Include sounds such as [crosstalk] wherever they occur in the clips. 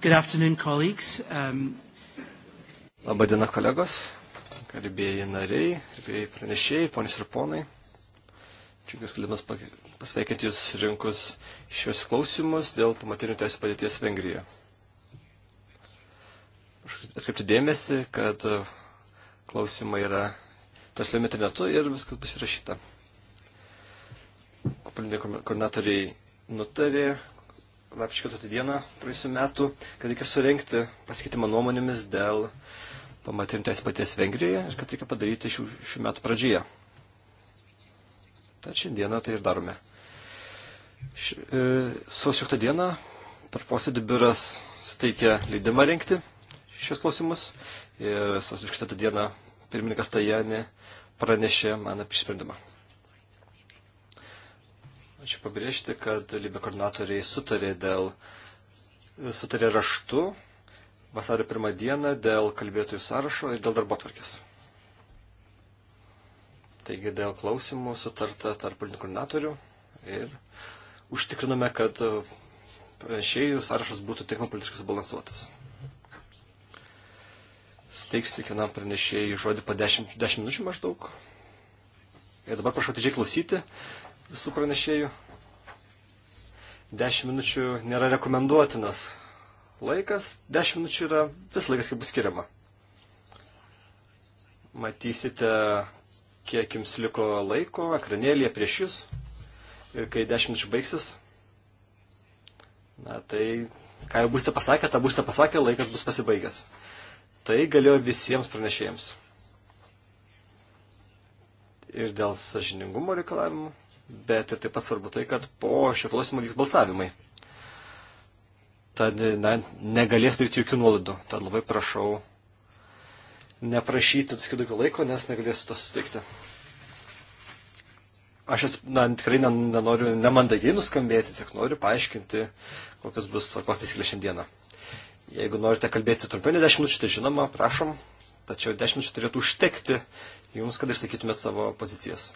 Good afternoon, colleagues. Um... Labadiena, kolegos, garbėjai nariai, garbėjai pranešėjai, ponios ir ponai. Džiugius galėdamas pasveikinti jūs rinkus šios klausimus dėl pamatinių teisų padėties Vengrijoje. Atkreipti dėmesį, kad uh, klausimai yra transliuojami internetu ir viskas pasirašyta. Koordinatoriai nutarė lapčio 4 dieną praėjusiu metu, kad reikia surenkti pasikeitimą nuomonėmis dėl pamatėm teisės paties Vengrijoje ir kad reikia padaryti šių, šių metų pradžioje. Tad šiandieną tai ir darome. Ši, e, Sausio 8 dieną per posėdį biuras suteikė leidimą rinkti šios klausimus ir sausio 4 dieną pirmininkas Tajani pranešė man apie sprendimą. Ačiū pabrėžti, kad Libė koordinatoriai sutarė, dėl, sutarė raštu vasario pirmą dieną dėl kalbėtojų sąrašo ir dėl darbo tvarkės. Taigi dėl klausimų sutarta tarp politinių koordinatorių ir užtikrinome, kad pranešėjų sąrašas būtų tinkamai politiškai subalansuotas. Steiksiu kiekvienam pranešėjai žodį po 10, 10 minučių maždaug. Ir dabar prašau atidžiai klausyti visų pranešėjų. 10 minučių nėra rekomenduotinas laikas, 10 minučių yra vis laikas, kaip bus skiriama. Matysite, kiek jums liko laiko ekranėlėje prieš jūs. Ir kai 10 minučių baigsis, na tai, ką jau būsite pasakę, tą būsite pasakę, laikas bus pasibaigęs. Tai galėjo visiems pranešėjams. Ir dėl sažiningumo reikalavimų bet ir taip pat svarbu tai, kad po šio klausimo vyks balsavimai. Tad na, negalės daryti jokių nuolaidų. Tad labai prašau neprašyti atskirų daugiau laiko, nes negalėsiu to suteikti. Aš esu, na, tikrai nenoriu nemandagiai nuskambėti, tik noriu paaiškinti, kokios bus tvarkos taisyklės šiandieną. Jeigu norite kalbėti trumpiau nei 10 minučių, tai žinoma, prašom, tačiau 10 minučių turėtų užtekti jums, kad išsakytumėt savo pozicijas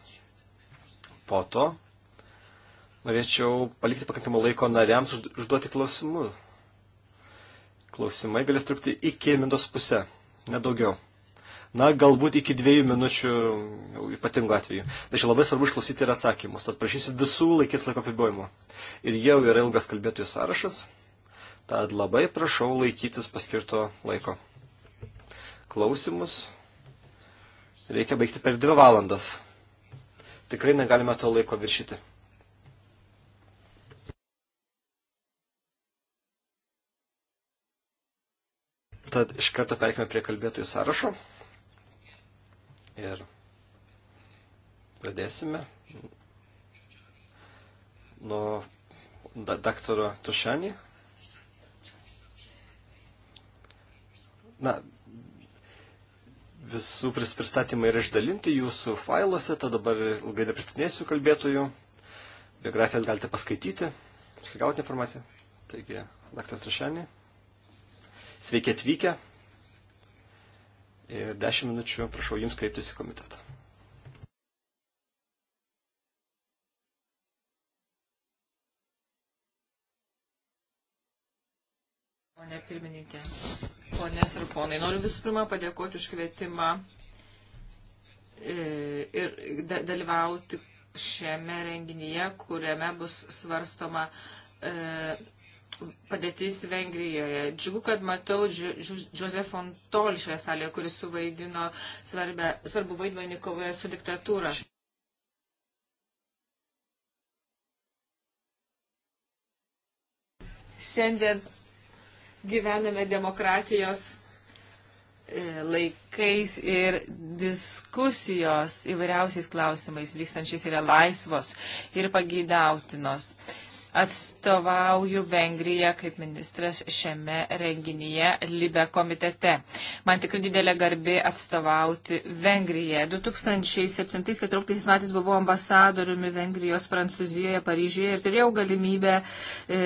po to norėčiau palikti pakankamą laiko nariams užduoti klausimų. Klausimai galės trukti iki mindos pusę, nedaugiau. Na, galbūt iki dviejų minučių ypatingų atveju. Tačiau labai svarbu išklausyti ir atsakymus. Tad prašysiu visų laikytis laiko apribojimo. Ir jau yra ilgas kalbėtojų sąrašas. Tad labai prašau laikytis paskirto laiko. Klausimus reikia baigti per dvi valandas. Tikrai negalime to laiko viršyti. Tad iš karto perkime prie kalbėtojų sąrašo. Ir pradėsime nuo da daktaro Tušanį. Na, visų pristatymai yra išdalinti jūsų failuose, tad dabar ilgai nepristatinėsiu kalbėtojų. Biografijas galite paskaityti, pasigauti informaciją. Taigi, daktas Rašenė. Sveiki atvykę. Ir 10 minučių prašau jums kreiptis į komitetą. Pone pirmininkė ponės ir ponai. Noriu visų pirma padėkoti už kvietimą e, ir dalyvauti šiame renginyje, kuriame bus svarstoma e, padėtis Vengrijoje. Džiugu, kad matau Josef Ontol šioje salėje, kuris suvaidino svarbę, svarbu vaidmenį kovoje su diktatūra. Šiandien gyvename demokratijos e, laikais ir diskusijos įvairiausiais klausimais vykstančiais yra laisvos ir pageidautinos atstovauju Vengriją kaip ministras šiame renginyje Libe komitete. Man tikrai didelė garbė atstovauti Vengriją. 2007-2014 metais buvau ambasadoriumi Vengrijos Prancūzijoje, Paryžiuje ir turėjau galimybę e,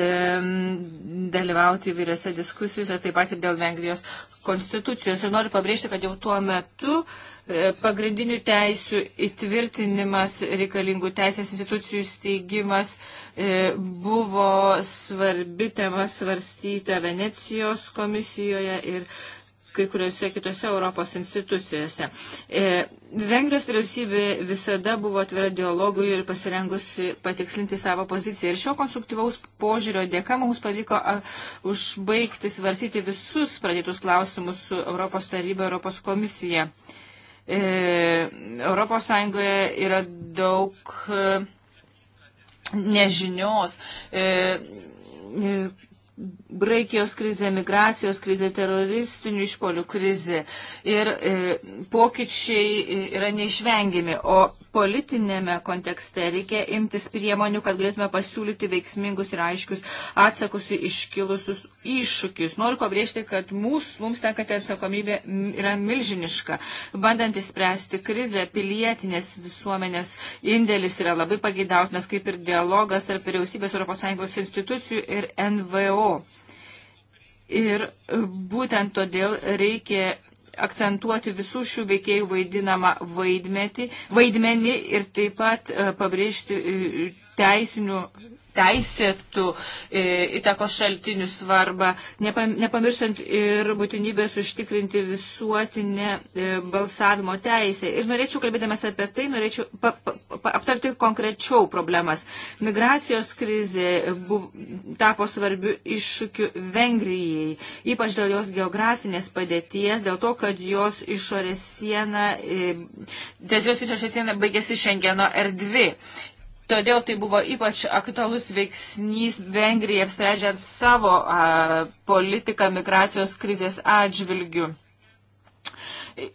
dalyvauti įvairiose diskusijose, taip pat ir dėl Vengrijos konstitucijos ir noriu pabrėžti, kad jau tuo metu e, pagrindinių teisių įtvirtinimas, reikalingų teisės institucijų steigimas e, buvo svarbi tema svarstyta Venecijos komisijoje ir kai kuriuose kitose Europos institucijose. E, Vengrijos vyriausybė visada buvo atvira dialogui ir pasirengusi patikslinti savo poziciją. Ir šio konstruktyvaus požiūrio dėka mums pavyko a, užbaigti svarsyti visus pradėtus klausimus su Europos taryba, Europos komisija. E, Europos Sąjungoje yra daug e, nežinios. E, e Graikijos krizė, migracijos krizė, teroristinių išpolių krizė ir e, pokyčiai e, yra neišvengiami, o politinėme kontekste reikia imtis priemonių, kad galėtume pasiūlyti veiksmingus ir aiškius atsakus į iškilusius iššūkius. Noriu pabrėžti, kad mūs, mums tenkate atsakomybė yra milžiniška. Bandant išspręsti krizę, pilietinės visuomenės indėlis yra labai pageidautinas, kaip ir dialogas tarp vyriausybės ES institucijų ir NVO PPO. Ir būtent todėl reikia akcentuoti visų šių veikėjų vaidinamą vaidmetį, vaidmenį ir taip pat e, pabrėžti e, teisinių teisėtų e, įtakos šaltinių svarbą, nepamirštant ir būtinybės užtikrinti visuotinę e, balsavimo teisę. Ir norėčiau, kalbėdamas apie tai, norėčiau pa, pa, pa, aptarti konkrečiau problemas. Migracijos krizė buv, tapo svarbiu iššūkiu Vengrijai, ypač dėl jos geografinės padėties, dėl to, kad jos išorės siena, ties jos išorės siena baigėsi Šengeno erdvi. Todėl tai buvo ypač aktualus veiksnys Vengrijai apsprendžiant savo a, politiką migracijos krizės atžvilgių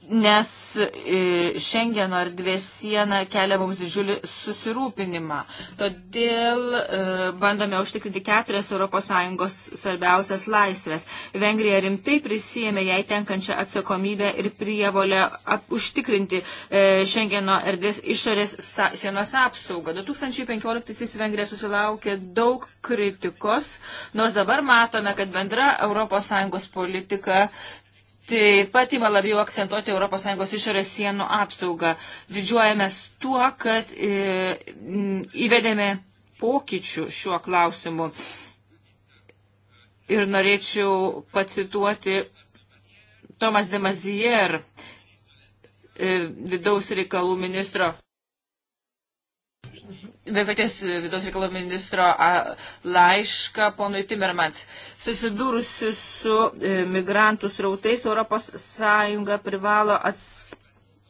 nes e, Šengeno erdvės siena kelia mums didžiulį susirūpinimą. Todėl e, bandome užtikrinti keturias ES svarbiausias laisvės. Vengrija rimtai prisijėmė jai tenkančią atsakomybę ir prievolę užtikrinti e, Šengeno erdvės išorės sienos apsaugą. 2015 Vengrija susilaukė daug kritikos, nors dabar matome, kad bendra ES politika Taip pat ima labiau akcentuoti ES išorės sienų apsaugą. Didžiuojamės tuo, kad e, įvedėme pokyčių šiuo klausimu. Ir norėčiau pacituoti Tomas de Mazier, e, vidaus reikalų ministro Vėkatės e, vidaus reikalų ministro laišką ponui Timermans. Susidūrusi su e, migrantų srautais, ES privalo ats...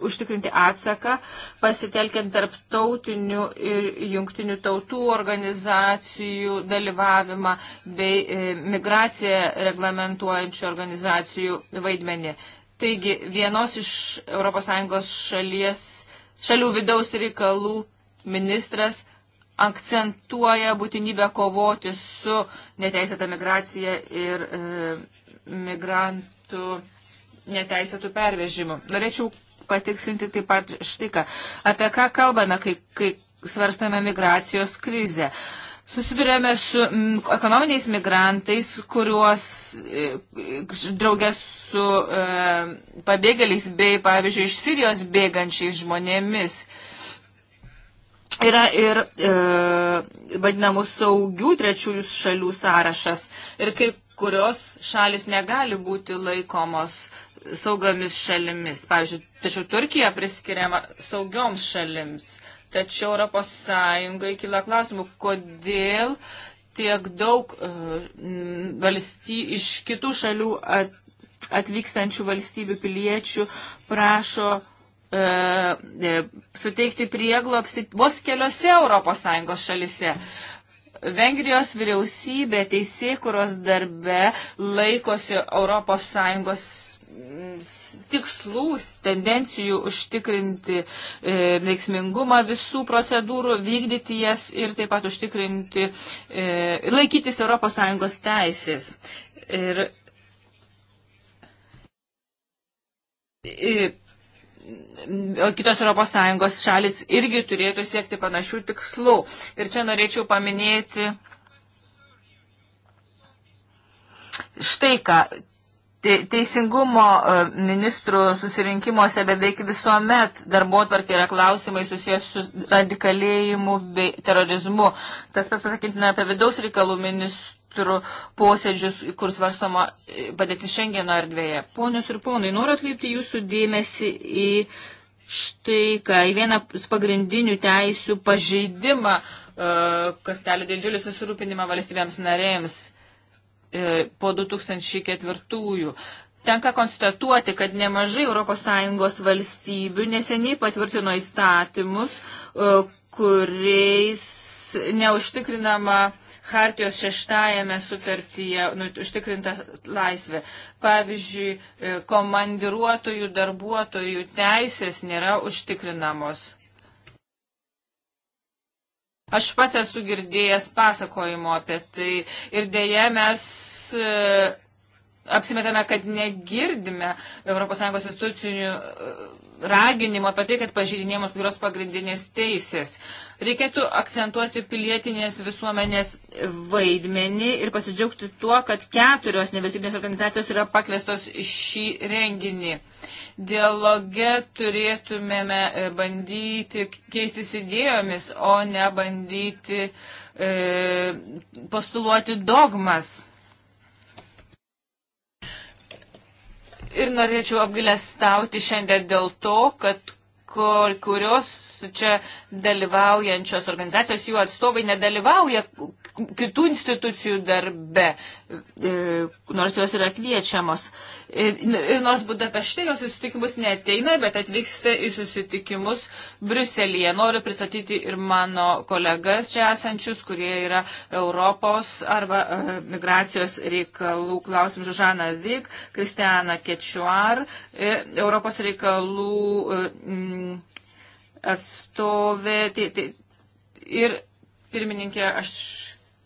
užtikrinti atsaką, pasitelkiant tarptautinių ir jungtinių tautų organizacijų dalyvavimą bei e, migraciją reglamentuojančių organizacijų vaidmenį. Taigi, vienos iš ES šalies, šalių vidaus reikalų ministras akcentuoja būtinybę kovoti su neteisėta migracija ir e, migrantų neteisėtų pervežimu. Norėčiau patikslinti taip pat štai ką. Apie ką kalbame, kai, kai svarstame migracijos krizę? Susidurėme su ekonominiais migrantais, kuriuos e, draugės su e, pabėgėliais bei, pavyzdžiui, iš Sirijos bėgančiais žmonėmis. E, Yra ir e, vadinamų saugių trečiųjų šalių sąrašas ir kai kurios šalis negali būti laikomos saugomis šalimis. Pavyzdžiui, tačiau Turkija priskiriama saugioms šalims. Tačiau Europos Sąjungai kila klausimų, kodėl tiek daug e, valsty, iš kitų šalių at, atvykstančių valstybių piliečių prašo E, e, suteikti prieglopsi vos keliose ES šalise. Vengrijos vyriausybė teisėkuros darbe laikosi ES mm, tikslų, tendencijų užtikrinti e, veiksmingumą visų procedūrų, vykdyti jas ir taip pat užtikrinti, e, laikytis ES teisės. Ir, ir e, kitos ES šalis irgi turėtų siekti panašių tikslų. Ir čia norėčiau paminėti štai ką. Teisingumo e, ministrų susirinkimuose beveik visuomet darbo tvarkė yra klausimai susijęs su radikalėjimu bei terorizmu. Tas pats pasakytina apie vidaus reikalų ministrų atskirų posėdžių, kur svarstama padėtis Šengeno erdvėje. Ponius ir ponai, noriu atkreipti jūsų dėmesį į štai ką, į vieną pagrindinių teisių pažeidimą, e, kas kelia didžiulį susirūpinimą valstybėms narėms e, po 2004-ųjų. Tenka konstatuoti, kad nemažai ES valstybių neseniai patvirtino įstatymus, e, kuriais neužtikrinama uh, Hartijos šeštajame sutartyje nu, užtikrinta laisvė. Pavyzdžiui, e, komandiruotojų darbuotojų teisės nėra užtikrinamos. Aš pats esu girdėjęs pasakojimo apie tai ir dėje mes e, apsimetame, kad negirdime ES institucijų e, raginimo apie tai, kad pažydinėjimas kurios pagrindinės teisės. Reikėtų akcentuoti pilietinės visuomenės vaidmenį ir pasidžiaugti tuo, kad keturios nevyriausybinės organizacijos yra pakviestos šį renginį. Dialoge turėtumėme e, bandyti keistis idėjomis, o ne bandyti e, postuluoti dogmas. Ir norėčiau apgailestauti šiandien dėl to, kad kur, kurios čia dalyvaujančios organizacijos, jų atstovai nedalyvauja kitų institucijų darbe, e, nors jos yra kviečiamos. Ir e, e, nors Budapešte jos susitikimus neteina, bet atvyksta į susitikimus Bruselėje. Noriu pristatyti ir mano kolegas čia esančius, kurie yra Europos arba migracijos reikalų klausimų Žužana Vik, Kristiana Kečiuar, Europos reikalų atstovė. Tai, tai, ir pirmininkė, aš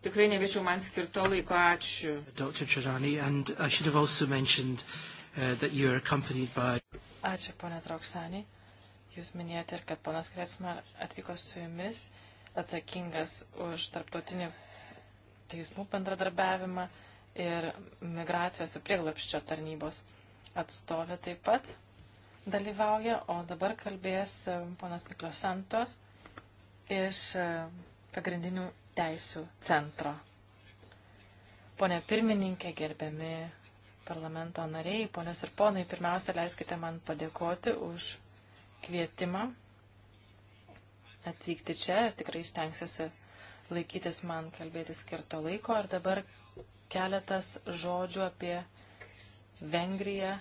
tikrai neviršiau man skirto laiko. Ačiū. Dr. Chirani, and I should have also mentioned uh, that you are accompanied by. Ačiū, ponė Trauksani. Jūs minėjote ir kad ponas Kretsma atvyko su jumis, atsakingas už tarptautinį teismų bendradarbiavimą ir migracijos ir prieglapščio tarnybos atstovė taip pat dalyvauja, o dabar kalbės e, ponas Miklos Santos iš e, pagrindinių teisų centro. Pone pirmininkė, gerbiami parlamento nariai, ponios ir ponai, pirmiausia, leiskite man padėkoti už kvietimą atvykti čia ir tikrai stengsiuosi laikytis man kalbėti skirto laiko. Ir dabar keletas žodžių apie Vengriją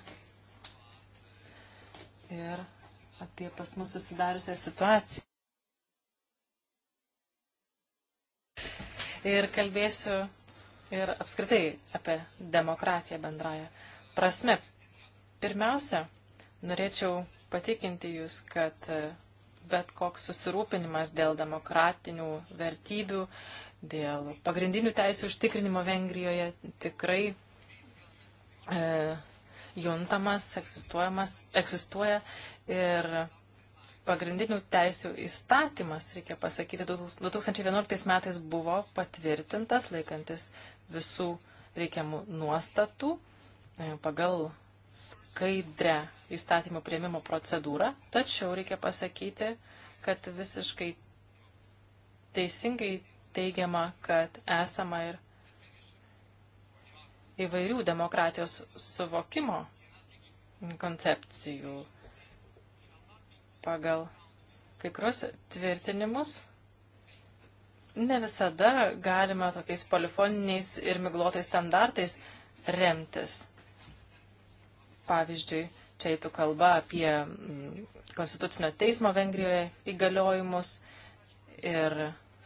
ir apie pas mus susidariusią situaciją. Ir kalbėsiu ir apskritai apie demokratiją bendrają prasme. Pirmiausia, norėčiau patikinti Jūs, kad e, bet koks susirūpinimas dėl demokratinių vertybių, dėl pagrindinių teisų užtikrinimo Vengrijoje tikrai e, juntamas, egzistuoja ir pagrindinių teisių įstatymas, reikia pasakyti, 2011 metais buvo patvirtintas laikantis visų reikiamų nuostatų e, pagal skaidrę įstatymų prieimimo procedūrą, tačiau reikia pasakyti, kad visiškai teisingai teigiama, kad esama ir įvairių demokratijos suvokimo koncepcijų. Pagal kai kurios tvirtinimus ne visada galima tokiais polifoniniais ir miglotais standartais remtis. Pavyzdžiui, čia eitų kalba apie mm, Konstitucinio teismo Vengrijoje įgaliojimus ir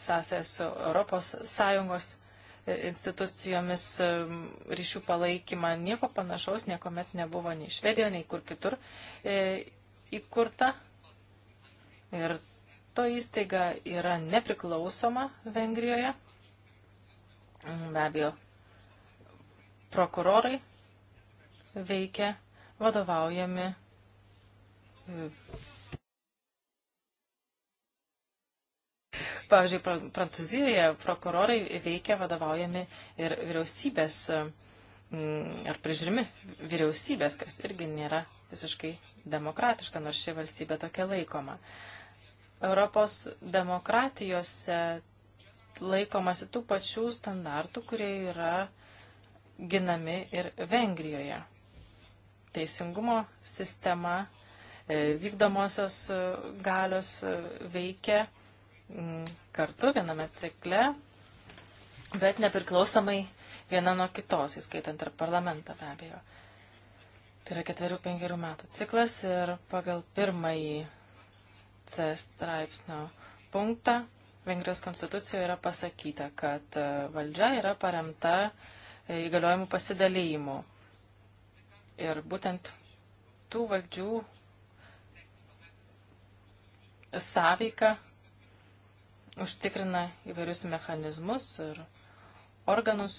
sąsąją su Europos Sąjungos institucijomis ryšių palaikymą. Nieko panašaus niekuomet nebuvo nei Švedijoje, nei kur kitur e, įkurta. Ir to įstaiga yra nepriklausoma Vengrijoje. Be abejo, prokurorai veikia vadovaujami Pavyzdžiui, Prancūzijoje prokurorai veikia vadovaujami ir vyriausybės, mm, ar prižiūrimi vyriausybės, kas irgi nėra visiškai demokratiška, nors ši valstybė tokia laikoma. Europos demokratijose laikomasi tų pačių standartų, kurie yra ginami ir Vengrijoje. Teisingumo sistema, e, vykdomosios e, galios e, veikia Mm, kartu viename cikle, bet nepriklausomai viena nuo kitos, įskaitant ir parlamentą be abejo. Tai yra ketverių penkerių metų ciklas ir pagal pirmąjį C straipsnio punktą Vengrijos konstitucijoje yra pasakyta, kad e, valdžia yra paremta e, įgaliojimų pasidalymu. Ir būtent tų valdžių sąveika užtikrina įvairius mechanizmus ir organus,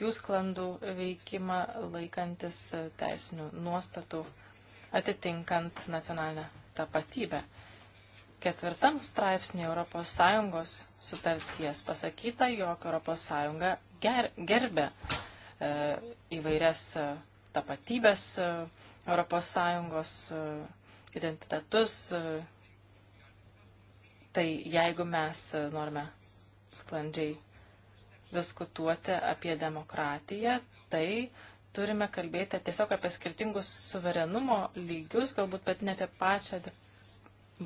jų sklandų veikimą laikantis teisinių nuostatų, atitinkant nacionalinę tapatybę. Ketvirtam straipsnį ES sutarties pasakyta, jog ES ger, gerbė e, įvairias e, tapatybės ES e, identitetus, e, Tai jeigu mes e, norime sklandžiai diskutuoti apie demokratiją, tai turime kalbėti tiesiog apie skirtingus suverenumo lygius, galbūt, bet ne apie pačią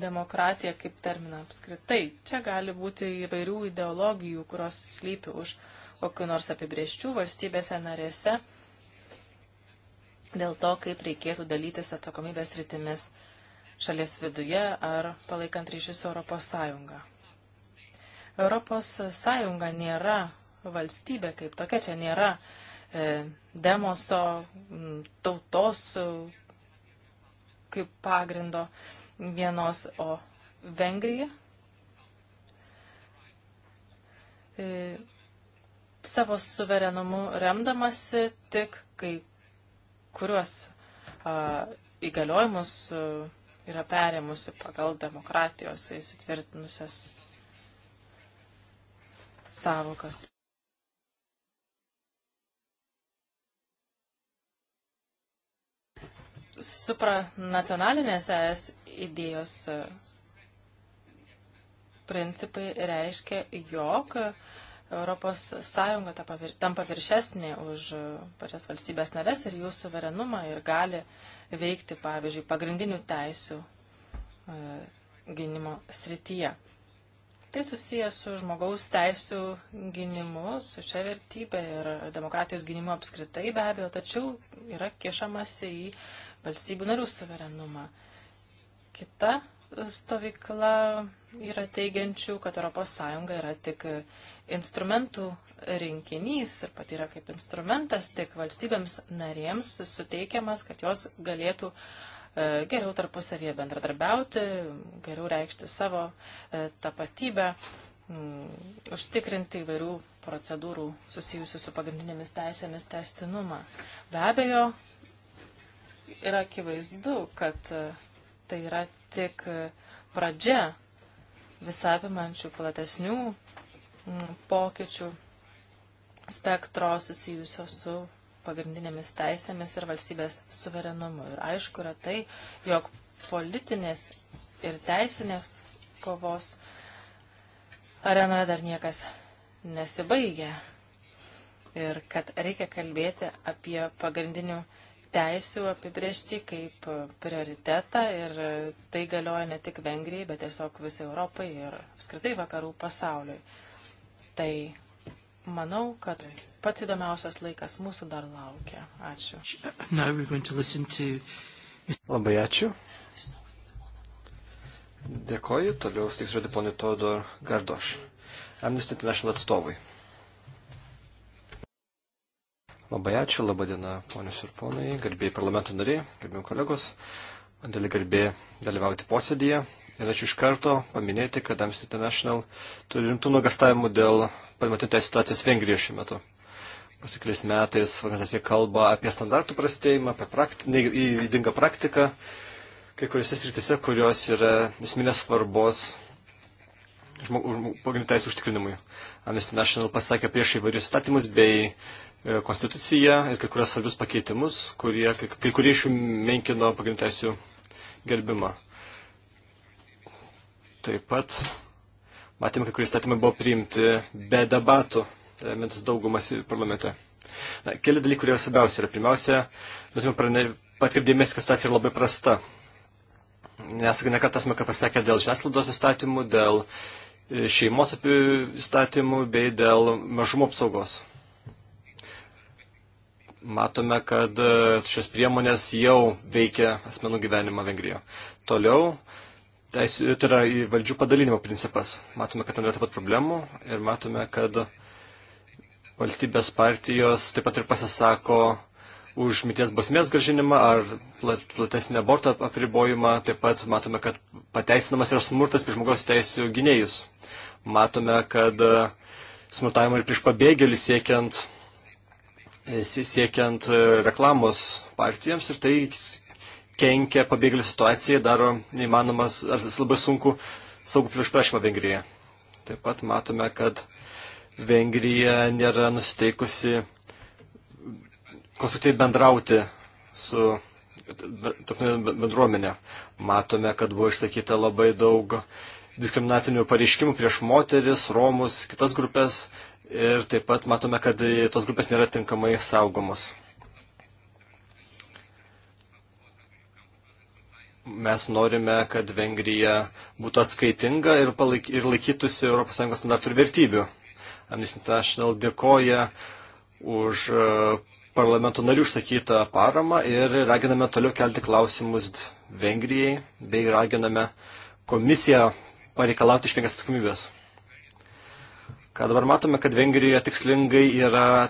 demokratiją kaip terminą apskritai. Čia gali būti įvairių ideologijų, kurios slypi už kokiu nors apibrieščių valstybėse narėse dėl to, kaip reikėtų dalytis atsakomybės rytimis šalies viduje ar palaikant ryšius su Europos Sąjunga. Europos Sąjunga nėra valstybė kaip tokia, čia nėra e, demoso tautos e, kaip pagrindo vienos, o Vengrija e, savo suverenumu remdamasi tik kai kuriuos a, įgaliojimus a, e, yra perėmusi pagal demokratijos įsitvirtinusias savokas. Supranacionalinės es idėjos e, principai reiškia, jog Europos Sąjunga tampa viršesnė už e, pačias valstybės narės ir jų suverenumą ir gali uh, veikti, pavyzdžiui, pagrindinių teisų e, gynimo srityje. Tai susijęs su žmogaus teisų gynimu, su šia vertybė ir demokratijos gynimu apskritai be abejo, tačiau yra kišamasi į valstybių narių suverenumą. Kita stovykla yra teigiančių, kad ES yra tik instrumentų rinkinys ir pat yra kaip instrumentas tik valstybėms narėms suteikiamas, kad jos galėtų e, geriau tarpusavėje bendradarbiauti, geriau reikšti savo e, tapatybę, mm, užtikrinti įvairių procedūrų susijusių su pagrindinėmis teisėmis testinumą. Be abejo, yra akivaizdu, kad e, tai yra tik pradžia visapimančių platesnių Mm, pokyčių spektro susijusio su pagrindinėmis teisėmis ir valstybės suverenumu. Ir aišku yra tai, jog politinės ir teisinės kovos arenoje dar niekas nesibaigė. Ir kad reikia kalbėti apie pagrindinių teisių apibriežti kaip prioritetą ir tai galioja ne tik Vengrijai, bet tiesiog visai Europai ir apskritai vakarų pasauliui tai manau, kad pats įdomiausias laikas mūsų dar laukia. Ačiū. Labai ačiū. Dėkoju. Toliau steiks žodį ponui Todor Gardoš, Amnesty International atstovui. Labai ačiū, laba diena, ponios ir ponai, garbėjai parlamento nariai, garbėjai kolegos didelė garbė dalyvauti posėdėje. Ir aš iš karto paminėti, kad Amnesty International turi rimtų nuogastavimų dėl pamatintos situacijos Vengrijoje šiuo metu. Pasikliais metais organizacija kalba apie standartų prastėjimą, apie prakti, įvydingą praktiką, kai kuriuose sritise, kurios yra esminės svarbos pagrindų teisų užtikrinimui. Amnesty International pasakė prieš įvairius statymus bei e, konstituciją ir kai kurias svarbius pakeitimus, kurie, kai, kai kurie iš jų menkino pagrindų teisų gerbimą. Taip pat matėme, kai kurie statymai buvo priimti be debatų, remiantis daugumas parlamente. Na, keli dalykai, kurie svarbiausia yra. Pirmiausia, patkreipdėmės, kad situacija yra labai prasta. Nes nekartas meka pasakė dėl žiniasklaidos įstatymų, dėl e, šeimos įstatymų bei dėl mažumo apsaugos matome, kad e, šios priemonės jau veikia asmenų gyvenimą Vengrijoje. Toliau, teisų, tai yra į valdžių padalinimo principas. Matome, kad ten yra taip pat problemų ir matome, kad valstybės partijos taip pat ir pasisako už mities basmės gražinimą ar platesnį aborto apribojimą. Taip pat matome, kad pateisinamas yra smurtas prieš žmogaus teisų gynėjus. Matome, kad e, smurtavimo ir prieš pabėgėlius siekiant siekiant e, reklamos partijoms ir tai kenkia pabėgėlių situacijai, daro neįmanomas, ar jis labai sunku saugų priešprašymą Vengrijoje. Taip pat matome, kad Vengrija nėra nusteikusi konstruktyviai bendrauti su bendruomenė. Matome, kad buvo išsakyta labai daug diskriminatinių pareiškimų prieš moteris, romus, kitas grupės ir taip pat matome, kad tos grupės nėra tinkamai saugomos. Mes norime, kad Vengrija būtų atskaitinga ir, palaik, ir laikytųsi ES standartų ir vertybių. Amnesty International dėkoja už e, parlamento narių išsakytą paramą ir raginame toliau kelti klausimus Vengrijai bei raginame komisiją pareikalauti išvengęs atsakomybės ką dabar matome, kad Vengrijoje tikslingai yra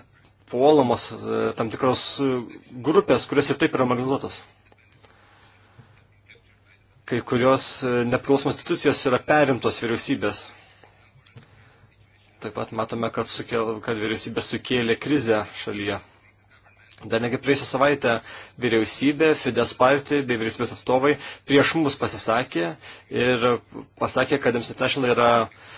puolamos e, tam tikros e, grupės, kurios ir taip yra marginalizuotos. Kai kurios e, nepriklausomos institucijos yra perimtos vyriausybės. Taip pat matome, kad, sukėl, kad vyriausybė sukėlė krizę šalyje. Dar negi praėjusią savaitę vyriausybė, Fides partija bei vyriausybės atstovai prieš mus pasisakė ir pasakė, kad Amsterdam yra uh,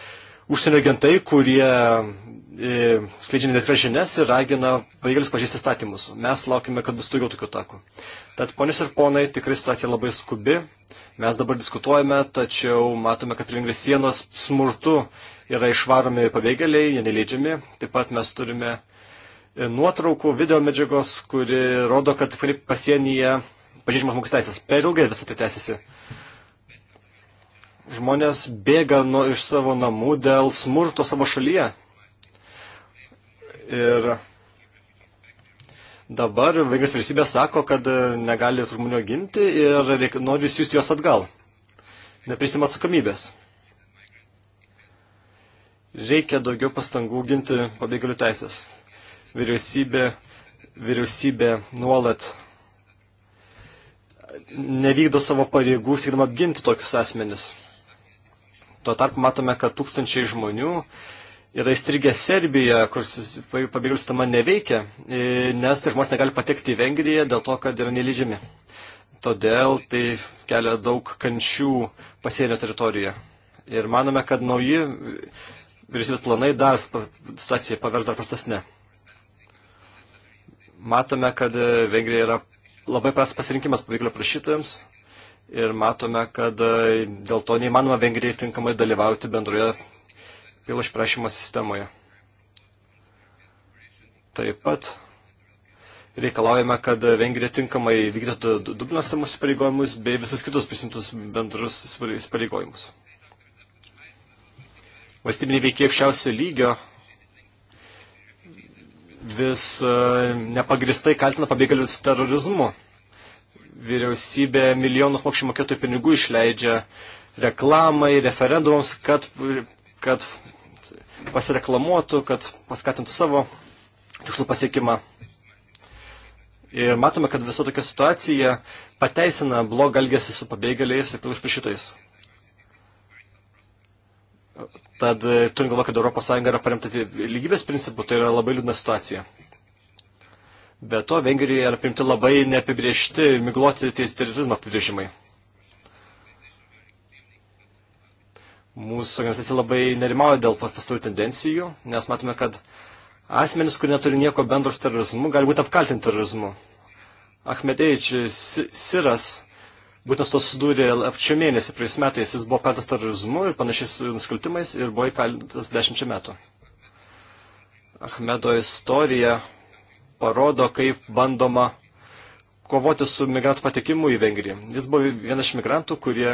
užsienio agentai, kurie e, skleidžia netikras žinias ir ragina pajėgėlius pažeisti statymus. Mes laukime, kad bus daugiau tokių takų. Tad, ponius ir ponai, tikrai situacija labai skubi. Mes dabar diskutuojame, tačiau matome, kad prie sienos smurtu yra išvaromi pabėgėliai, jie neleidžiami. Taip pat mes turime e, nuotraukų, video medžiagos, kuri rodo, kad pasienyje pažeidžiamas žmogus teisės. Per ilgai visą tai tęsiasi žmonės bėga nuo iš savo namų dėl smurto savo šalyje. Ir dabar Vengrijos vyriausybė sako, kad negali žmonių ginti ir reik, nori siūsti juos atgal. Neprisima atsakomybės. Reikia daugiau pastangų ginti pabėgėlių teisės. Vyriausybė, vyriausybė nuolat nevykdo savo pareigų, siekdama apginti tokius asmenis. Tuo tarpu matome, kad tūkstančiai žmonių yra įstrigę Serbiją, kur pabėgėlių sistema neveikia, nes tai žmonės negali patekti į Vengriją dėl to, kad yra nelydžiami. Todėl tai kelia daug kančių pasienio teritorijoje. Ir manome, kad nauji vyriausybės planai dar situaciją pavers dar prastesnė. Matome, kad Vengrija yra labai prastas pasirinkimas pabėgėlių prašytojams ir matome, kad e, dėl to neįmanoma Vengrijai tinkamai dalyvauti bendroje pilo išprašymo sistemoje. Taip pat reikalaujame, kad Vengrija tinkamai vykdytų Dublinas samus įsipareigojimus bei visus kitus prisimtus bendrus įsipareigojimus. Valstybiniai veikiai aukščiausio lygio vis e, nepagristai kaltina pabėgėlius terorizmu vyriausybė milijonus mokesčių mokėtojų pinigų išleidžia reklamai, referendumams, kad, kad pasireklamuotų, kad paskatintų savo tikslų pasiekimą. Ir matome, kad visa tokia situacija pateisina blogą elgesį su pabėgėliais ir plėšpišitais. Tad turint galvo, kad ES yra paremta lygybės principų, tai yra labai liūdna situacija. Be to, Vengrijoje yra primti labai neapibriežti migloti terorizmo apibrėžimai. Mūsų organizacija labai nerimauja dėl pastarų tendencijų, nes matome, kad asmenys, kurie neturi nieko bendro su terorizmu, gali būti apkaltinti terorizmu. Ahmedėjič Siras būtent su to susidūrė apčio mėnesį, praeis metais jis buvo apkaltas terorizmu ir panašiais nusikaltimais ir buvo įkalintas dešimčia metų. Ahmedo istorija parodo, kaip bandoma kovoti su migrantų patekimu į Vengriją. Jis buvo vienas iš migrantų, kurie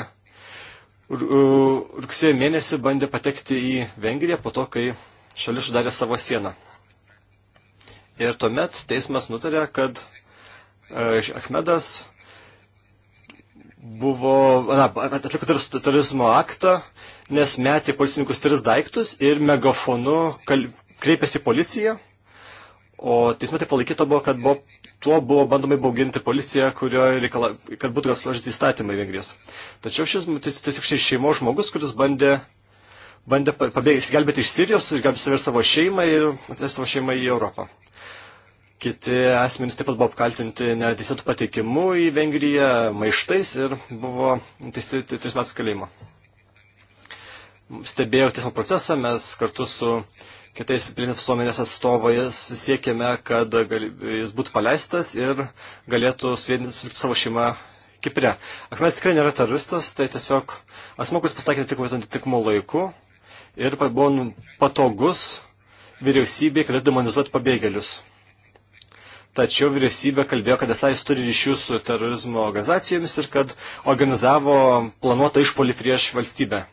rugsėjo mėnesį bandė patekti į Vengriją po to, kai šalis uždarė savo sieną. Ir tuomet teismas nutarė, kad e, Ahmedas buvo, na, atliko terorizmo aktą, nes metė policininkus tris daiktus ir megafonu kal, kreipėsi policiją O teisme tai palaikyta buvo, kad buvo, tuo buvo bandoma įbauginti policiją, reikala, kad būtų suložyti įstatymai Vengrijos. Tačiau šis tai, tai tiesiog šis šeimos žmogus, kuris bandė, bandė pabėgti, gelbėti iš Sirijos, gelbėti save ir savo šeimą ir atvesti savo šeimą į Europą. Kiti asmenys taip pat buvo apkaltinti neteisėtų pateikimu į Vengriją, maištais ir buvo teisti tris metus kalėjimo. Stebėjau teismo procesą, mes kartu su uh, kitais pilietinės visuomenės atstovais siekiame, kad gali, jis būtų paleistas ir galėtų suvienyti savo šeimą Kipre. Akmenis tikrai nėra teroristas, tai tiesiog asmo, kuris pasakė netikimo laiku ir buvo nu, patogus vyriausybė, kad demonizuoti pabėgėlius. Tačiau vyriausybė kalbėjo, kad esą jis turi ryšių su terorizmo organizacijomis ir kad organizavo planuotą išpolį prieš valstybę.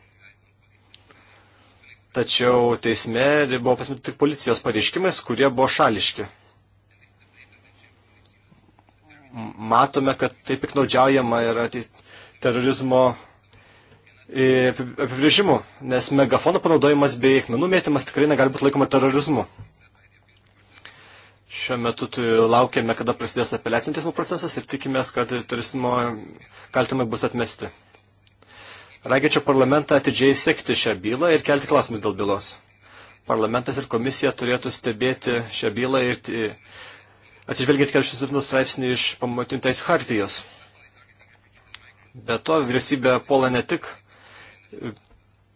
Tačiau teisme buvo pasmėti tik policijos pareiškimais, kurie buvo šališki. Matome, kad taip piknaudžiaujama yra terorizmo apibrėžimu, nes megafono panaudojimas bei akmenų mėtymas tikrai negali būti laikoma terorizmu. Šiuo metu laukiame, kada prasidės apeliacinio teismo procesas ir tikimės, kad terorizmo kaltimai bus atmesti. Raginčiau parlamentą atidžiai sekti šią bylą ir kelti klausimus dėl bylos. Parlamentas ir komisija turėtų stebėti šią bylą ir e, atsižvelginti 47 straipsnį iš pamatinių teisų hartijos. Be to, vyriausybė puola ne tik e,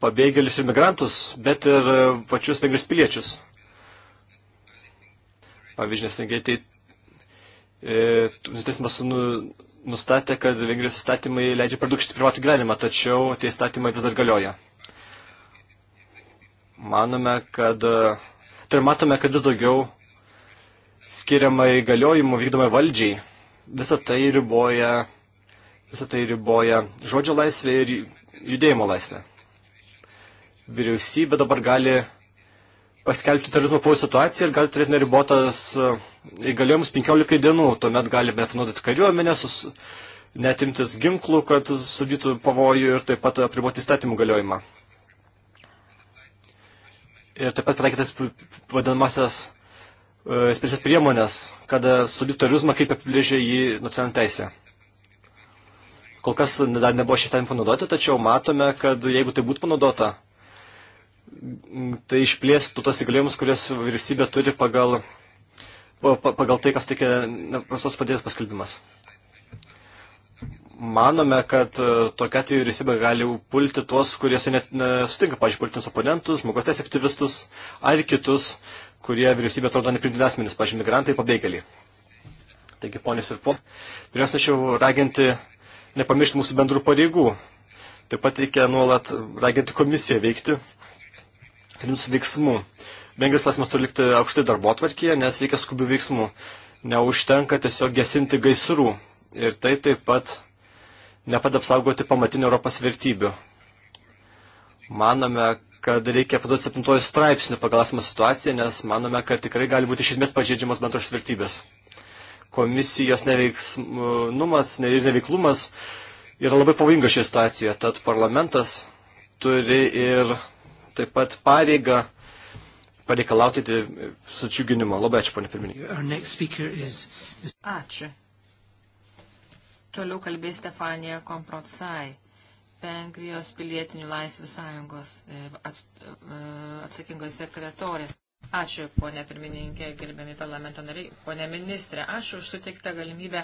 pabėgėlius ir migrantus, bet ir e, pačius vengrijos piliečius. Pavyzdžiui, nesengiai tai e, teismas nu, nustatė, kad Vengrijos įstatymai leidžia per daug privatų gyvenimą, tačiau tie įstatymai vis dar galioja. Manome, kad, tai matome, kad vis daugiau skiriama įgaliojimų vykdomai valdžiai. Visą tai riboja, visą tai riboja žodžio laisvė ir judėjimo laisvė. Vyriausybė dabar gali paskelbti terorizmo pavojų situaciją ir gali turėti neribotas uh, įgaliojimus 15 dienų, tuomet galime apnaudoti kariuomenę, sus... netimtis ginklų, kad sudytų pavojų ir taip pat apriboti įstatymų galiojimą. Ir taip pat pritaikytas vadinamasias e, specialias priemonės, kad sudytų terorizmą, kaip apibrėžė jį nacionalinė teisė. Kol kas dar nebuvo šis įstatymas panaudoti, tačiau matome, kad jeigu tai būtų panaudota, tai išplėstų tas įgaliojimus, kurias vyriausybė turi pagal pagal tai, kas tikė neprastos padėties paskelbimas. Manome, kad e, tokia atveju vyriausybė gali pulti tuos, kurie net nesutinka, pažiūrėjau, politinius oponentus, žmogaus teisės aktyvistus ar kitus, kurie vyriausybė atrodo neprimtini asmenys, pažiūrėjau, migrantai, pabėgėliai. Taigi, ponės ir po, pirmiausia, norėčiau raginti nepamiršti mūsų bendrų pareigų. Taip pat reikia nuolat raginti komisiją veikti Lims veiksmų. Vengrijos klausimas turi likti aukštai darbo atvarkyje, nes reikia skubių veiksmų. Neužtenka tiesiog gesinti gaisrų. Ir tai taip pat nepada apsaugoti pamatinių Europos vertybių. Manome, kad reikia paduoti septintojų straipsnių pagal esamą situaciją, nes manome, kad tikrai gali būti iš esmės pažeidžiamos bendros vertybės. Komisijos neveiksnumas ir neveiklumas yra labai pavojinga šioje situacijoje, tad parlamentas turi ir taip pat pareigą pareikalauti sučiūginimo. Labai ačiū, ponė pirmininkė. Is... Ačiū. Toliau kalbės Stefanija Komprotsai, Vengrijos pilietinių laisvių sąjungos e, e, atsakingoji sekretorė. Ačiū, ponė pirmininkė, gerbiami parlamento nariai, ponė ministrė. Ačiū už suteiktą galimybę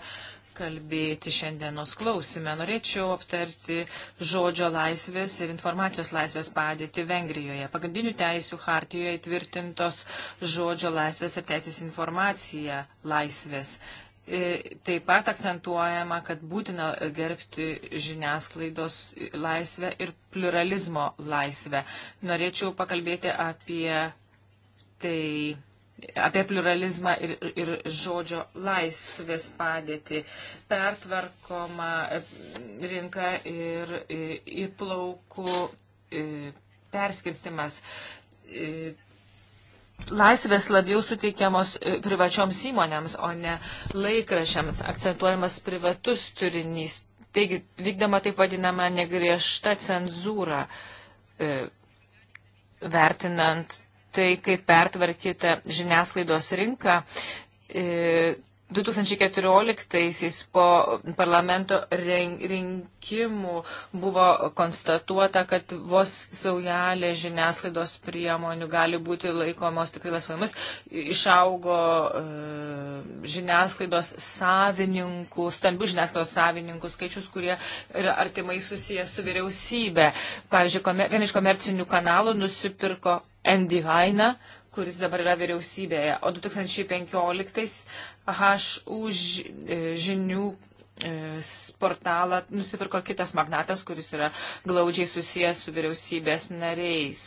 kalbėti šiandienos klausime. Norėčiau aptarti žodžio laisvės ir informacijos laisvės padėti Vengrijoje. Pagrindinių teisių hartijoje įtvirtintos žodžio laisvės ir teisės informacija laisvės. E, taip pat akcentuojama, kad būtina gerbti žiniasklaidos laisvę ir pluralizmo laisvę. Norėčiau pakalbėti apie tai apie pluralizmą ir, ir žodžio laisvės padėtį. Pertvarkoma e, rinka ir e, įplaukų e, perskirstimas. Laisvės labiau suteikiamos privačioms įmonėms, o ne laikrašiams. Akcentuojamas privatus turinys. Taigi vykdoma taip vadinama negriežta cenzūra, vertinant tai, kaip pertvarkyta žiniasklaidos rinka. 2014-aisiais e, po parlamento rinkimų buvo konstatuota, kad vos saujelė žiniasklaidos priemonių gali būti laikomos tikrai laisvomis. Išaugo e, žiniasklaidos savininkų, stambių žiniasklaidos savininkų skaičius, kurie yra artimai susijęs su vyriausybė. Pavyzdžiui, viena iš komercinių kanalų nusipirko Andy Vainą, kuris dabar yra vyriausybėje, o 2015 HU e, žinių e, portalą nusipirko kitas magnatas, kuris yra glaudžiai susijęs su vyriausybės nariais.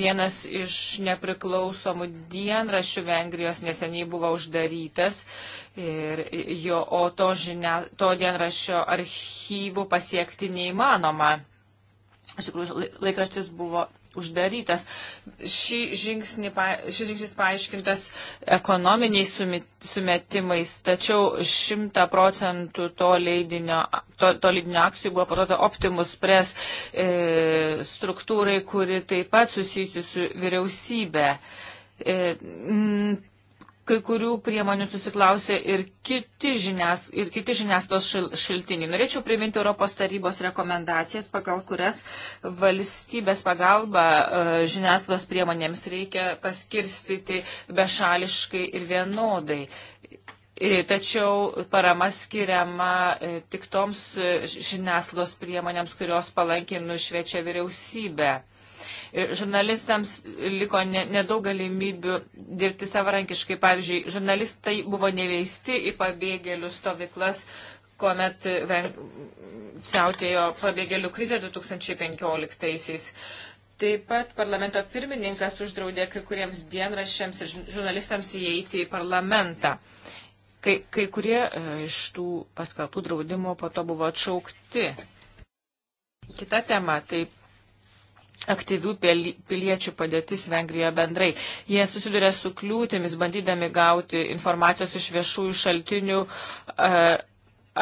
Vienas iš nepriklausomų dienraščių Vengrijos neseniai buvo uždarytas ir jo, o to, žinia, to dienraščio archyvų pasiekti neįmanoma. Iš tikrųjų, laikraštis buvo uždarytas. Šį žingsnį, šis žingsnis paaiškintas ekonominiais sumetimais, tačiau 100 procentų to leidinio, to, to leidinio akcijų buvo parduota Optimus Press e, struktūrai, kuri taip pat susijusi su vyriausybė. E, m, kai kurių priemonių susiklausė ir kiti, žinias, ir kiti žiniastos šil, šiltiniai. Norėčiau priminti Europos tarybos rekomendacijas, pagal kurias valstybės pagalba e, žiniastos priemonėms reikia paskirstyti bešališkai ir vienodai. E, tačiau parama skiriama e, tik toms žiniaslos priemonėms, kurios palankiai nušviečia vyriausybę. Žurnalistams liko nedaug ne galimybių dirbti savarankiškai. Pavyzdžiui, žurnalistai buvo neleisti į pabėgėlių stovyklas, kuomet siautėjo pabėgėlių krizė 2015-aisiais. Taip pat parlamento pirmininkas uždraudė kai kuriems dienrašiams ir žurnalistams įeiti į parlamentą. Kai, kai kurie e, iš tų paskelbtų draudimų po to buvo atšaukti. Kita tema - tai aktyvių piliečių padėtis Vengrijoje bendrai. Jie susiduria su kliūtimis, bandydami gauti informacijos iš viešųjų šaltinių e,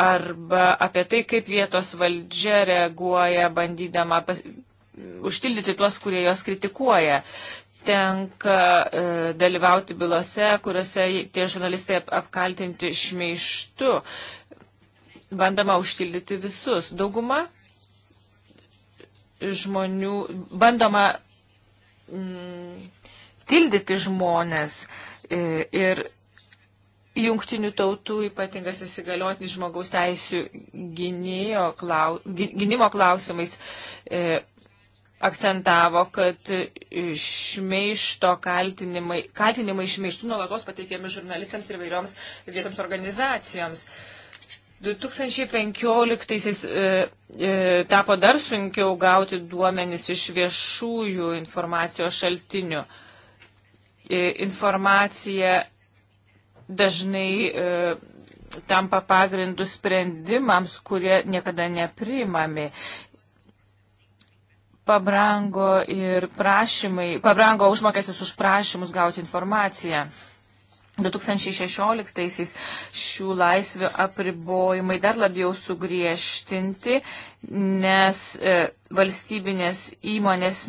arba apie tai, kaip vietos valdžia reaguoja, bandydama pas, užtildyti tuos, kurie jos kritikuoja. Tenka e, dalyvauti bylose, kuriuose tie žurnalistai apkaltinti šmeištu. Bandama užtildyti visus. Dauguma žmonių, bandoma mm, tildyti žmonės e, ir jungtinių tautų ypatingas įsigaliotinis žmogaus teisų klaus, gynimo klausimais e, akcentavo, kad šmeišto kaltinimai, kaltinimai šmeištų nuolatos pateikiami žurnalistams ir vairioms vietoms organizacijoms. E, 2015 e, e, tapo dar sunkiau gauti duomenis iš viešųjų informacijos šaltinių. E, informacija dažnai e, tampa pagrindų sprendimams, kurie niekada neprimami. Pabrango ir prašymai, pabrango užmokestis už prašymus gauti informaciją. 2016 šių laisvių apribojimai dar labiau sugriežtinti, nes e, valstybinės įmonės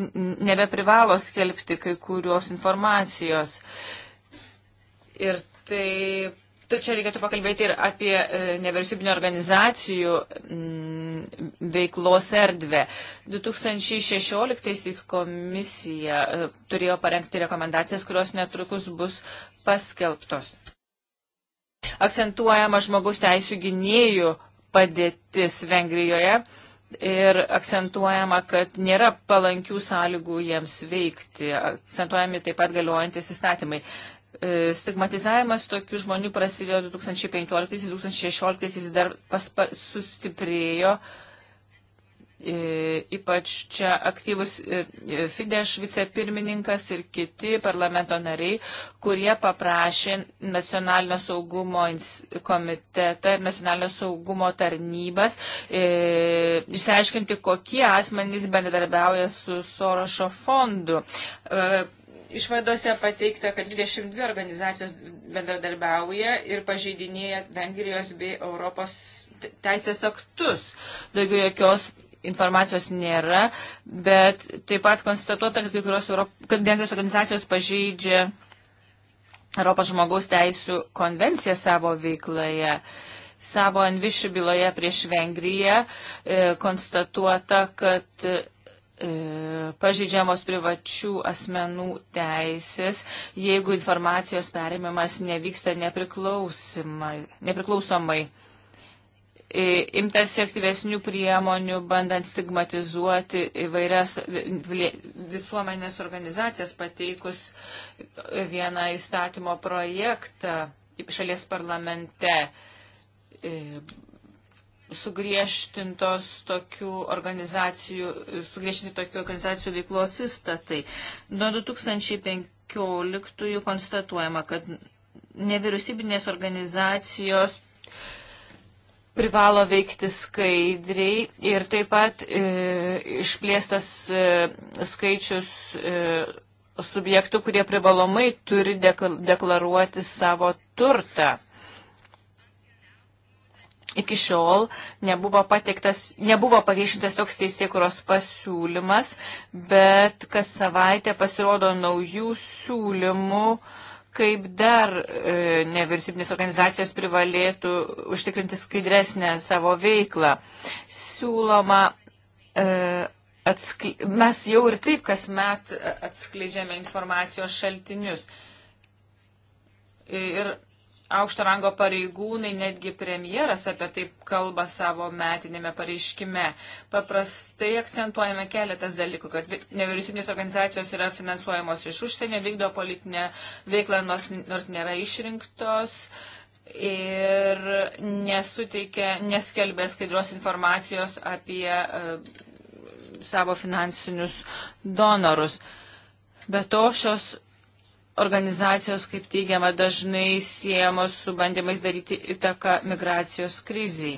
nebeprivalo skelbti kai kurios informacijos. Ir taip Tai čia reikėtų pakalbėti ir apie e, nevyriausybinio organizacijų mm, veiklos erdvę. 2016 komisija e, turėjo parengti rekomendacijas, kurios netrukus bus paskelbtos. Akcentuojama žmogaus teisų gynėjų padėtis Vengrijoje ir akcentuojama, kad nėra palankių sąlygų jiems veikti. Akcentuojami taip pat galiojantis įstatymai. E, stigmatizavimas tokių žmonių prasidėjo 2015-2016, dar paspa, sustiprėjo. E, ypač čia aktyvus e, Fidesz vicepirmininkas ir kiti parlamento nariai, kurie paprašė Nacionalinio saugumo komitetą ir Nacionalinio saugumo tarnybas e, išsiaiškinti, kokie asmenys bendradarbiauja su Sorošo fondu. E, Išvadose pateikta, kad 22 organizacijos bendradarbiauja ir pažeidinėja Vengrijos bei Europos teisės aktus. Daugiau jokios informacijos nėra, bet taip pat konstatuota, kad kai kurios Europ... kad Vengrijos organizacijos pažeidžia Europos žmogaus teisų konvenciją savo veikloje. Savo Anvišių byloje prieš Vengriją e, konstatuota, kad E, pažeidžiamos privačių asmenų teisės, jeigu informacijos perimimas nevyksta nepriklausomai. E, Imtas aktyvesnių priemonių, bandant stigmatizuoti įvairias visuomenės organizacijas pateikus vieną įstatymo projektą šalies parlamente e, sugriežtintos tokių organizacijų, sugriežtinti tokių organizacijų veiklos įstatai. Nuo 2015 konstatuojama, kad nevyriausybinės organizacijos privalo veikti skaidriai ir taip pat e, išplėstas e, skaičius e, subjektų, kurie privalomai turi deklaruoti savo turtą. Iki šiol nebuvo, pateiktas, nebuvo paviešintas toks teisėkuros pasiūlymas, bet kas savaitę pasirodo naujų siūlymų, kaip dar e, nevyriausybinės organizacijos privalėtų užtikrinti skaidresnę savo veiklą. Siūloma e, atskli... mes jau ir taip kasmet atskleidžiame informacijos šaltinius. E, ir aukšto rango pareigūnai, netgi premjeras apie tai kalba savo metinėme pareiškime. Paprastai akcentuojame keletas dalykų, kad nevyriausybinės organizacijos yra finansuojamos iš užsienio, vykdo politinę veiklą, nors, nors nėra išrinktos. Ir nesuteikia, neskelbė skaidros informacijos apie uh, savo finansinius donorus. Be to, šios organizacijos, kaip teigiama, dažnai siejamos su bandymais daryti įtaką migracijos kriziai.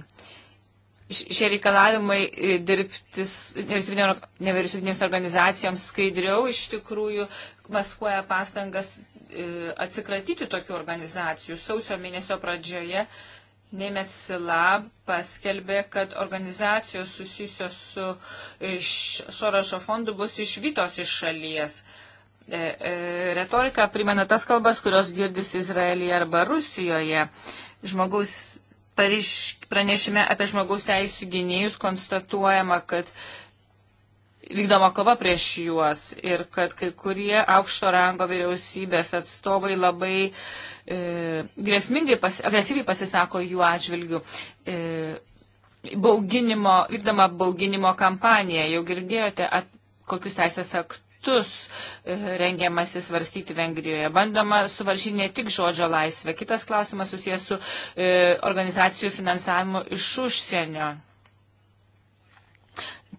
Šie reikalavimai e, dirbti nevyriausybinėms organizacijoms skaidriau iš tikrųjų maskuoja pastangas e, atsikratyti tokių organizacijų. Sausio mėnesio pradžioje Nemets Lab paskelbė, kad organizacijos susijusios su Šorošo fondu bus išvytos iš šalies E, e, retorika primena tas kalbas, kurios girdis Izraelyje arba Rusijoje. Žmogaus parišk, pranešime apie žmogaus teisų gynėjus konstatuojama, kad vykdoma kova prieš juos ir kad kai kurie aukšto rango vyriausybės atstovai labai e, grėsmingai, pas, agresyviai pasisako jų atžvilgių. E, bauginimo, vykdoma bauginimo kampanija. Jau girdėjote, at, kokius teisės aktus metus e, rengiamasi svarstyti Vengrijoje. Bandoma suvaržyti ne tik žodžio laisvę. Kitas klausimas susijęs su e, organizacijų finansavimu iš užsienio.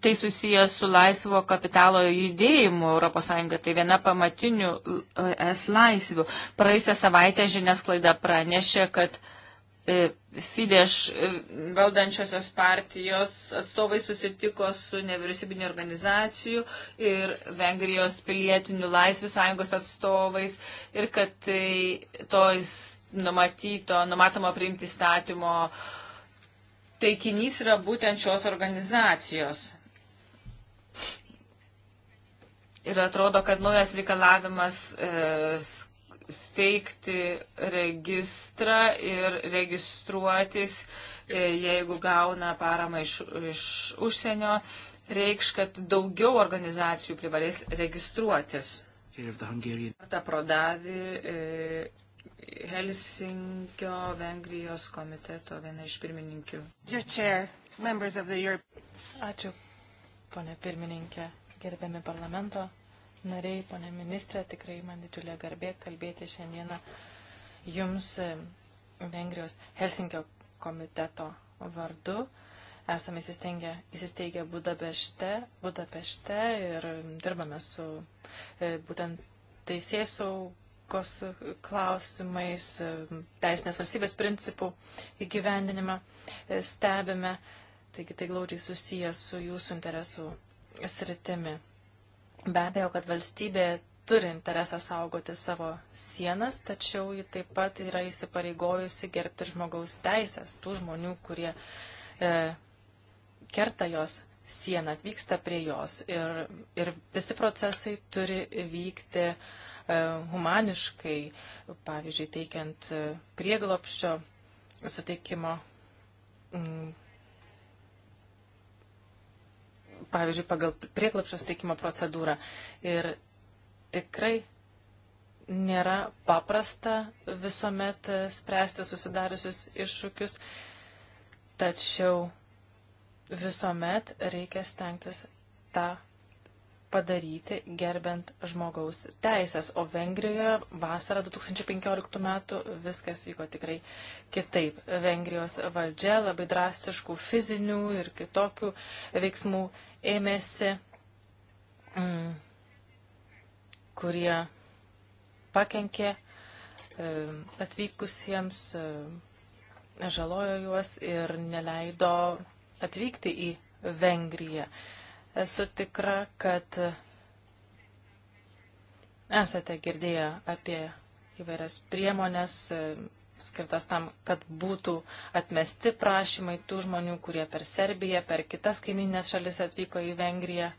Tai susijęs su laisvo kapitalo judėjimu ES, tai viena pamatinių e, es laisvių. Praėjusią savaitę žiniasklaida pranešė, kad uh, E, Fidesz e, valdančiosios partijos atstovai susitiko su nevyriausybinio organizacijų ir Vengrijos pilietinių laisvių sąjungos atstovais ir kad tai to numatyto, numatomo priimti statymo taikinys yra būtent šios organizacijos. Ir atrodo, kad naujas reikalavimas e, steigti registrą ir registruotis, e, jeigu gauna paramą iš, iš užsienio, reikš, kad daugiau organizacijų privalės registruotis. Ta prodavi e, Helsinkio Vengrijos komiteto viena iš pirmininkių. Ačiū, ponė pirmininkė, gerbiami parlamento nariai, ponė ministrė, tikrai man didžiulė garbė kalbėti šiandieną Jums e, Vengrijos Helsinkio komiteto vardu. Esame įsisteigę, įsisteigę Budapešte, Budapešte ir dirbame su e, būtent teisės saugos klausimais, e, teisinės valstybės principų įgyvendinimą stebime. Taigi tai glaudžiai susijęs su jūsų interesų sritimi. Be abejo, kad valstybė turi interesą saugoti savo sienas, tačiau ji taip pat yra įsipareigojusi gerbti žmogaus teisės tų žmonių, kurie e, kerta jos sieną, atvyksta prie jos. Ir, ir visi procesai turi vykti e, humaniškai, pavyzdžiui, teikiant e, prieglopščio suteikimo m, pavyzdžiui, pagal prieklapšio steikimo procedūrą. Ir tikrai nėra paprasta visuomet spręsti susidariusius iššūkius, tačiau visuomet reikia stengtis tą padaryti, gerbent žmogaus teisės. O Vengrijoje vasarą 2015 metų viskas vyko tikrai kitaip. Vengrijos valdžia labai drastiškų fizinių ir kitokių veiksmų ėmėsi, mm, kurie pakenkė e, atvykusiems, e, žalojo juos ir neleido atvykti į Vengriją. Esu tikra, kad esate girdėję apie įvairias priemonės, e, skirtas tam, kad būtų atmesti prašymai tų žmonių, kurie per Serbiją, per kitas kaiminės šalis atvyko į Vengriją.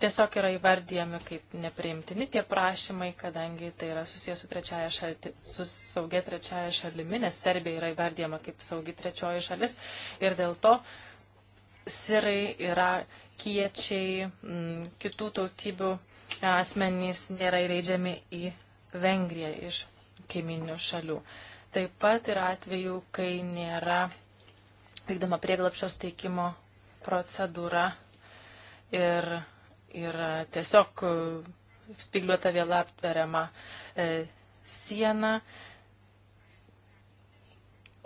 Tiesiog yra įvardyjami kaip nepriimtini tie prašymai, kadangi tai yra susijęs su, trečiaja šalti, su saugia trečiaja šalimi, nes Serbija yra įvardyjama kaip saugi trečioji šalis ir dėl to sirai yra kiečiai, m, mm, kitų tautybių e, asmenys nėra įleidžiami į Vengriją iš kaiminių šalių. Taip pat yra atvejų, kai nėra vykdoma prieglapšio steikimo procedūra ir yra tiesiog e, spigliuota viela aptveriama e, siena,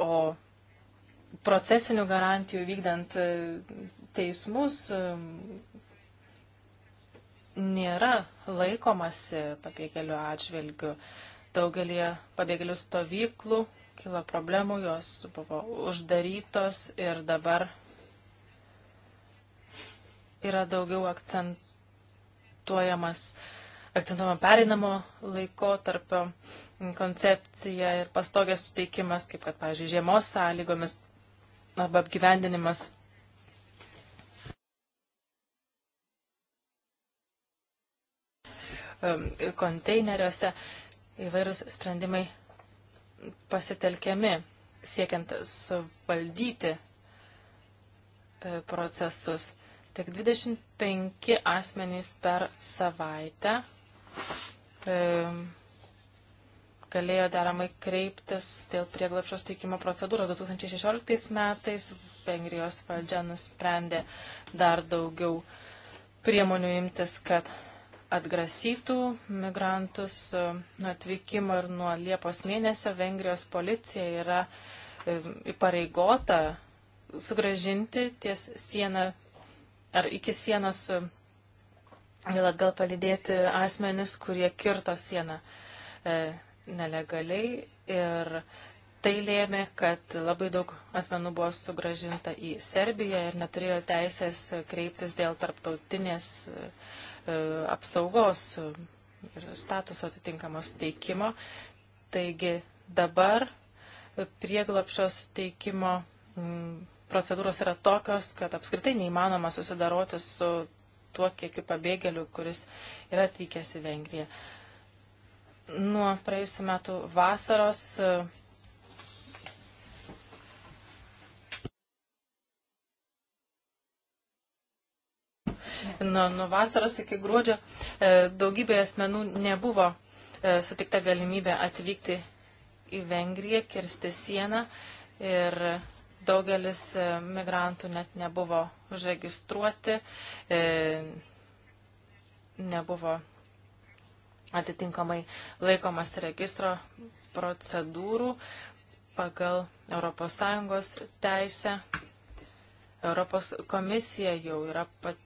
o procesinių garantijų vykdant e, teismus e, nėra laikomasi pabėgėlių atžvilgių. E, Daugelie pabėgėlių stovyklų kilo problemų, jos buvo uždarytos ir dabar yra daugiau akcentuojamas akcentuojama pereinamo laiko tarpio koncepcija ir pastogės suteikimas, kaip kad, pavyzdžiui, žiemos sąlygomis arba apgyvendinimas. Ehm, konteineriuose įvairūs sprendimai pasitelkiami, siekiant suvaldyti e, procesus. Tik 25 asmenys per savaitę e, galėjo deramai kreiptis dėl prieglapšio steikimo procedūros. 2016 metais Vengrijos valdžia nusprendė dar daugiau priemonių imtis, kad atgrasytų migrantus e, nuo atvykimo ir nuo Liepos mėnesio Vengrijos policija yra e, įpareigota sugražinti ties sieną ar iki sienos e, vėl atgal palidėti asmenis, kurie kirto sieną e, nelegaliai. Ir tai lėmė, kad labai daug asmenų buvo sugražinta į Serbiją ir neturėjo teisės kreiptis dėl tarptautinės. E, E, apsaugos ir statuso atitinkamos teikimo. Taigi dabar prieglapšio suteikimo mm, procedūros yra tokios, kad apskritai neįmanoma susidaroti su tuo kiekiu pabėgėlių, kuris yra atvykęs į Vengriją. Nuo praėjusiu metu vasaros e, nuo, nuo vasaros iki gruodžio e, daugybė asmenų nebuvo e, sutikta galimybė atvykti į Vengriją, kirsti sieną ir daugelis e, migrantų net nebuvo užregistruoti, nebuvo atitinkamai laikomas registro procedūrų pagal ES teisę. Europos komisija jau yra pat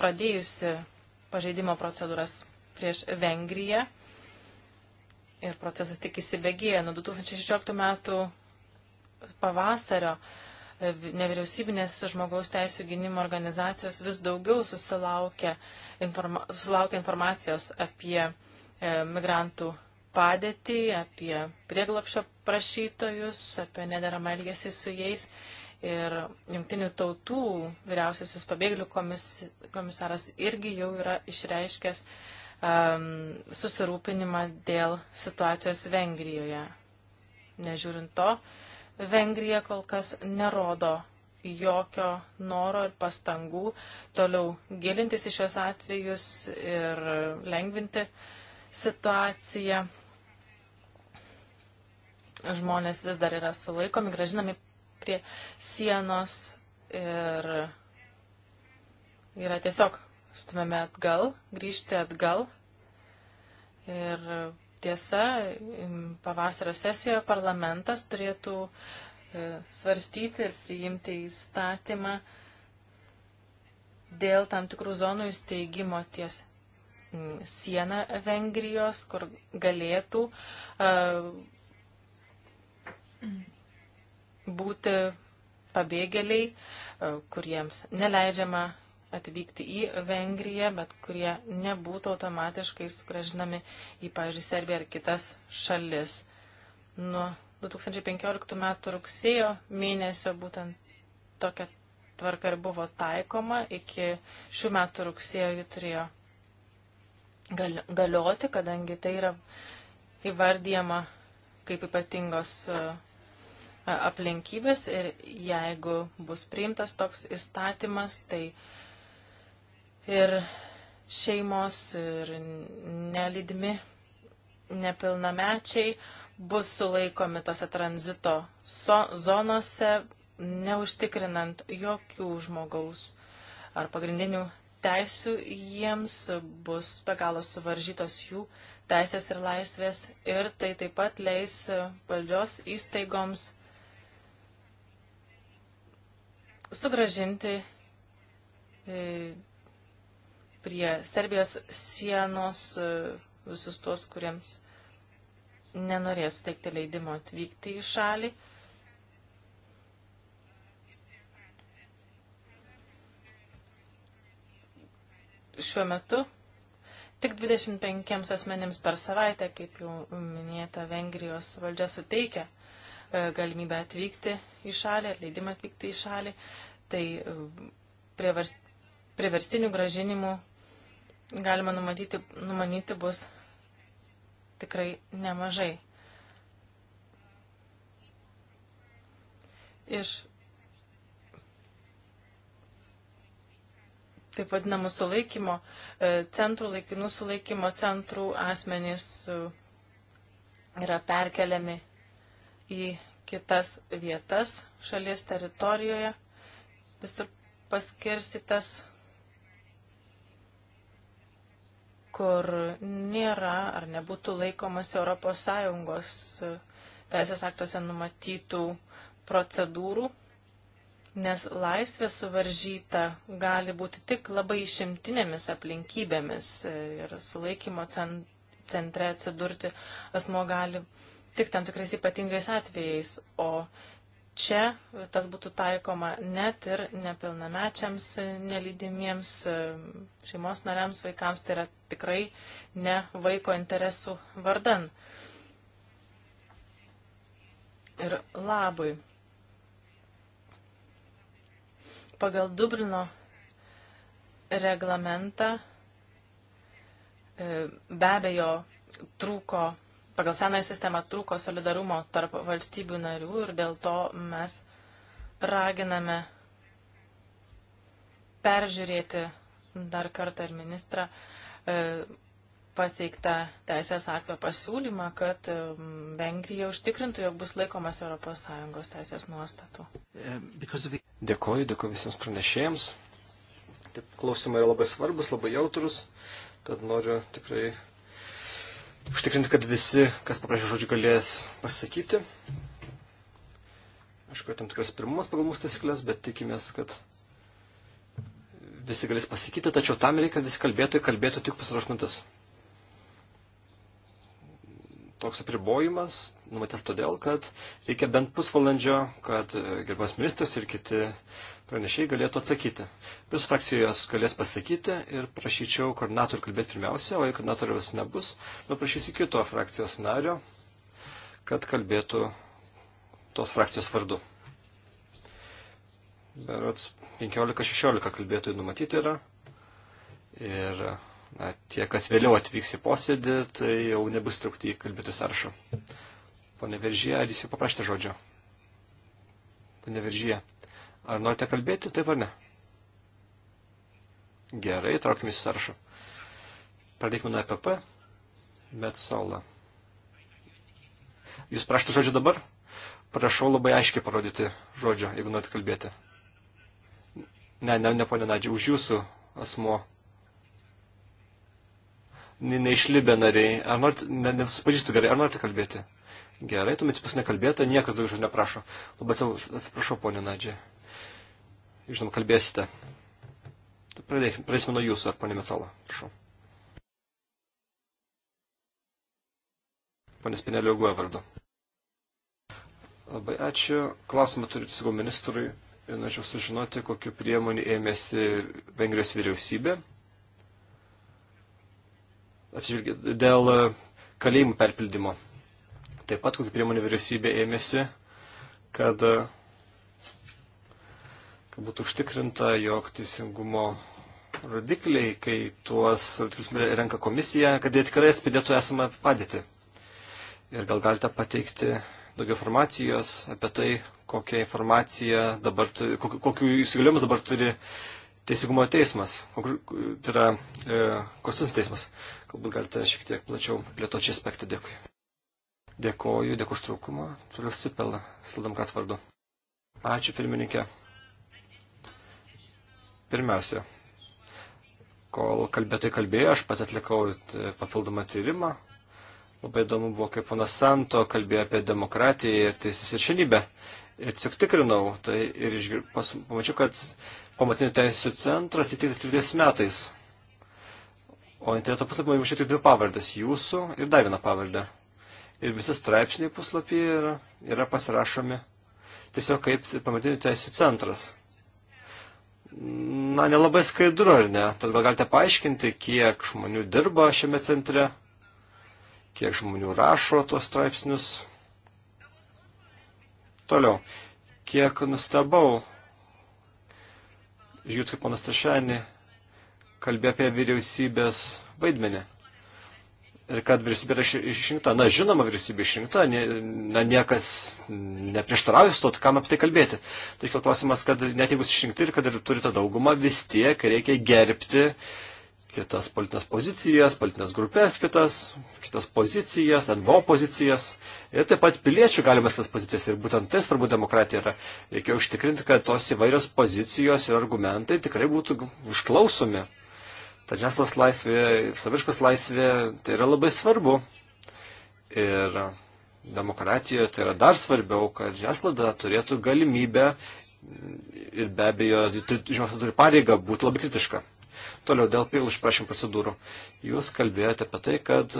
pradėjusi pažeidimo procedūras prieš Vengriją ir procesas tik įsibėgėja. Nuo 2016 metų pavasario nevyriausybinės žmogaus teisų gynimo organizacijos vis daugiau susilaukia, informa susilaukia informacijos apie e, migrantų padėtį, apie prieglapšio prašytojus, apie nederamą elgesį su jais ir jungtinių tautų vyriausiasis pabėgėlių komis, komisaras irgi jau yra išreiškęs um, susirūpinimą dėl situacijos Vengrijoje. Nežiūrint to, Vengrija kol kas nerodo jokio noro ir pastangų toliau gilintis į šios atvejus ir lengvinti situaciją. Žmonės vis dar yra sulaikomi, gražinami prie sienos ir yra tiesiog stumėme atgal, grįžti atgal. Ir tiesa, pavasario sesijoje parlamentas turėtų e, svarstyti ir priimti įstatymą dėl tam tikrų zonų įsteigimo ties sieną Vengrijos, kur galėtų uh, būti pabėgėliai, e, kuriems neleidžiama atvykti į Vengriją, bet kurie nebūtų automatiškai sugražinami į, pavyzdžiui, Serbiją ar kitas šalis. Nuo 2015 m. rugsėjo mėnesio būtent tokia tvarka ir buvo taikoma, iki šių metų rugsėjo ji turėjo galioti, kadangi tai yra įvardyjama kaip ypatingos e, aplinkybės ir jeigu bus priimtas toks įstatymas, tai ir šeimos ir nelidimi nepilnamečiai bus sulaikomi tose tranzito zonose, neužtikrinant jokių žmogaus ar pagrindinių teisių jiems, bus be galo suvaržytos jų teisės ir laisvės ir tai taip pat leis valdžios įstaigoms sugražinti e, prie Serbijos sienos e, visus tuos, kuriems nenorės suteikti leidimo atvykti į šalį. Šiuo metu tik 25 asmenėms per savaitę, kaip jau minėta, Vengrijos valdžia suteikia E, galimybę atvykti į šalį, ar leidimą atvykti į šalį, tai e, privers, priverstinių gražinimų galima numatyti, numanyti bus tikrai nemažai. Iš taip vadinamų sulaikymo e, centrų, laikinų sulaikymo centrų asmenys yra perkeliami į kitas vietas šalies teritorijoje, visur paskirstytas, kur nėra ar nebūtų laikomas ES e, teisės aktuose numatytų procedūrų, nes laisvė suvaržyta gali būti tik labai išimtinėmis aplinkybėmis e, ir sulaikymo centre atsidurti asmo gali tik tam tikrais ypatingais atvejais, o čia tas būtų taikoma net ir nepilnamečiams, nelydimiems šeimos nariams, vaikams, tai yra tikrai ne vaiko interesų vardan. Ir labai. Pagal Dublino reglamentą e, be abejo trūko pagal senąją sistemą trūko solidarumo tarp valstybių narių ir dėl to mes raginame peržiūrėti dar kartą ir ministrą e, pateiktą teisės akto pasiūlymą, kad e, Vengrija užtikrintų, jog bus laikomas ES teisės nuostatų. Dėkoju, dėkoju visiems pranešėjams. Taip, klausimai yra labai svarbus, labai jautrus, tad noriu tikrai užtikrinti, kad visi, kas paprašė žodžių, galės pasakyti. Aišku, tam tikras pirmumas pagal mūsų taisyklės, bet tikimės, kad visi galės pasakyti, tačiau tam reikia, kad visi kalbėtojai kalbėtų tik pusantros minutės. Toks apribojimas numatęs todėl, kad reikia bent pusvalandžio, kad gerbos ministras ir kiti pranešėjai galėtų atsakyti. Visos frakcijos galės pasakyti ir prašyčiau koordinatorių kalbėti pirmiausia, o jei koordinatoriaus nebus, paprašysiu kito frakcijos nario, kad kalbėtų tos frakcijos vardu. Berots 15-16 kalbėtojų numatyti yra. Ir na, tie, kas vėliau atvyks į posėdį, tai jau nebus trukti į kalbėtojų sąrašą. Pone Veržyje, ar jūs jau paprašėte žodžio? Pone Veržyje. Ar norite kalbėti, taip ar ne? Gerai, traukime į sąrašą. Pradėkime nuo EPP. Metsola. Jūs prašote žodžio dabar? Prašau labai aiškiai parodyti žodžio, jeigu norite kalbėti. Ne, ne, ne, ponė Nadžia, už jūsų asmo. Ne, neišlibę nariai. Ar norite, ne, nesupažįstu gerai, ar norite kalbėti? Gerai, tuomet jūs nekalbėjote, niekas daugiau žodžio neprašo. Labai atsiprašau, ponė Nadžia žinoma, kalbėsite. Tai pradėsime nuo jūsų, ponė Metalo. Prašau. Pane Spinelio Guoja vardu. Labai ačiū. Klausimą turite savo ministrui. Ir norėčiau sužinoti, kokiu priemonį ėmėsi Vengrijos vyriausybė. Atsižvelgiant dėl e, kalėjimų perpildymo. Taip pat kokiu priemonį vyriausybė ėmėsi, kad e, kad būtų užtikrinta, jog teisingumo rodikliai, kai tuos rodiklius renka komisija, kad jie tikrai atspėdėtų esamą padėtį. Ir gal galite pateikti daugiau informacijos apie tai, kokią informaciją dabar, kokiu įsigaliojimus dabar turi Teisingumo teismas, tai yra e, Kostinis teismas. Galbūt galite šiek tiek plačiau plėtoti šį aspektą. Dėkui. Dėkoju, dėkui už trūkumą. Toliau Sipela, Sildamkat vardu. Ačiū pirmininkė. Pirmiausia, kol kalbėtai kalbėjo, aš pat atlikau e, papildomą tyrimą. Labai įdomu buvo, kaip ponas Santo kalbėjo apie demokratiją ir teisės viršenybę. Ir tiesiog tikrinau, tai ir išgir... pas... pamačiau, kad pamatinių teisų centras įsteigtas 30 metais. O interneto puslapyje mačiau tik dvi pavardės - jūsų ir dar vieną pavardę. Ir visi straipsniai puslapyje yra, yra pasirašomi tiesiog kaip pamatinių teisų centras na, nelabai skaidru, ar ne? Tad gal galite paaiškinti, kiek žmonių dirba šiame centre, kiek žmonių rašo tuos straipsnius. Toliau, kiek nustebau, žiūrėt, kaip ponas Tašenė kalbė apie vyriausybės vaidmenį kad vyriausybė yra išrinkta. Na, žinoma, vyriausybė išrinkta, nie, na, niekas neprieštarauja su to, kam apie tai kalbėti. Tai kilo klausimas, kad net jeigu išrinkti ir kad ir turite daugumą, vis tiek reikia gerbti kitas politinės pozicijas, politinės grupės kitas, kitas pozicijas, NVO pozicijas ir taip pat piliečių galimas tas pozicijas. Ir būtent tai svarbu demokratija yra. Reikia užtikrinti, kad tos įvairios pozicijos ir argumentai tikrai būtų išklausomi ta žiniasklaidos laisvė, saviškos laisvė, tai yra labai svarbu. Ir demokratijoje tai yra dar svarbiau, kad žiniasklaida turėtų galimybę ir be abejo, žiniasklaida turi pareigą būti labai kritiška. Toliau dėl pil išprašymų procedūrų. Jūs kalbėjote apie tai, kad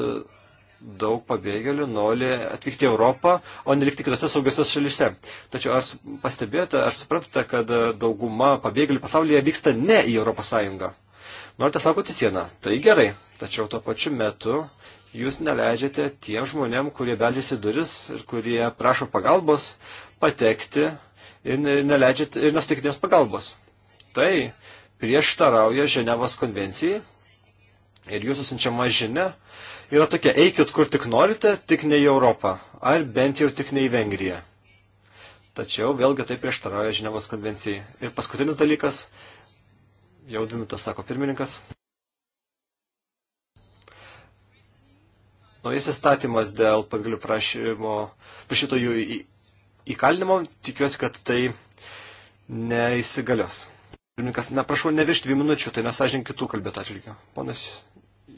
daug pabėgėlių nori atvykti į Europą, o nelikti kitose saugiose šalyse. Tačiau ar pastebėjote, ar suprantate, kad dauguma pabėgėlių pasaulyje vyksta ne į Europos Sąjungą? norite saugoti sieną, tai gerai, tačiau tuo pačiu metu jūs neleidžiate tiem žmonėm, kurie beldžiasi duris ir kurie prašo pagalbos, patekti ir, neleidžiate, ir nesutikite jiems pagalbos. Tai prieštarauja Ženevos konvencijai ir jūsų siunčiama žinia yra tokia, eikit kur tik norite, tik ne į Europą, ar bent jau tik ne į Vengriją. Tačiau vėlgi tai prieštarauja Ženevos konvencijai. Ir paskutinis dalykas Jau dvi minutės, sako pirmininkas. Naujas įstatymas dėl pagalių prašymo, prašytojų į, įkalinimo, tikiuosi, kad tai neįsigalios. Pirmininkas, na prašau, ne virš dvi minučių, tai nesažink kitų kalbėtų atlygio. Ponas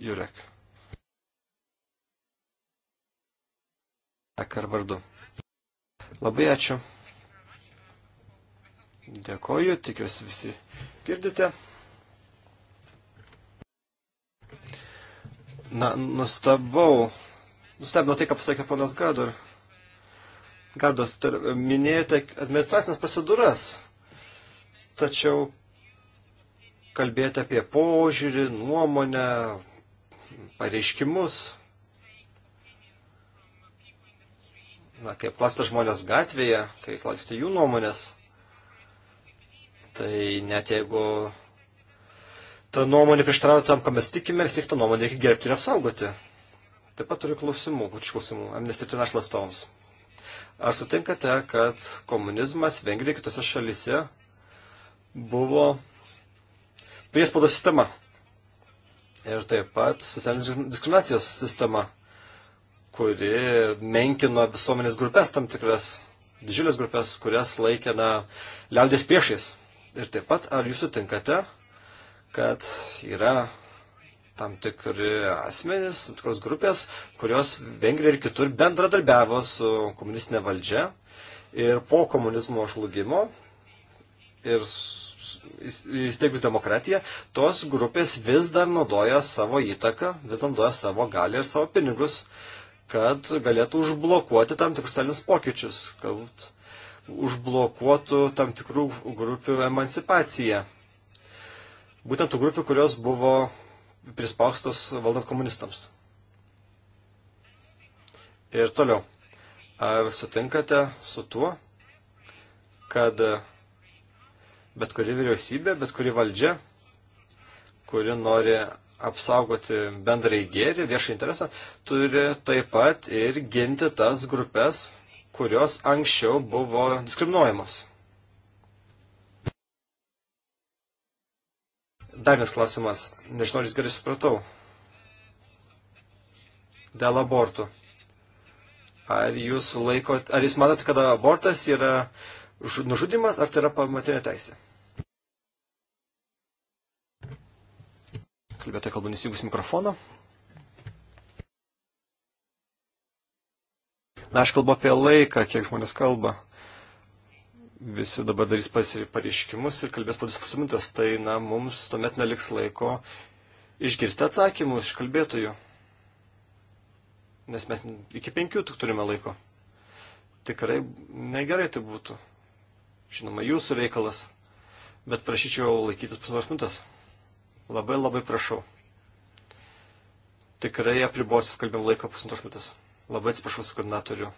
Jurek. Ekar vardu. Labai ačiū. Dėkoju, tikiuosi visi girdite. Na, nustebau. Nustebino tai, ką pasakė ponas Gador. Gardos, tai minėjote administracinės procedūras, tačiau kalbėjote apie požiūrį, nuomonę, pareiškimus. Na, kaip klasta žmonės gatvėje, kai klausti jų nuomonės, tai net jeigu ta nuomonė prieštarauja tam, ką mes tikime, vis tiek tą nuomonę reikia gerbti ir apsaugoti. Taip pat turiu klausimų, kučių klausimų, Amnesty International atstovams. Ar sutinkate, kad komunizmas Vengrijoje kitose šalise buvo priespaudos sistema? Ir taip pat socialinės diskriminacijos sistema, kuri menkino visuomenės grupės tam tikras, didžiulės grupės, kurias laikė na, liaudės priešais. Ir taip pat, ar jūs sutinkate, kad yra tam tikri asmenys, tam tikros grupės, kurios Vengrija ir kitur bendradarbiavo su komunistinė valdžia ir po komunizmo žlugimo ir įsteigus demokratiją, tos grupės vis dar naudoja savo įtaką, vis dar naudoja savo galią ir savo pinigus, kad galėtų užblokuoti tam tikrus elnius pokyčius, kad užblokuotų tam tikrų grupių emancipaciją būtent tų grupių, kurios buvo prispaustos valdant komunistams. Ir toliau. Ar sutinkate su tuo, kad bet kuri vyriausybė, bet kuri valdžia, kuri nori apsaugoti bendrai gėrį, viešą interesą, turi taip pat ir ginti tas grupės, kurios anksčiau buvo diskriminuojamos. Dar vienas klausimas, nežinau, ar jūs gerai supratau. Dėl abortų. Ar jūs laikot, ar jūs manote, kad abortas yra nužudimas, ar tai yra pamatinė teisė? Kalbėtoja kalba nesijungus mikrofoną. Na, aš kalbu apie laiką, kiek žmonės kalba visi dabar darys pareiškimus ir kalbės po diskusijos, tai na, mums tuomet neliks laiko išgirsti atsakymus iš kalbėtojų. Nes mes iki penkių tik turime laiko. Tikrai negerai tai būtų. Žinoma, jūsų reikalas. Bet prašyčiau laikytis pusantros minutės. Labai labai prašau. Tikrai apribosiu kalbėjimo laiką pusantros minutės. Labai atsiprašau su koordinatoriu.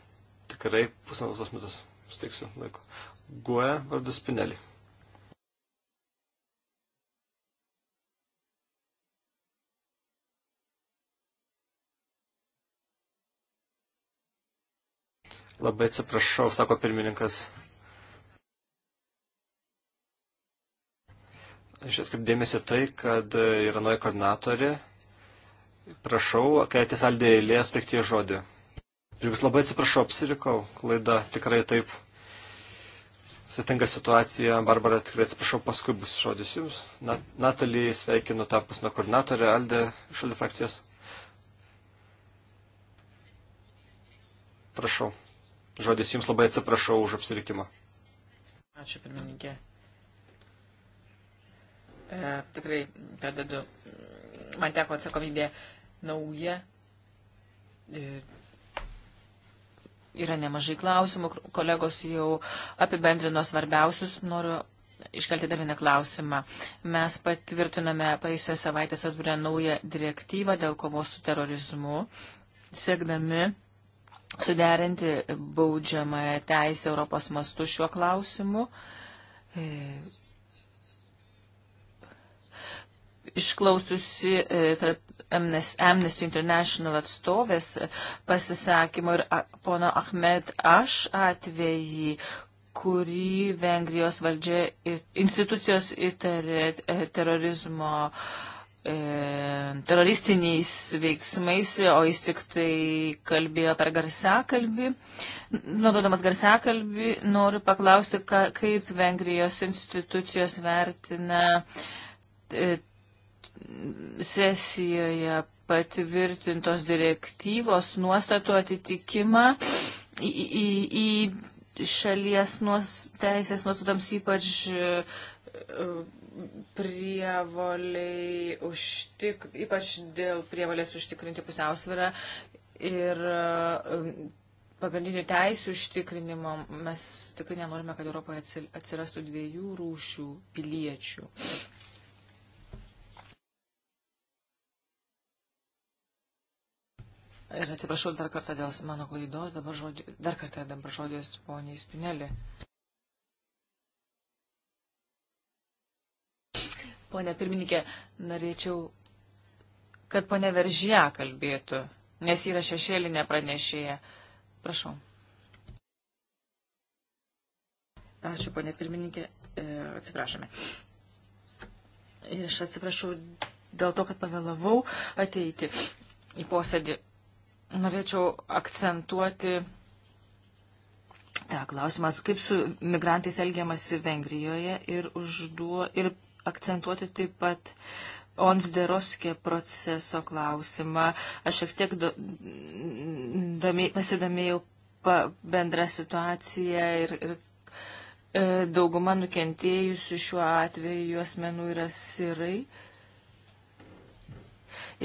Tikrai pusantros minutės suteiksiu laiko. Guoja vardas Pinelį. Labai atsiprašau, sako pirmininkas. Aš atkreipdėmėsi tai, kad yra nuoja koordinatorė. Prašau, kai atės aldė eilė, sutikti žodį. Ir vis labai atsiprašau, apsirikau, klaida tikrai taip sutinka situacija. Barbara, tikrai atsiprašau, paskui bus žodis jums. Nat Natalija sveikinu tapus nuo koordinatorė Aldė iš Aldė frakcijos. Prašau. Žodis jums labai atsiprašau už apsirikimą. Ačiū, pirmininkė. E, tikrai perdedu. Man teko atsakomybė nauja. E, yra nemažai klausimų, kolegos jau apibendrino svarbiausius, noriu iškelti dar vieną klausimą. Mes patvirtiname praėjusią savaitę Sasbūrę naują direktyvą dėl kovos su terorizmu, siekdami suderinti baudžiamąją teisę Europos mastu šiuo klausimu. E, išklausiusi e, Amnesty International atstovės e, pasisakymo ir pono Ahmed Aš atvejį, kurį Vengrijos valdžia institucijos įtarė e, terorizmo teroristiniais veiksmais, o jis tik tai kalbėjo per garsiakalbį. Naudodamas garsiakalbį, noriu paklausti, ka, kaip Vengrijos institucijos vertina sesijoje patvirtintos direktyvos nuostatų atitikimą į, į, į šalies nuos, teisės nuostatams ypač e, prievoliai užtik, ypač dėl prievolės užtikrinti pusiausvyrą ir e, pagrindinių teisų užtikrinimo mes tikrai nenorime, kad Europoje atsirastų dviejų rūšių piliečių. Ir atsiprašau dar kartą dėl mano klaidos, dabar žodį, dar kartą dabar žodis poniai Spinelį. Pone pirmininkė, norėčiau, kad pone Veržė kalbėtų, nes yra šešėlinė pranešėja. Prašau. Ačiū, pone pirmininkė. E, atsiprašome. Ir aš atsiprašau dėl to, kad pavėlavau ateiti į posėdį norėčiau akcentuoti tą klausimą, kaip su migrantais elgiamasi Vengrijoje ir, užduo, ir akcentuoti taip pat Onsderoskė proceso klausimą. Aš šiek tiek do, domė, pasidomėjau pa, bendrą situaciją ir, ir e, dauguma nukentėjusių šiuo atveju asmenų yra sirai.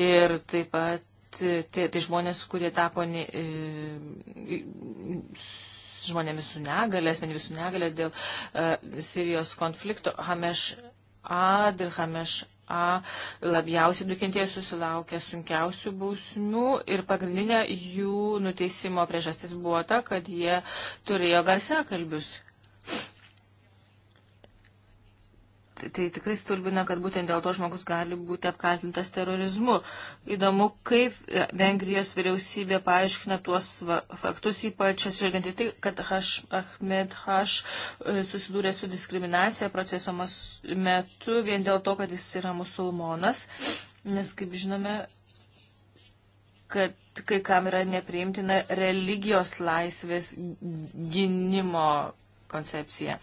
Ir taip pat Tai, tai, tai žmonės, kurie tapo ne, e, žmonėmis su negale, asmenimis su negale dėl e, Sirijos konflikto, Hameš A ir Hameš A labiausiai nukentėjo susilaukė sunkiausių bausmių ir pagrindinė jų nuteisimo priežastis buvo ta, kad jie turėjo garsiakalbius tai tikrai stulbina, kad būtent dėl to žmogus gali būti apkaltintas terorizmu. Įdomu, kaip e, Vengrijos vyriausybė paaiškina tuos faktus, ypač atsižvelgiant į tai, kad Haš, Ahmed Haš e, susidūrė su diskriminacija proceso metu vien dėl to, kad jis yra musulmonas, nes, kaip žinome, kad kai kam yra nepriimtina religijos laisvės gynimo koncepcija.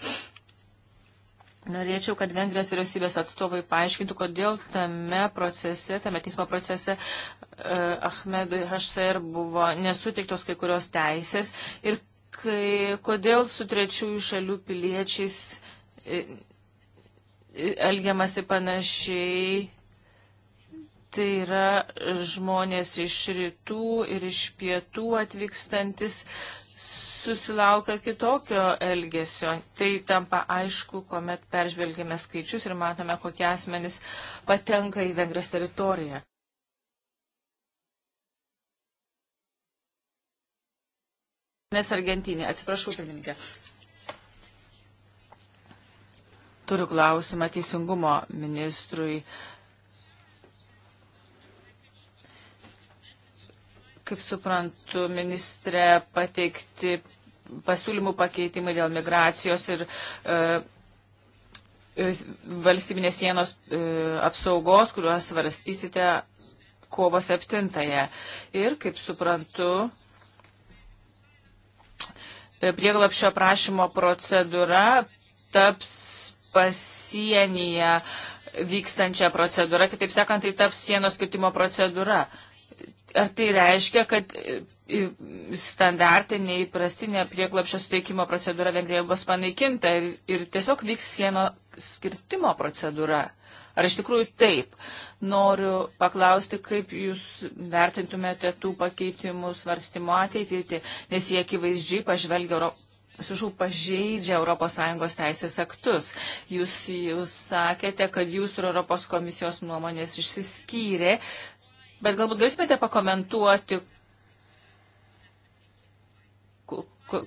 Norėčiau, kad Vengrijos vyriausybės atstovai paaiškintų, kodėl tame procese, tame teismo procese eh, Ahmedui HCR buvo nesuteiktos kai kurios teisės ir kai, kodėl su trečiųjų šalių piliečiais eh, elgiamasi panašiai. Tai yra žmonės iš rytų ir iš pietų atvykstantis. Eh, susilaukia kitokio elgesio. Tai tampa aišku, kuomet peržvelgėme skaičius ir matome, kokie asmenys patenka į Vengrijos teritoriją. Nes Argentinė, atsiprašau, pirmininkė. Turiu klausimą teisingumo ministrui. kaip suprantu, ministrė pateikti pasiūlymų pakeitimai dėl migracijos ir e, valstybinės sienos e, apsaugos, kuriuos svarstysite kovo 7-ąją. Ir, kaip suprantu, e, prieglapšio prašymo procedūra taps pasienyje vykstančią procedūrą, kitaip sakant, tai taps sienos skirtimo procedūra. E, ar tai reiškia, kad e, e, standartinė įprastinė prieglapšio suteikimo procedūra Vengrijoje bus panaikinta ir, ir tiesiog vyks sieno skirtimo procedūra? Ar iš tikrųjų taip? Noriu paklausti, kaip Jūs vertintumėte tų pakeitimų svarstymo ateitį, tai- nes jie akivaizdžiai pažvelgia Europą. Sužau, pažeidžia ES teisės aktus. Jūs, jūs sakėte, kad jūs ir Europos komisijos nuomonės išsiskyrė, Bet galbūt galėtumėte pakomentuoti,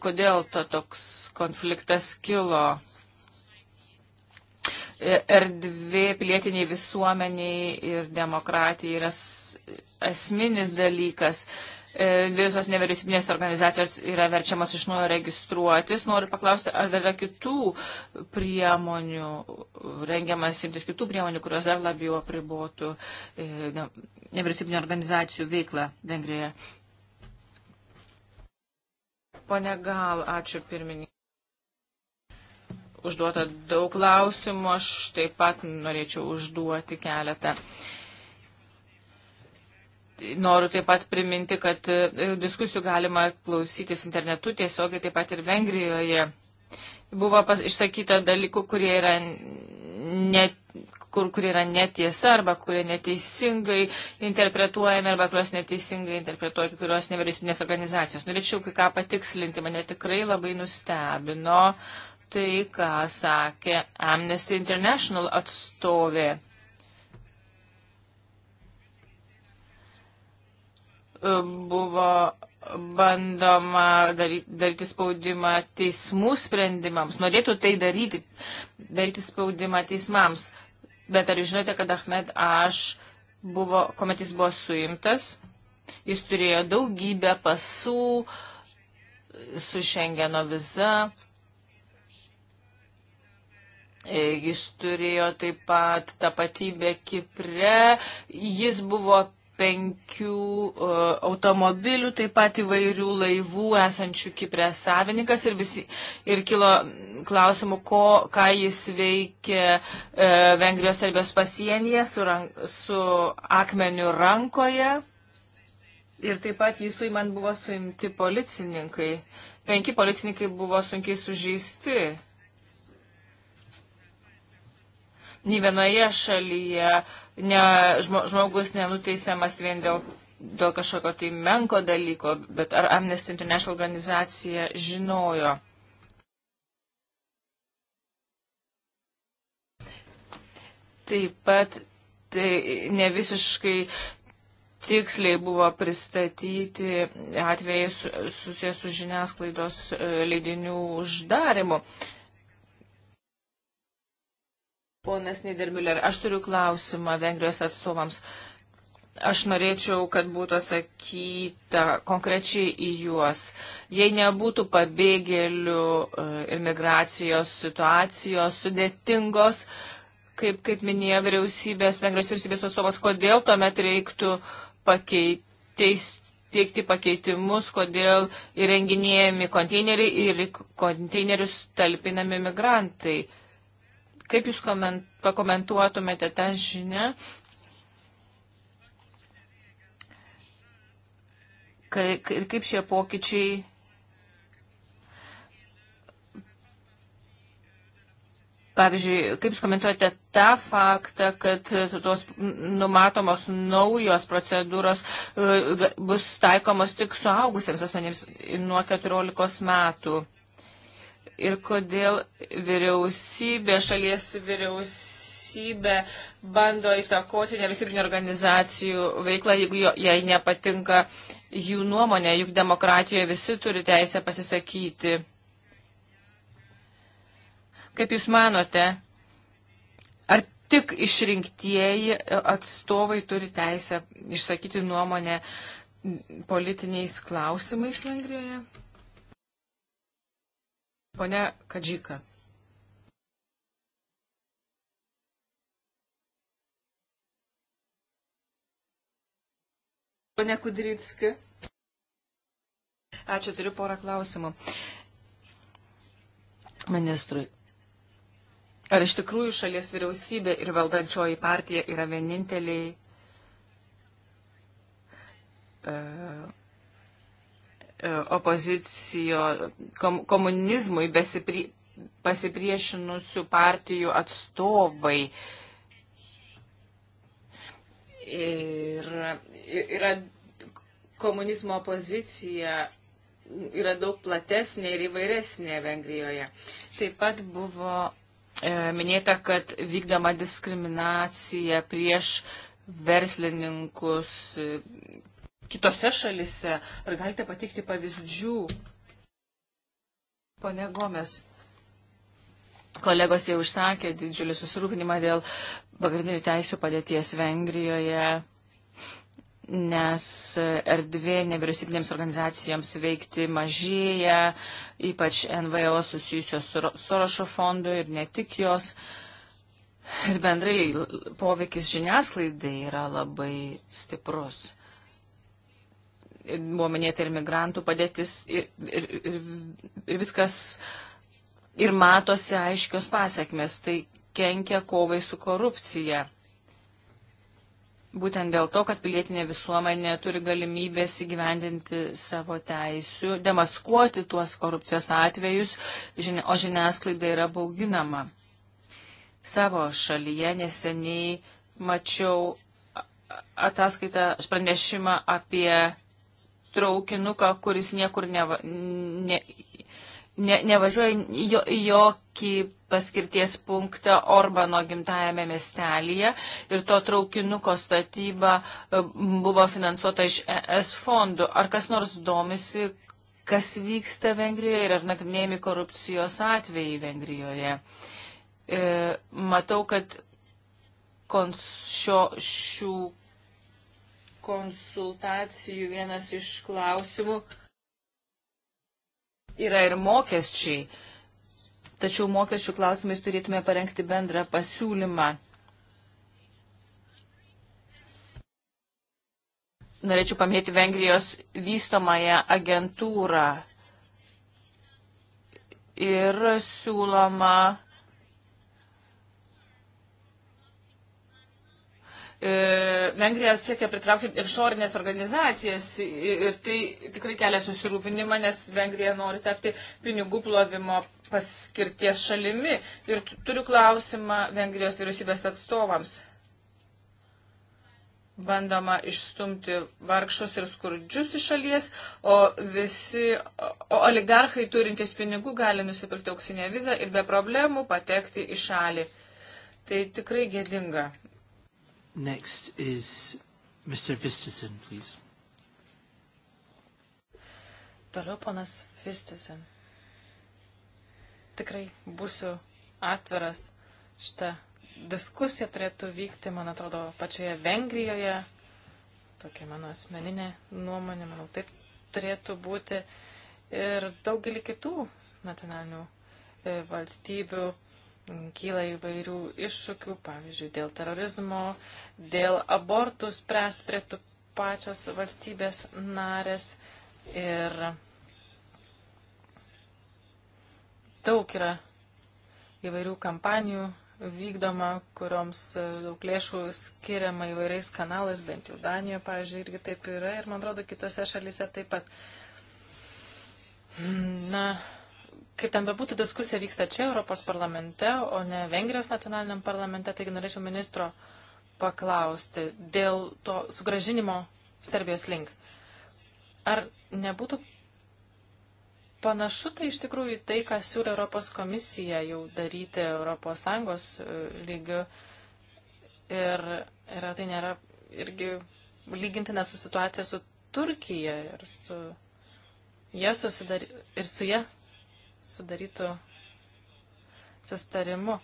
kodėl to toks konfliktas kilo. E, Erdvė pilietiniai visuomeniai ir demokratija yra esminis dalykas. E, E, visos nevyriausybinės organizacijos yra verčiamas iš nuojo registruotis. Noriu paklausti, ar dar yra kitų priemonių, rengiamas imtis kitų priemonių, kurios dar labiau apribotų e, nevyriausybinio organizacijų veiklą Vengrijoje. Pone Gal, ačiū pirmininkai. Užduota daug klausimų, aš taip pat norėčiau užduoti keletą. Uh, Noriu taip pat priminti, kad e, diskusijų galima klausytis internetu tiesiogiai taip pat ir Vengrijoje. Buvo pas, išsakyta dalykų, kurie yra, ne, kur, kurie yra netiesa arba kurie neteisingai interpretuojami arba kurios neteisingai interpretuoja kai kurios nevyriausybinės organizacijos. Norėčiau kai ką patikslinti, mane tikrai labai nustebino tai, ką sakė Amnesty International atstovė buvo bandoma daryti spaudimą teismų sprendimams, norėtų tai daryti, daryti spaudimą teismams. Bet ar žinote, kad Ahmed Aš buvo, kuomet jis buvo suimtas, jis turėjo daugybę pasų su Šengeno viza. E, jis turėjo taip pat tapatybę Kipre, jis buvo penkių e, automobilių, taip pat įvairių laivų esančių Kiprė savininkas ir, visi, ir kilo klausimų, ko, ką jis veikė e, Vengrijos serbijos pasienyje su, rank, su akmeniu rankoje. Ir taip pat jį suimant buvo suimti policininkai. Penki policininkai buvo sunkiai sužeisti. Nį vienoje šalyje uh, ne, žmogus nenuteisiamas vien dėl, dėl kažkokio tai menko dalyko, bet ar Amnesty International organizacija žinojo? Taip pat tai ne visiškai tiksliai buvo pristatyti atvejai susijęs su žiniasklaidos e, leidinių uždarimu. Uh, Ponas Niedermüller, aš turiu klausimą Vengrijos atstovams. Aš norėčiau, kad būtų atsakyta konkrečiai į juos. Jei nebūtų pabėgėlių e, ir migracijos situacijos sudėtingos, kaip, kaip minėjo vyriausybės, Vengrijos vyriausybės atstovas, kodėl tuomet reiktų pakeitis, teikti pakeitimus, kodėl įrenginėjami konteineriai ir konteinerius talpinami migrantai. Kaip Jūs koment, pakomentuotumėte tą žinę, kai, kaip šie pokyčiai Pavyzdžiui, kaip Jūs komentuojate tą faktą, kad tos numatomos naujos procedūros e, bus taikomos tik suaugusiems asmenėms nuo 14 metų? ir kodėl vyriausybė, šalies vyriausybė bando įtakoti nevisybinio organizacijų veiklą, jeigu jai nepatinka jų nuomonė, juk demokratijoje visi turi teisę pasisakyti. Kaip Jūs manote, ar tik išrinktieji atstovai turi teisę išsakyti nuomonę politiniais klausimais Vengrijoje? Pone Kadžika. Pone Kudrytski. Ačiū, turiu porą klausimų. Ministrui. Ar iš tikrųjų šalies vyriausybė ir valdančioji partija yra vieninteliai uh, E, opozicijo komunizmui besipri, pasipriešinusių partijų atstovai. Ir yra komunizmo opozicija yra daug platesnė ir įvairesnė Vengrijoje. Taip pat buvo e, minėta, kad vykdoma diskriminacija prieš verslininkus, kitose šalise? Ar galite pateikti pavyzdžių? Pone Gomes, kolegos jau išsakė didžiulį susirūpinimą dėl pagrindinių teisų padėties Vengrijoje, nes erdvė nevyriausybinėms organizacijoms veikti mažėja, ypač NVO susijusios su Sorošo fondu ir ne tik jos. Ir bendrai poveikis žiniasklaidai yra labai stiprus buvo minėta ir migrantų padėtis, ir, ir, ir, ir viskas, ir matosi aiškios pasiekmes, tai kenkia kovai su korupcija. Būtent dėl to, kad pilietinė visuomenė turi galimybės įgyvendinti savo teisių, demaskuoti tuos korupcijos atvejus, o žiniasklaida yra bauginama. Savo šalyje neseniai mačiau ataskaitą, pranešimą apie traukinuką, kuris niekur neva, ne, ne, nevažiuoja į jo, jokį paskirties punktą Orbano gimtajame miestelėje ir to traukinuko statyba e, buvo finansuota iš ES fondų. Ar kas nors domisi, kas vyksta Vengrijoje ir ar nagrinėjami korupcijos atvejai Vengrijoje? E, matau, kad kons, šio, šių konsultacijų vienas iš klausimų yra ir mokesčiai. Tačiau mokesčių klausimais turėtume parengti bendrą pasiūlymą. Norėčiau paminėti Vengrijos vystomąją agentūrą ir siūloma E, Vengrija siekia pritraukti ir šorinės organizacijas ir tai tikrai kelia susirūpinimą, nes Vengrija nori tapti pinigų plovimo paskirties šalimi. Ir turiu klausimą Vengrijos vyriausybės atstovams. Bandoma išstumti vargšus ir skurdžius iš šalies, o visi o oligarchai turintys pinigų gali nusipirkti auksinę vizą ir be problemų patekti į šalį. Tai tikrai gėdinga Next is Mr. Vistisen, please. Toliau ponas Vistisen. Tikrai būsiu atviras. Šitą diskusiją turėtų vykti, man atrodo, pačioje Vengrijoje. Tokia mano asmeninė nuomonė, manau, taip turėtų būti. Ir daugelį kitų nacionalinių e, valstybių kyla įvairių iššūkių, pavyzdžiui, dėl terorizmo, dėl abortų spręst prie tų pačios valstybės narės ir daug yra įvairių kampanijų vykdoma, kurioms e, daug lėšų skiriama įvairiais kanalais, bent jau Danijoje, pavyzdžiui, irgi taip yra ir, man atrodo, kitose šalyse taip pat. Na, kaip ten bebūtų, diskusija vyksta čia Europos parlamente, o ne Vengrijos nacionaliniam parlamente, taigi norėčiau ministro paklausti dėl to sugražinimo Serbijos link. Ar nebūtų panašu tai iš tikrųjų tai, ką siūlė Europos komisija jau daryti ES e, lygiu ir, ir tai nėra irgi lygintina su situacija su Turkija ir su jie susidar... ir su jie sudarytų sustarimu.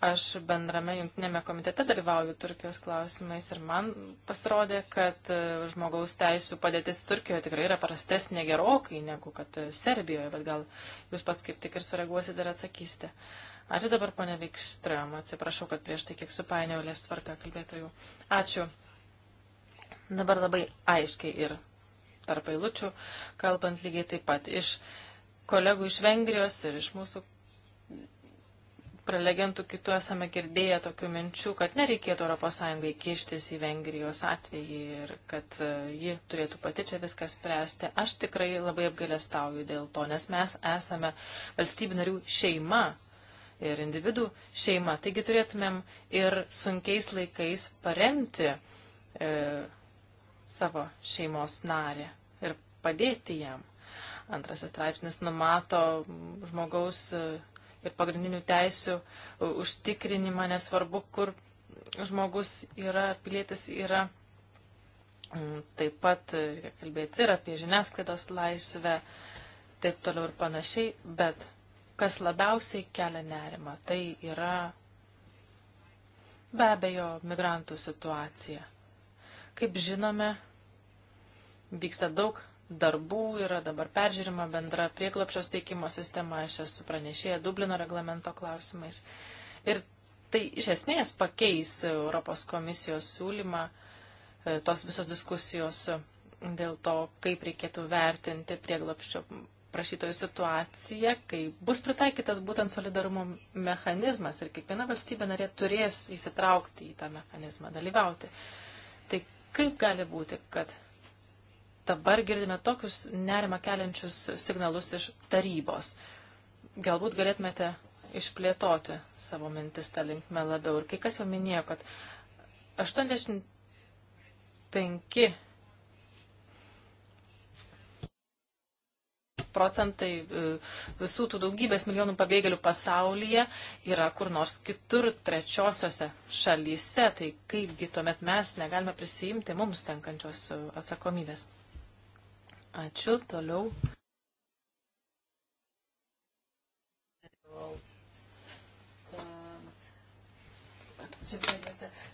Aš bendrame jungtinėme komitete dalyvauju Turkijos klausimais ir man pasirodė, kad e, žmogaus teisų padėtis Turkijoje tikrai yra prastesnė gerokai negu kad e, Serbijoje, bet gal jūs pats kaip tik ir sureaguosite ir atsakysite. Ačiū dabar, ponia Vikstram, atsiprašau, kad prieš tai kiek supainiau lės tvarką kalbėtojų. Ačiū. Dabar labai aiškiai ir tarp eilučių, kalbant lygiai taip pat iš kolegų iš Vengrijos ir iš mūsų prelegentų kitų esame girdėję tokių minčių, kad nereikėtų ES kištis į Vengrijos atvejį ir kad e, ji turėtų pati čia viską spręsti. Aš tikrai labai apgailestauju dėl to, nes mes esame valstybių narių šeima ir individų šeima. Taigi turėtumėm ir sunkiais laikais paremti e, savo šeimos narį ir padėti jam. Antrasis straipsnis numato žmogaus e, ir pagrindinių teisių e, užtikrinimą, nesvarbu, kur žmogus yra, pilietis yra. Mm, taip pat e, reikia kalbėti ir apie žiniasklaidos laisvę, taip toliau ir panašiai, bet kas labiausiai kelia nerima, tai yra be abejo migrantų situacija. Kaip žinome, vyksta daug darbų yra dabar peržiūrima bendra prieklapšio teikimo sistema, aš esu pranešėję Dublino reglamento klausimais. Ir tai iš esmės pakeis Europos komisijos siūlymą e, tos visos diskusijos dėl to, kaip reikėtų vertinti prieglapščio prašytojų situaciją, kai bus pritaikytas būtent solidarumo mechanizmas ir kiekviena valstybė narė turės įsitraukti į tą mechanizmą, dalyvauti. Tai kaip gali būti, kad dabar girdime tokius nerimą keliančius signalus iš tarybos. Galbūt galėtumėte išplėtoti savo mintis tą linkmę labiau. Ir kai kas jau minėjo, kad 85 procentai e, visų tų daugybės milijonų pabėgėlių pasaulyje yra kur nors kitur trečiosiose šalyse. Tai kaipgi tuomet mes negalime prisijimti mums tenkančios e, atsakomybės. Ačiū. Toliau.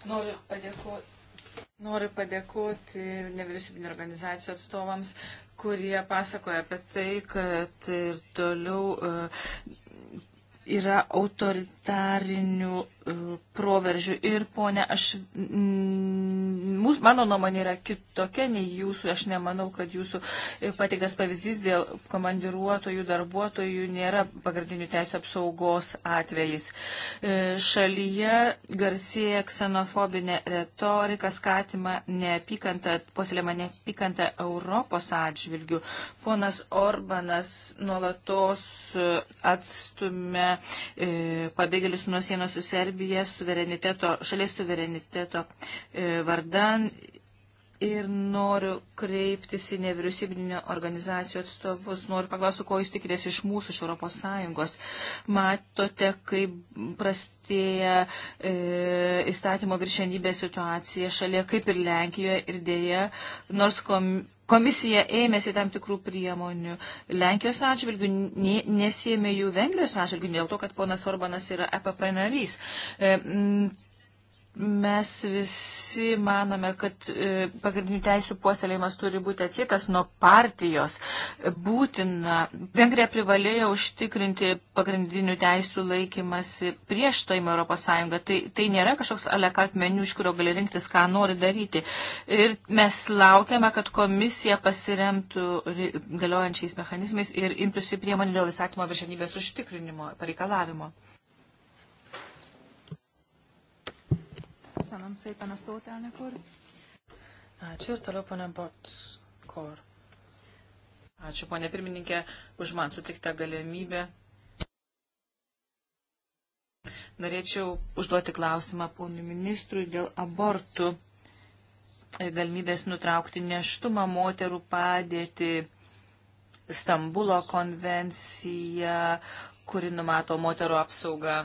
Noriu padėkoti. Noriu padėkoti nevyriausybinio organizacijų atstovams, kurie pasakoja apie tai, kad ir toliau uh, yra autoritarinių e, proveržių. Ir ponia, aš, mm, mūs, mano nuomonė yra kitokia nei jūsų. Aš nemanau, kad jūsų e, pateiktas pavyzdys dėl komandiruotojų darbuotojų nėra pagrindinių teisų apsaugos atvejais. E, šalyje garsėja ksenofobinė retorika, skatima neapykanta, posėlėma neapykanta Europos atžvilgių. Ponas Orbanas nuolatos atstumė priimame e, pabėgėlius nuo sienos su Serbija suvereniteto, šalies suvereniteto e, vardan ir noriu kreiptis į nevyriausybinio organizacijų atstovus. Noriu paklausti, ko jūs tikitės iš mūsų, iš Europos Sąjungos. Matote, kaip prastėja e, įstatymo viršenybė situacija šalia, kaip ir Lenkijoje ir dėja, nors kom, komisija ėmėsi tam tikrų priemonių Lenkijos atžvilgių, ne, nesėmė jų Vengrijos atžvilgių, dėl to, kad ponas Orbanas yra EPP narys. E, m, Mes visi manome, kad e, pagrindinių teisų puoselėjimas turi būti atsietas nuo partijos. Būtina, Vengrija privalėjo užtikrinti pagrindinių teisų laikymasi prieš stojimą Europos Sąjungą. Tai, tai nėra kažkoks alekart meniu, iš kurio gali rinktis, ką nori daryti. Ir mes laukiame, kad komisija pasiremtų galiojančiais mechanizmais ir imtųsi priemonių dėl įsakymo viršenybės užtikrinimo, pareikalavimo. Köszönöm szépen a szót, elnök úr. Ačiū ir toliau pane Botskor. Ačiū pane pirmininkė už man sutiktą galimybę. Norėčiau užduoti klausimą ponui ministrui dėl abortų e, galimybės nutraukti neštumą moterų padėti Stambulo konvencija, kuri numato moterų apsaugą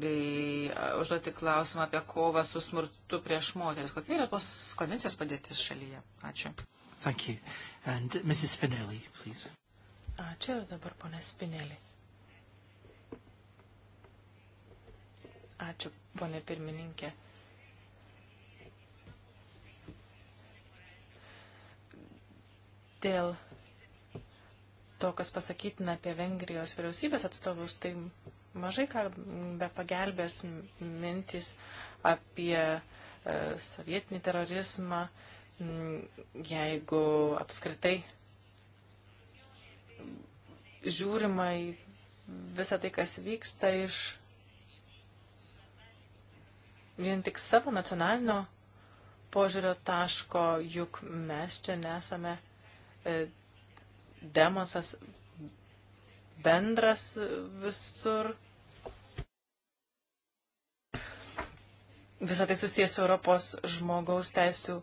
bei užduoti klausimą apie kovą su smurtu prieš moteris. Kokia yra tos konvencijos padėtis šalyje? Ačiū. Thank you. And Mrs. Spinelli, please. Ačiū ir dabar ponė Spinelli. Ačiū, ponė pirmininkė. Dėl to, kas pasakytina apie Vengrijos vyriausybės atstovus, tai mažai ką be pagelbės mintis apie e, sovietinį terorizmą, jeigu apskritai žiūrima į visą tai, kas vyksta iš vien tik savo nacionalinio požiūrio taško, juk mes čia nesame e, demosas bendras visur Visą tai susijęs su Europos žmogaus teisų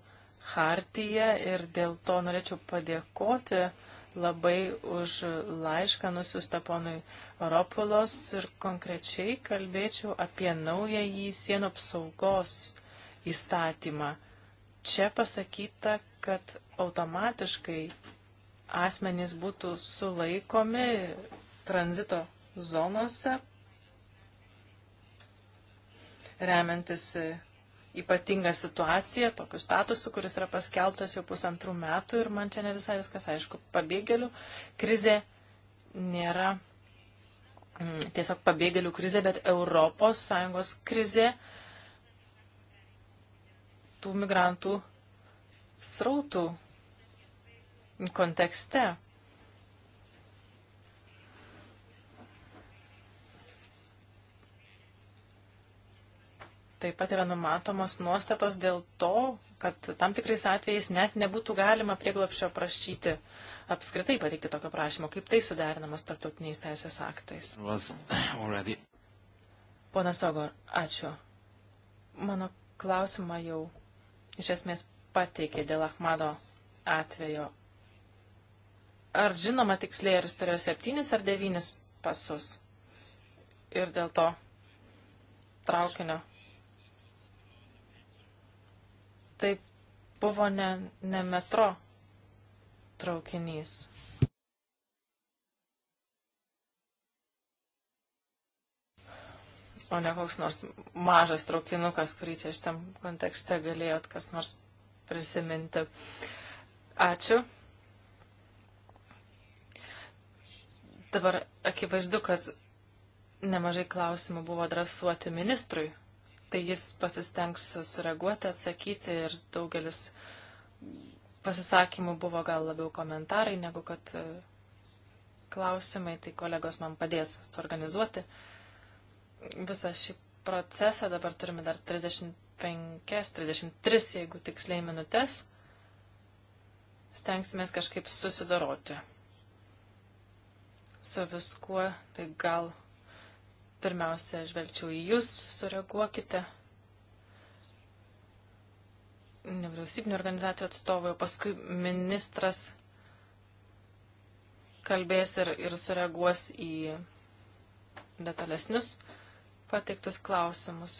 hartyje ir dėl to norėčiau padėkoti labai už laišką nusiustą ponui Europolos ir konkrečiai kalbėčiau apie naująjį sienų apsaugos įstatymą. Čia pasakyta, kad automatiškai asmenys būtų sulaikomi tranzito zonose remiantis e, ypatingą situaciją, tokiu statusu, kuris yra paskelbtas jau pusantrų metų ir man čia ne visai viskas aišku. Pabėgėlių krizė nėra mm, tiesiog pabėgėlių krizė, bet ES krizė tų migrantų srautų kontekste. Taip pat yra numatomos nuostatos dėl to, kad tam tikrais atvejais net nebūtų galima prieglapšio prašyti apskritai pateikti tokio prašymo, kaip tai suderinamas tarptautiniais teisės aktais. [clears throat] Pona Sogor, ačiū. Mano klausimą jau iš esmės pateikė dėl Ahmado atvejo. Ar žinoma tiksliai, ar jis turėjo septynis ar devynis pasus? Ir dėl to traukinio tai buvo ne, ne metro traukinys. O ne koks nors mažas traukinukas, kurį čia šitam kontekste galėjot kas nors prisiminti. Ačiū. Dabar akivaizdu, kad nemažai klausimų buvo adresuoti ministrui tai jis pasistengs sureaguoti, atsakyti ir daugelis pasisakymų buvo gal labiau komentarai negu kad e, klausimai, tai kolegos man padės suorganizuoti visą šį procesą. Dabar turime dar 35-33, jeigu tiksliai minutės. Stengsime kažkaip susidoroti su viskuo, tai gal Pirmiausia, žvelgčiau į Jūs, sureaguokite. Nevyriausybinio organizacijų atstovai, o paskui ministras kalbės ir, ir sureaguos į detalesnius pateiktus klausimus.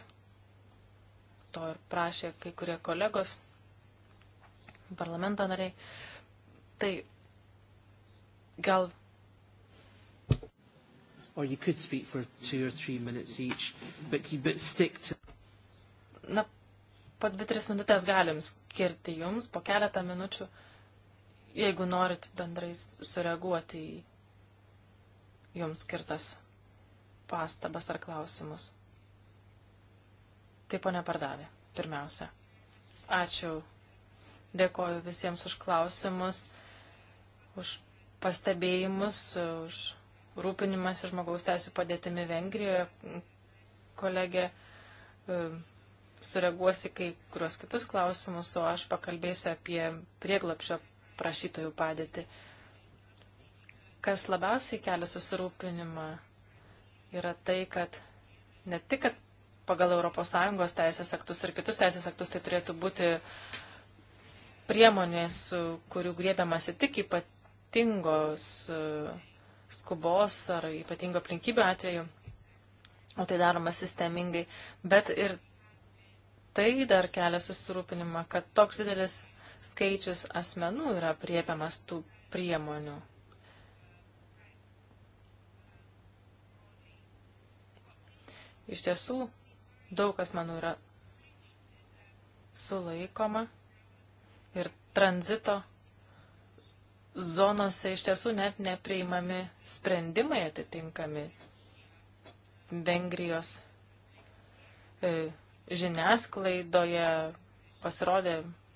To ir prašė kai kurie kolegos, parlamento nariai. Tai gal or you could speak for two or three minutes each, but, you, but stick to... Na, po dvi, tris minutės galim skirti jums, po keletą minučių, jeigu norit bendrai sureaguoti į jums skirtas pastabas ar klausimus. Tai ponia pardavė, pirmiausia. Ačiū. Dėkoju visiems už klausimus, už pastebėjimus, už rūpinimas žmogaus teisų padėtimi Vengrijoje. Kolegė e, sureaguosi kai kurios kitus klausimus, o aš pakalbėsiu apie prieglapšio prašytojų padėtį. Kas labiausiai kelia susirūpinimą yra tai, kad ne tik, kad pagal ES teisės aktus ir kitus teisės aktus tai turėtų būti priemonės, kurių griebiamasi tik ypatingos skubos ar ypatingo aplinkybių atveju, o tai daroma sistemingai. Bet ir tai dar kelia susirūpinimą, kad toks didelis skaičius asmenų yra priepiamas tų priemonių. Iš tiesų, daug asmenų yra sulaikoma ir tranzito zonose iš tiesų net nepriimami sprendimai atitinkami Vengrijos e, žiniasklaidoje pasirodė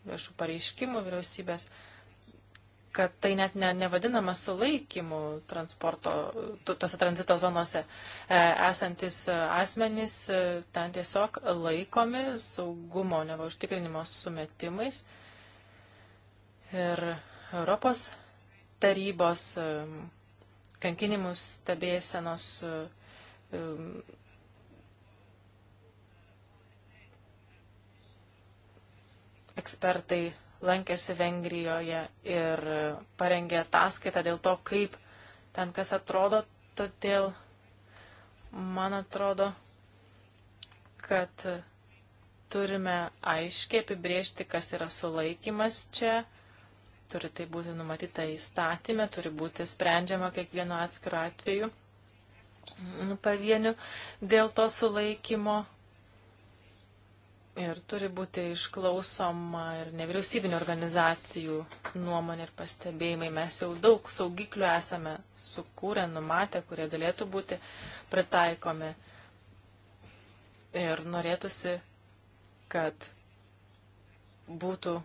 viešų pareiškimų vyriausybės, kad tai net ne, nevadinama sulaikymu transporto, tose tranzito zonose e, esantis asmenys e, ten tiesiog laikomi saugumo neužtikrinimo sumetimais. Ir Europos tarybos kankinimų stebėsenos ekspertai lankėsi Vengrijoje ir parengė ataskaitą dėl to, kaip ten kas atrodo, todėl man atrodo, kad turime aiškiai apibriežti, kas yra sulaikimas čia turi tai būti numatyta įstatymė, turi būti sprendžiama kiekvienu atskiru atveju mm, pavieniu dėl to sulaikymo ir turi būti išklausoma ir nevyriausybinio organizacijų nuomonė ir pastebėjimai. Mes jau daug saugiklių esame sukūrę, numatę, kurie galėtų būti pritaikomi. Ir norėtųsi, kad būtų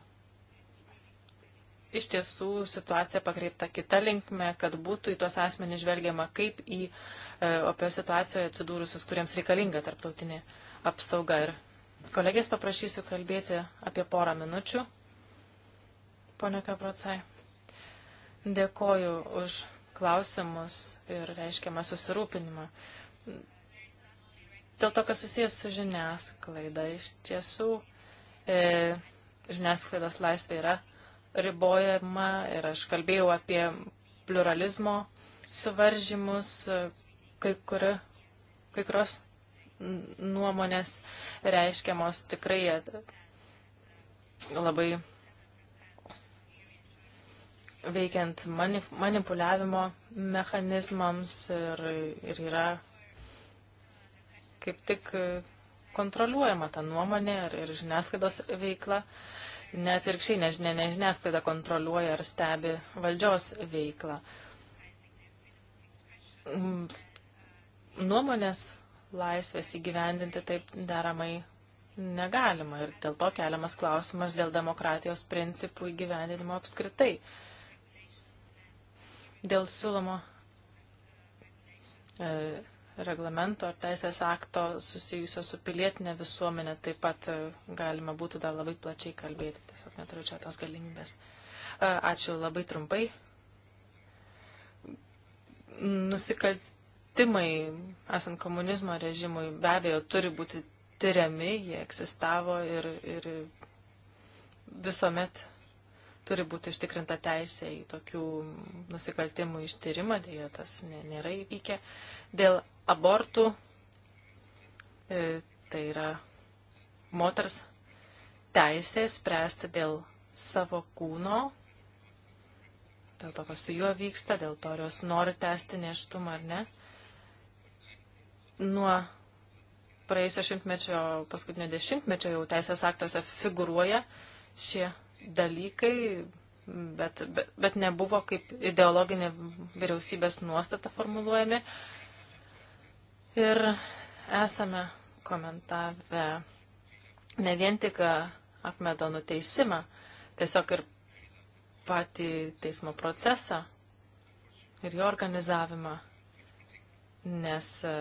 iš tiesų situacija pakreipta kita linkme, kad būtų į tuos asmenys žvelgiama kaip į e, opio situacijoje atsidūrusius, kuriems reikalinga tarptautinė apsauga. Ir kolegės paprašysiu kalbėti apie porą minučių. Pone Kaprocai, dėkoju už klausimus ir reiškiamą susirūpinimą. Dėl to, kas susijęs su žiniasklaida, iš tiesų e, žiniasklaidos laisvė yra ribojama ir aš kalbėjau apie pluralizmo suvaržymus, kai, kur, kai kurios nuomonės reiškiamos tikrai e, labai veikiant manip, manipuliavimo mechanizmams ir, ir yra kaip tik e, kontroliuojama ta nuomonė ir, ir žiniasklaidos veikla. Uh, net ir šiai nežinia, nežinia, kada kontroliuoja ar stebi valdžios veiklą. Mm, nuomonės laisvės įgyvendinti taip deramai negalima ir dėl to keliamas klausimas dėl demokratijos principų įgyvendinimo apskritai. Dėl siūlomo e, reglamento ar teisės akto susijusio su pilietinė visuomenė taip pat e, galima būtų dar labai plačiai kalbėti, tiesiog neturiu čia tos galimybės. E, ačiū labai trumpai. Nusikaltimai, esant komunizmo režimui, be abejo, turi būti tyriami, jie egzistavo ir, ir visuomet Turi būti užtikrinta teisė į tokių nusikaltimų ištyrimą, dėja tas nėra įvykę. Dėl abortų, e, tai yra moters teisė spręsti dėl savo kūno, dėl to, kas su juo vyksta, dėl to, ar jos nori tęsti neštumą ar ne. Nuo praėjusio šimtmečio, paskutinio dešimtmečio jau teisės aktuose figuruoja šie dalykai, bet, bet, bet nebuvo kaip ideologinė vyriausybės nuostata formuluojami. Ir esame komentavę ne vien tik Akmedo nuteisimą, tiesiog ir patį teismo procesą ir jo organizavimą, nes e,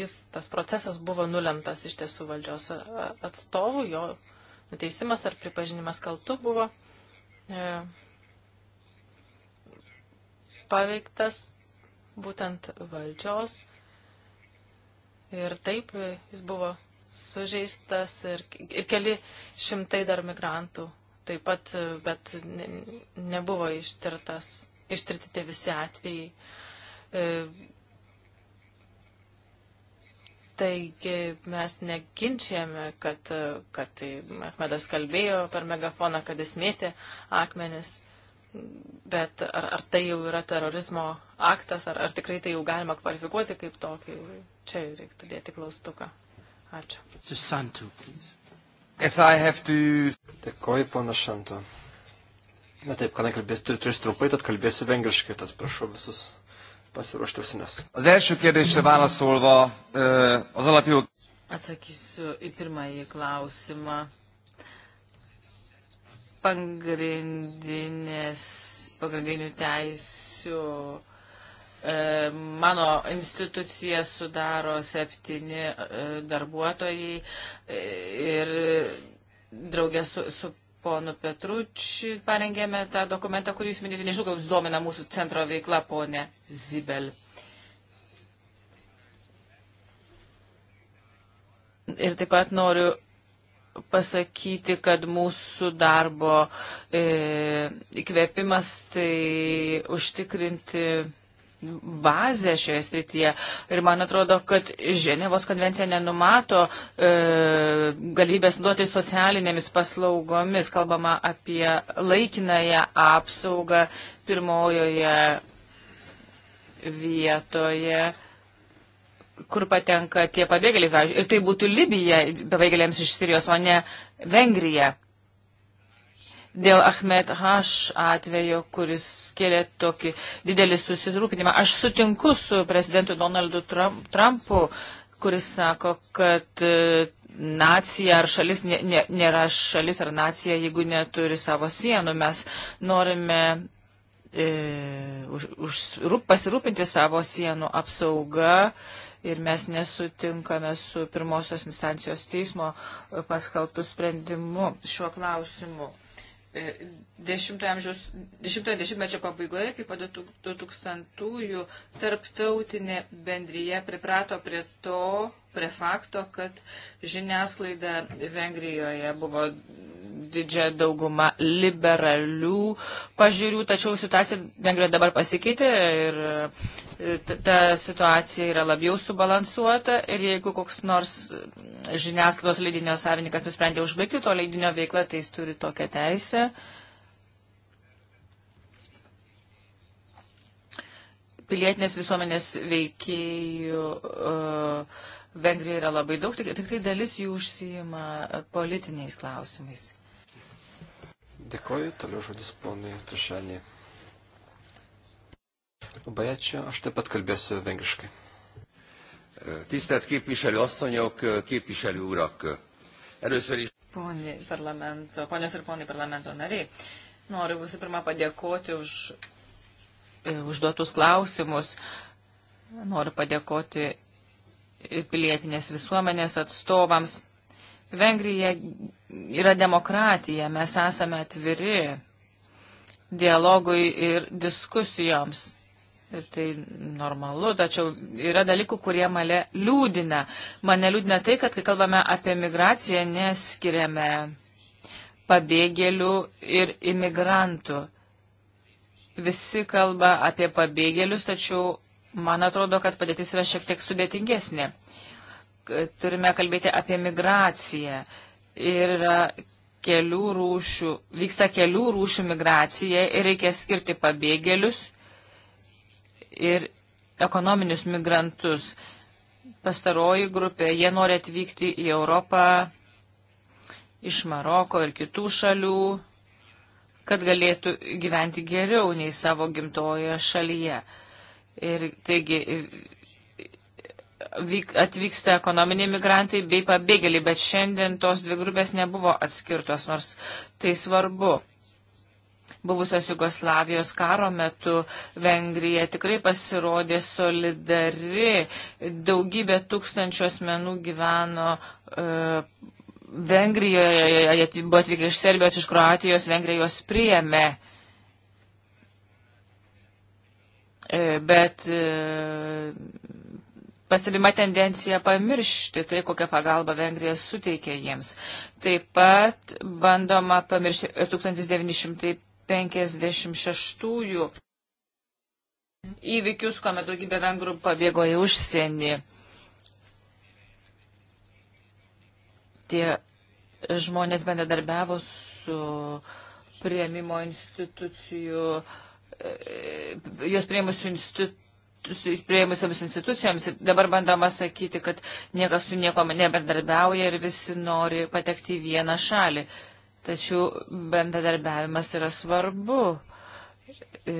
jis, tas procesas buvo nulemtas iš tiesų valdžios e, atstovų, jo nuteisimas ar pripažinimas kaltu buvo e, paveiktas būtent valdžios. Ir taip e, jis buvo sužeistas ir, ir keli šimtai dar migrantų taip pat, e, bet ne, nebuvo ištirtas, ištirti tie visi atvejai. E, Taigi mes neginčiame, kad, kad tai Ahmedas kalbėjo per megafoną, kad jis mėtė akmenis, bet ar, ar tai jau yra terorizmo aktas, ar, ar tikrai tai jau galima kvalifikuoti kaip tokį, čia reiktų dėti klaustuką. Ačiū. Dėkoju, pana Šanto. Na taip, kadangi kalbėsiu, turiu tris trumpai, tad kalbėsiu vengriškai, tad prašau visus pasiruošti ausines. Atsakysiu į pirmąjį klausimą. Pagrindinės, pagrindinių teisių mano institucija sudaro septyni darbuotojai e, ir draugė su, su ponu Petruči parengėme tą dokumentą, kurį jūs minėjote. Nežinau, gal jūs domina mūsų centro veikla, ponė Zibel. Ir taip pat noriu pasakyti, kad mūsų darbo e, įkvėpimas tai užtikrinti bazę šioje srityje. Ir man atrodo, kad Ženevos konvencija nenumato e, galimybės duoti socialinėmis paslaugomis. Kalbama apie laikinąją apsaugą pirmojoje vietoje kur patenka tie pabėgėliai, pavyzdžiui, ir tai būtų Libija pabėgėliams iš Sirijos, o ne Vengrija dėl Ahmed H. atvejo, kuris kėlė tokį didelį susirūpinimą. Aš sutinku su prezidentu Donaldu Trumpu, kuris sako, kad e, nacija ar šalis nė, nė, nėra šalis ar nacija, jeigu neturi savo sienų. Mes norime e, už, už, pasirūpinti savo sienų apsaugą ir mes nesutinkame su pirmosios instancijos teismo paskaltų sprendimu šiuo klausimu. E, dešimtojo amžiaus, dešimtojo dešimtmečio pabaigoje, kaip 2000-ųjų, tarptautinė bendryje priprato prie to, prie fakto, kad žiniasklaida Vengrijoje buvo didžia dauguma liberalių pažiūrių, tačiau situacija Vengrijoje dabar pasikeitė ir e, ta situacija yra labiau subalansuota ir jeigu koks nors žiniasklaidos leidinio savininkas nusprendė užbaigti to leidinio veiklą, tai jis turi tokią teisę. Pilietinės visuomenės veikėjų uh, e, Vengrijoje yra labai daug, tik, tik tai dalis jų užsijima politiniais klausimais. Dėkoju, toliau žodis ponui Tušenį. Labai ačiū, aš taip pat kalbėsiu vengriškai. E, tisztelt képviselő asszonyok, e, képviselő urak! E, először is... Poni parlamento, ponios ir ponai parlamento nariai, noriu visų pirma padėkoti už užduotus klausimus. Noriu padėkoti pilietinės visuomenės atstovams. Vengrija yra demokratija, mes esame atviri dialogui ir diskusijoms. Ir tai normalu, tačiau yra dalykų, kurie mane liūdina. Mane liūdina tai, kad kai kalbame apie migraciją, neskiriame pabėgėlių ir imigrantų. Visi kalba apie pabėgėlius, tačiau man atrodo, kad padėtis yra šiek tiek sudėtingesnė. Uh, turime kalbėti apie migraciją. Ir yra kelių rūšių, vyksta kelių rūšių migracija ir reikia skirti pabėgėlius ir ekonominius migrantus. Pastaroji grupė, jie nori atvykti į Europą iš Maroko ir kitų šalių, kad galėtų gyventi geriau nei savo gimtojoje šalyje. Ir taigi atvyksta ekonominiai migrantai bei pabėgėliai, bet šiandien tos dvi grupės nebuvo atskirtos, nors tai svarbu. Buvusios Jugoslavijos karo metu Vengrija tikrai pasirodė solidari, daugybė tūkstančių asmenų gyveno. E, Vengrijoje jie buvo atvykę iš Serbijos, iš Kroatijos, Vengrija juos priėmė. E, bet e, pastebima tendencija pamiršti tai, kokią pagalbą Vengrija suteikė jiems. Taip pat bandoma pamiršti 1956 įvykius, kuomet daugybė vengrų pabėgo į užsienį. Tie žmonės bendradarbiavo su prieimimo institucijų, e, e, jos prieimusių institucijų prieimusiams institucijoms. Dabar bandama sakyti, kad niekas su nieko nebendarbiauja ir visi nori patekti į vieną šalį. Tačiau bendradarbiavimas yra svarbu. E,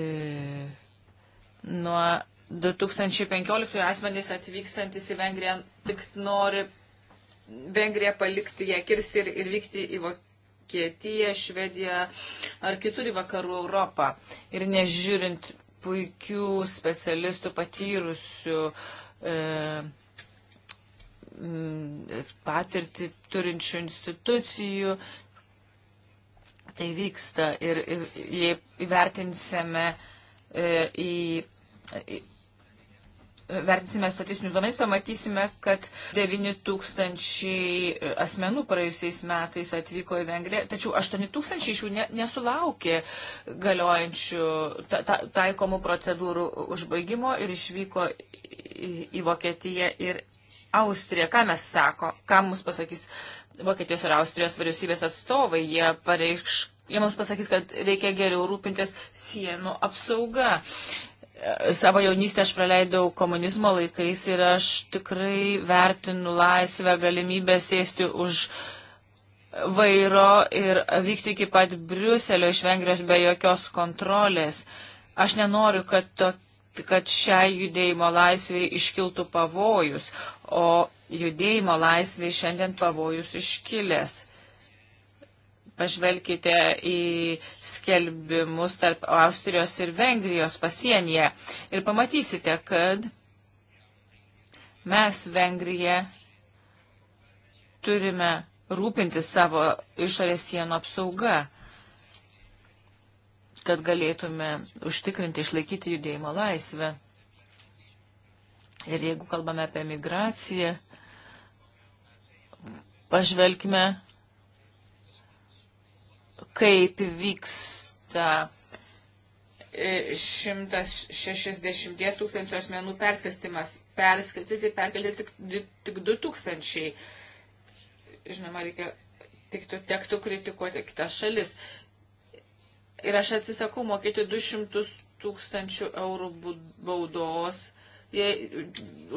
nuo 2015 asmenys atvykstantis į Vengriją tik nori Vengriją palikti, ją kirsti ir, ir vykti į Vokietiją, Švediją ar kitur į vakarų Europą. Ir nežiūrint puikių specialistų patyrusių e, mm, patirtį turinčių institucijų. Tai vyksta ir, ir jei įvertinsime e, į, į vertinsime statistinius duomenys, pamatysime, kad 9 tūkstančiai asmenų praėjusiais metais atvyko į Vengriją, tačiau 8 tūkstančiai iš jų ne, nesulaukė galiojančių ta, ta, taikomų procedūrų užbaigimo ir išvyko į, į Vokietiją ir Austriją. Ką mes sako, ką mums pasakys Vokietijos ir Austrijos vyriausybės atstovai, jie pareikš. Jie mums pasakys, kad reikia geriau rūpintis sienų apsauga. E, savo jaunystę aš praleidau komunizmo laikais ir aš tikrai vertinu laisvę, galimybę sėsti už vairo ir vykti iki pat Briuselio iš Vengrijos be jokios kontrolės. Aš nenoriu, kad, to, kad šiai judėjimo laisviai iškiltų pavojus, o judėjimo laisviai šiandien pavojus iškilęs. Pažvelkite į skelbimus tarp Austrijos ir Vengrijos pasienyje ir pamatysite, kad mes Vengrija turime rūpinti savo išorės sienų apsaugą, kad galėtume užtikrinti, išlaikyti judėjimo laisvę. Ir jeigu kalbame apie migraciją, pažvelkime kaip vyksta 160 e, tūkstančių asmenų perskirstimas. Perskirstyti perkelti tik, tik 2 tūkstančiai. Žinoma, reikia tik tektų kritikuoti kitas šalis. Ir aš atsisakau mokėti 200 tūkstančių eurų baudos jei,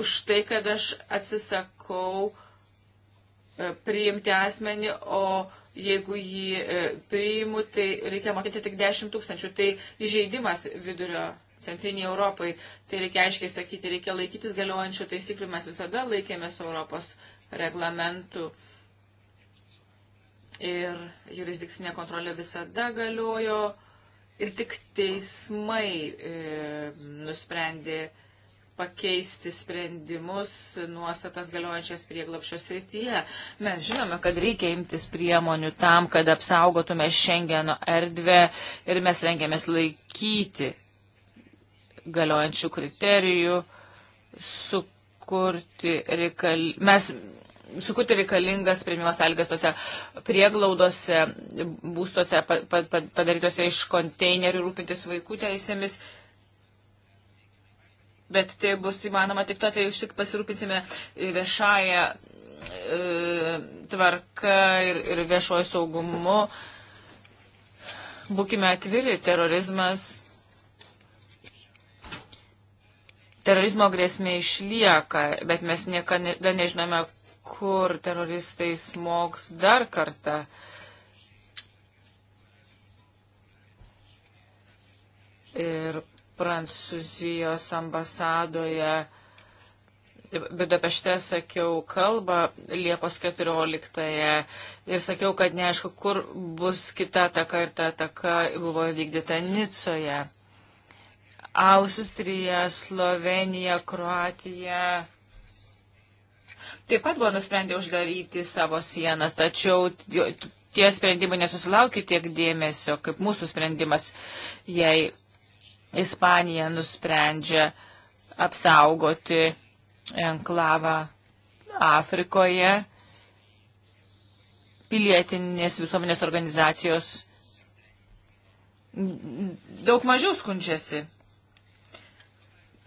už tai, kad aš atsisakau e, priimti asmenį, o jeigu jį e, priimu, tai reikia mokėti tik 10 tūkstančių. Tai įžeidimas vidurio centriniai Europai. Tai reikia aiškiai sakyti, reikia laikytis galiojančių taisyklių. Mes visada laikėmės Europos reglamentų. Ir jurisdikcinė kontrolė visada galiojo. Ir tik teismai e, nusprendė pakeisti sprendimus, nuostatas galiojančias prieglapšio srityje. Mes žinome, kad reikia imtis priemonių tam, kad apsaugotume Šengeno erdvę ir mes rengiamės laikyti galiojančių kriterijų, sukurti, reikal... mes, sukurti reikalingas prieimimo sąlygas tose prieglaudose, būstuose padarytose iš konteinerių, rūpintis vaikų teisėmis bet tai bus įmanoma tik tuo atveju, tik pasirūpinsime viešąją e, tvarką ir, ir viešojo saugumu. Būkime atviri, terorizmas. Terorizmo grėsmė išlieka, bet mes niekada nežinome, kur teroristai smogs dar kartą. Ir Prancūzijos ambasadoje Budapešte sakiau kalbą Liepos 14 ir sakiau, kad neaišku, kur bus kita ataka ir ta ataka buvo vykdyta Nicoje. Austrija, Slovenija, Kroatija. Taip pat buvo nusprendę uždaryti savo sienas, tačiau tie sprendimai nesusilaukė tiek dėmesio, kaip mūsų sprendimas, jei Ispanija nusprendžia apsaugoti enklavą Afrikoje, pilietinės visuomenės organizacijos daug mažiau skundžiasi.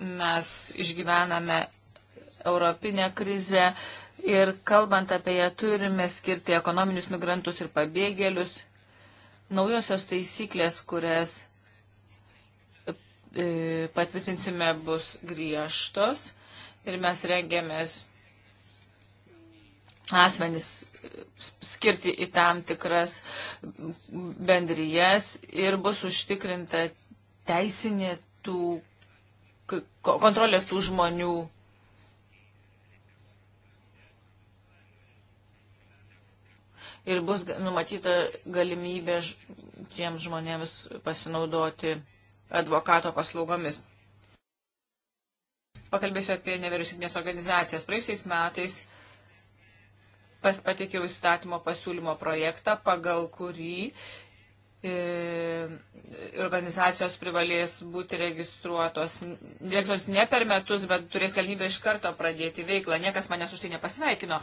Mes išgyvename europinę krizę ir kalbant apie ją turime skirti ekonominius migrantus ir pabėgėlius. Naujosios taisyklės, kurias E, patvirtinsime, bus griežtos ir mes rengiamės asmenys skirti į tam tikras bendrijas ir bus užtikrinta teisinė tų kontrolė tų žmonių. Ir bus numatyta galimybė tiems žmonėms pasinaudoti advokato paslaugomis. Pakalbėsiu apie nevyriausybinės organizacijas. Praėjusiais metais pas patikėjau įstatymo pasiūlymo projektą, pagal kurį e, organizacijos privalės būti registruotos, registruotos ne per metus, bet turės galimybę iš karto pradėti veiklą. Niekas manęs už tai nepasveikino.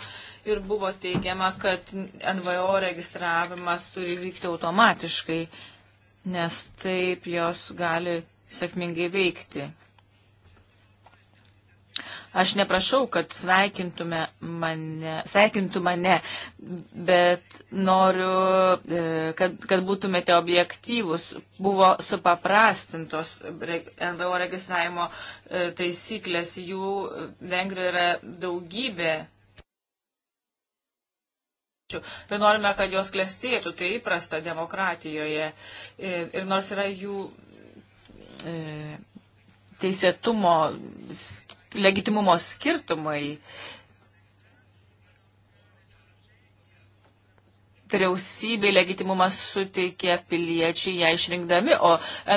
Ir buvo teigiama, kad NVO registravimas turi vykti automatiškai nes taip jos gali sėkmingai veikti. Aš neprašau, kad sveikintume mane, sveikintų mane, bet noriu, e, kad, kad būtumėte objektyvus. Buvo supaprastintos NVO registravimo e, taisyklės, jų Vengrijoje yra daugybė Tai norime, kad jos klestėtų, tai įprasta demokratijoje. Ir nors yra jų e, teisėtumo, legitimumo skirtumai, vyriausybei legitimumas suteikia piliečiai ją išrinkdami, o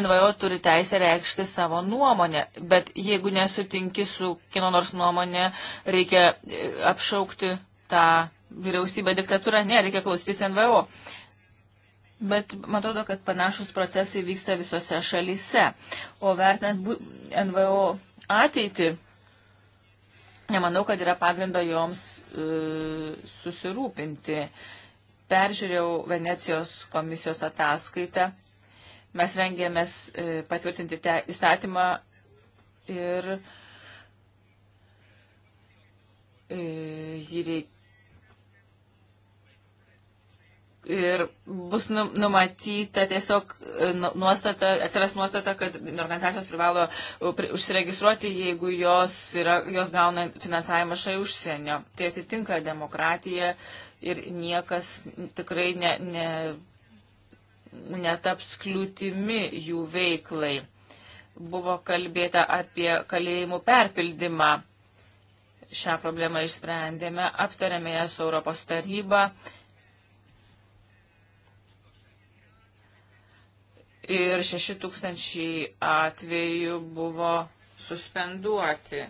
NVO turi teisę reikšti savo nuomonę. Bet jeigu nesutinki su kino nors nuomonė, reikia e, apšaukti tą vyriausybė diktatūra, ne, reikia klausytis NVO. Bet man atrodo, kad panašus procesai vyksta visose šalyse. O vertinant NVO ateitį, nemanau, kad yra pagrindo joms e, susirūpinti. Peržiūrėjau Venecijos komisijos ataskaitą. Mes rengėmės e, patvirtinti te, įstatymą ir e, jį reik, ir bus nu, numatyta tiesiog e, nu, nuostata, atsiras nuostata, kad organizacijos privalo užsiregistruoti, jeigu jos, yra, jos gauna finansavimą šai užsienio. Tai atitinka demokratiją ir niekas tikrai ne, ne, netaps kliūtimi jų veiklai. Buvo kalbėta apie kalėjimų perpildymą. Šią problemą išsprendėme, aptarėme ją su Europos taryba ir 6000 atvejų buvo suspenduoti.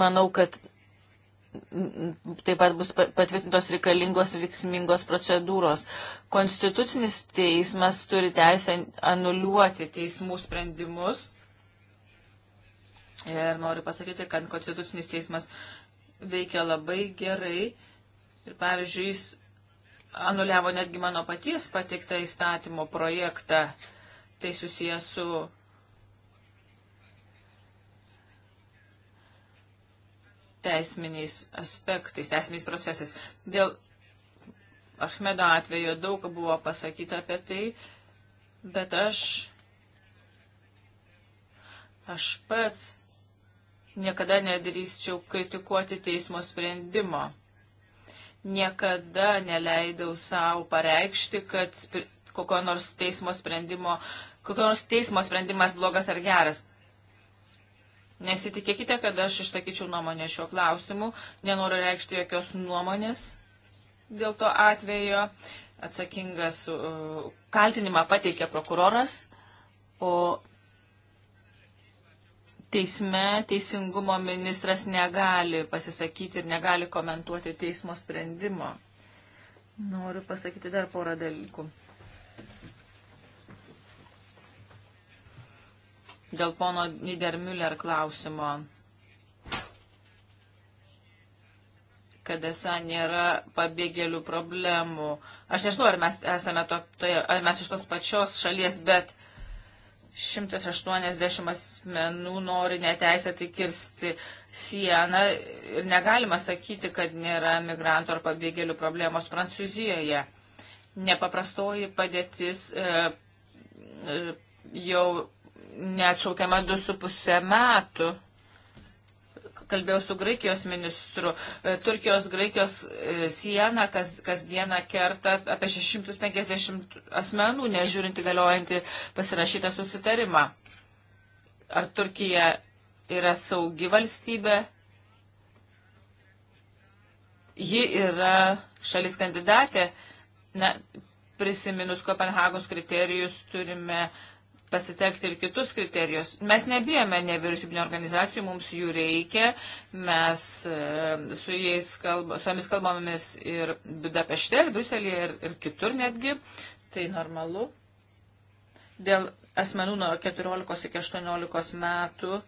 Manau, kad taip pat bus patvirtintos reikalingos veiksmingos procedūros. Konstitucinis teismas turi teisę anuliuoti teismų sprendimus. Ir noriu pasakyti, kad Konstitucinis teismas veikia labai gerai Ir pavyzdžiui, jis anuliavo netgi mano paties pateiktą įstatymo projektą. Tai susijęs su teisminiais aspektais, teisminiais procesais. Dėl Ahmedo atveju daug buvo pasakyta apie tai, bet aš, aš pats niekada nedrįsčiau kritikuoti teismo sprendimo niekada neleidau savo pareikšti, kad kokio nors teismo sprendimo, kokio nors teismo sprendimas blogas ar geras. Nesitikėkite, kad aš išsakyčiau nuomonę šiuo klausimu, nenoriu reikšti jokios nuomonės dėl to atvejo. Atsakingas uh, kaltinimą pateikė prokuroras, o teisme teisingumo ministras negali pasisakyti ir negali komentuoti teismo sprendimo. Noriu pasakyti dar porą dalykų. Dėl pono Niedermüller klausimo, kad esą nėra pabėgėlių problemų. Aš nežinau, ar mes, esame to, tai, ar mes iš tos pačios šalies, bet uh, 180 asmenų nori neteisėtai kirsti sieną ir negalima sakyti, kad nėra migrantų ar pabėgėlių problemos Prancūzijoje. Nepaprastoji padėtis e, e, jau neatšaukiama 2,5 metų kalbėjau su Graikijos ministru, e, Turkijos-Graikijos e, sieną kas, kasdieną kerta apie 650 asmenų, nežiūrinti galiojantį pasirašytą susitarimą. Ar Turkija yra saugi valstybė? Ji yra šalis kandidatė. Na, prisiminus Kopenhagos kriterijus turime uh, pasitelkti ir kitus kriterijus. Mes nebijome nevyriausybinio organizacijų, mums jų reikia, mes e, su, jais kalba, su jomis kalbomis ir Budapešte, ir Bruselėje, ir, ir kitur netgi. Tai normalu. Dėl asmenų nuo 14 iki 18 metų,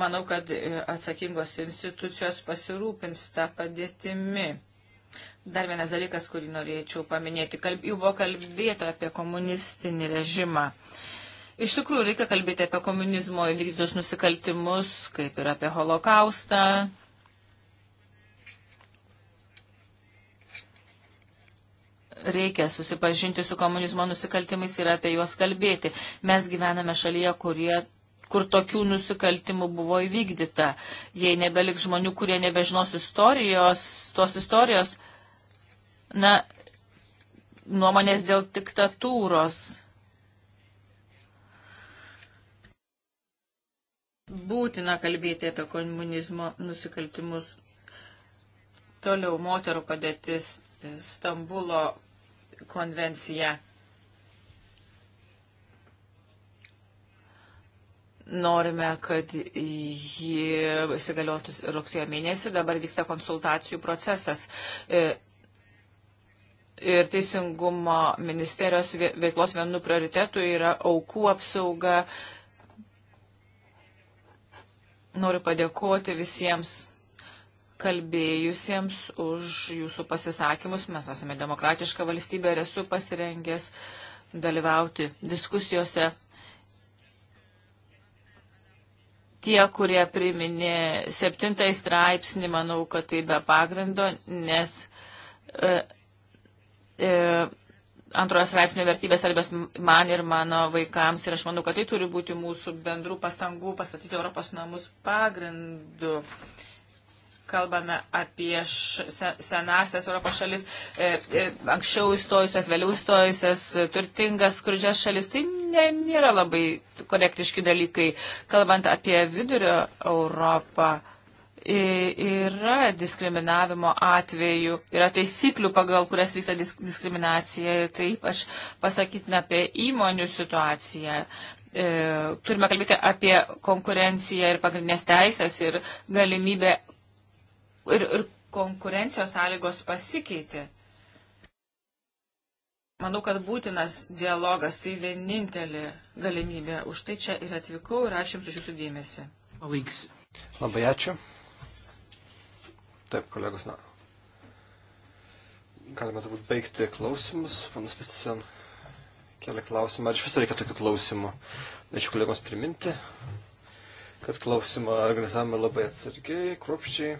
manau, kad e, atsakingos institucijos pasirūpins tą padėtimi. Dar vienas dalykas, kurį norėčiau paminėti, Kalb, jau buvo kalbėta apie komunistinį režimą. Uh, Iš tikrųjų, reikia kalbėti apie komunizmo įvykdytus nusikaltimus, kaip ir apie holokaustą. Reikia susipažinti su komunizmo nusikaltimais ir apie juos kalbėti. Mes gyvename šalyje, kurie kur tokių nusikaltimų buvo įvykdyta. Jei nebelik žmonių, kurie nebežinos istorijos, tos istorijos, na, nuomonės dėl diktatūros. būtina kalbėti apie komunizmo nusikaltimus. Toliau moterų padėtis Stambulo konvencija. Norime, kad ji įsigaliotų rugsėjo mėnesį, dabar vyksta konsultacijų procesas. E, ir teisingumo ministerijos veiklos vienu prioritetu yra aukų apsauga, Noriu padėkoti visiems kalbėjusiems už jūsų pasisakymus. Mes esame demokratiška valstybė ir esu pasirengęs dalyvauti diskusijose. Tie, kurie priminė septintąjį straipsnį, manau, kad tai be pagrindo, nes e, e, antrojo straipsnio vertybės svarbios man ir mano vaikams ir aš manau, kad tai turi būti mūsų bendrų pastangų pastatyti Europos namus pagrindu. Kalbame apie senasias Europos šalis, e, e, anksčiau įstojusias, vėliau įstojusias, turtingas, skurdžias šalis. Tai ne, nėra labai korektiški dalykai. Kalbant apie vidurio Europą, e, yra diskriminavimo atvejų, yra taisyklių, pagal kurias vyksta disk diskriminacija, tai ypač pasakytina apie įmonių situaciją. E, turime kalbėti apie konkurenciją ir pagrindinės teisės ir galimybę ir, ir konkurencijos sąlygos pasikeitė. Manau, kad būtinas dialogas tai vienintelė galimybė. Už tai čia ir atvykau ir ačiū Jums už Jūsų dėmesį. Labai ačiū. Taip, kolegos, na. Galime turbūt baigti klausimus. Panas Vistisen kelia klausimą, ar iš viso reikia tokių klausimų. Norėčiau kolegos priminti, kad klausimą organizavome labai atsargiai, kruopščiai.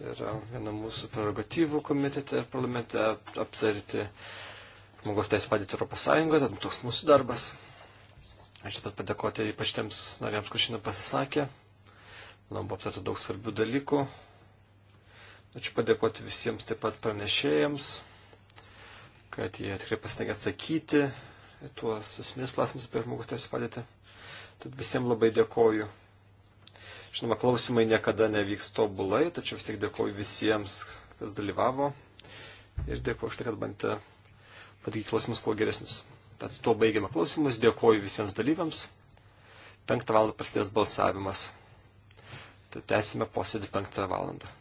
Tai yra viena mūsų prerogatyvų komitete ir parlamente aptarti žmogaus teisų padėti Europos Sąjungoje, tad toks mūsų darbas. Aš taip pat padėkoti ypač tiems nariams, kur šiandien pasisakė. Manau, buvo aptarta daug svarbių dalykų. Ačiū padėkoti visiems taip pat pranešėjams, kad jie tikrai pasnegė atsakyti į tuos esmės klausimus apie žmogus teisų padėtį. Tad visiems labai dėkoju. Žinoma, klausimai niekada nevyks tobulai, tačiau vis tiek dėkoju visiems, kas dalyvavo. Ir dėkoju už tai, kad bandėte padaryti klausimus kuo geresnius. Tad tuo baigiame klausimus. Dėkoju visiems dalyviams. Penktą valandą prasidės balsavimas. Tad tęsime posėdį penktą valandą.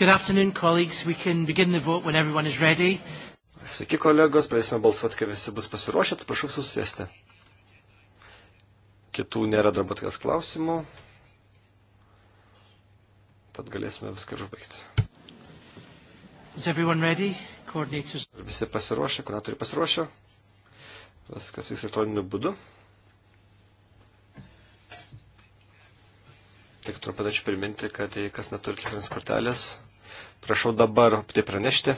Good afternoon, colleagues. We can begin the vote when everyone is ready. Sveiki, kolegos. Pradėsime balsuoti, kai visi bus pasiruošę. Tai prašau susėsti. Kitų nėra darbo tokias klausimų. Tad galėsime viską užbaigti. Ar visi pasiruošę, koordinatoriai pasiruošę? Viskas vyks elektroniniu būdu. Tik trumpadačiu priminti, kad jei kas neturi elektroninės kortelės, Prašau dabar tai pranešti.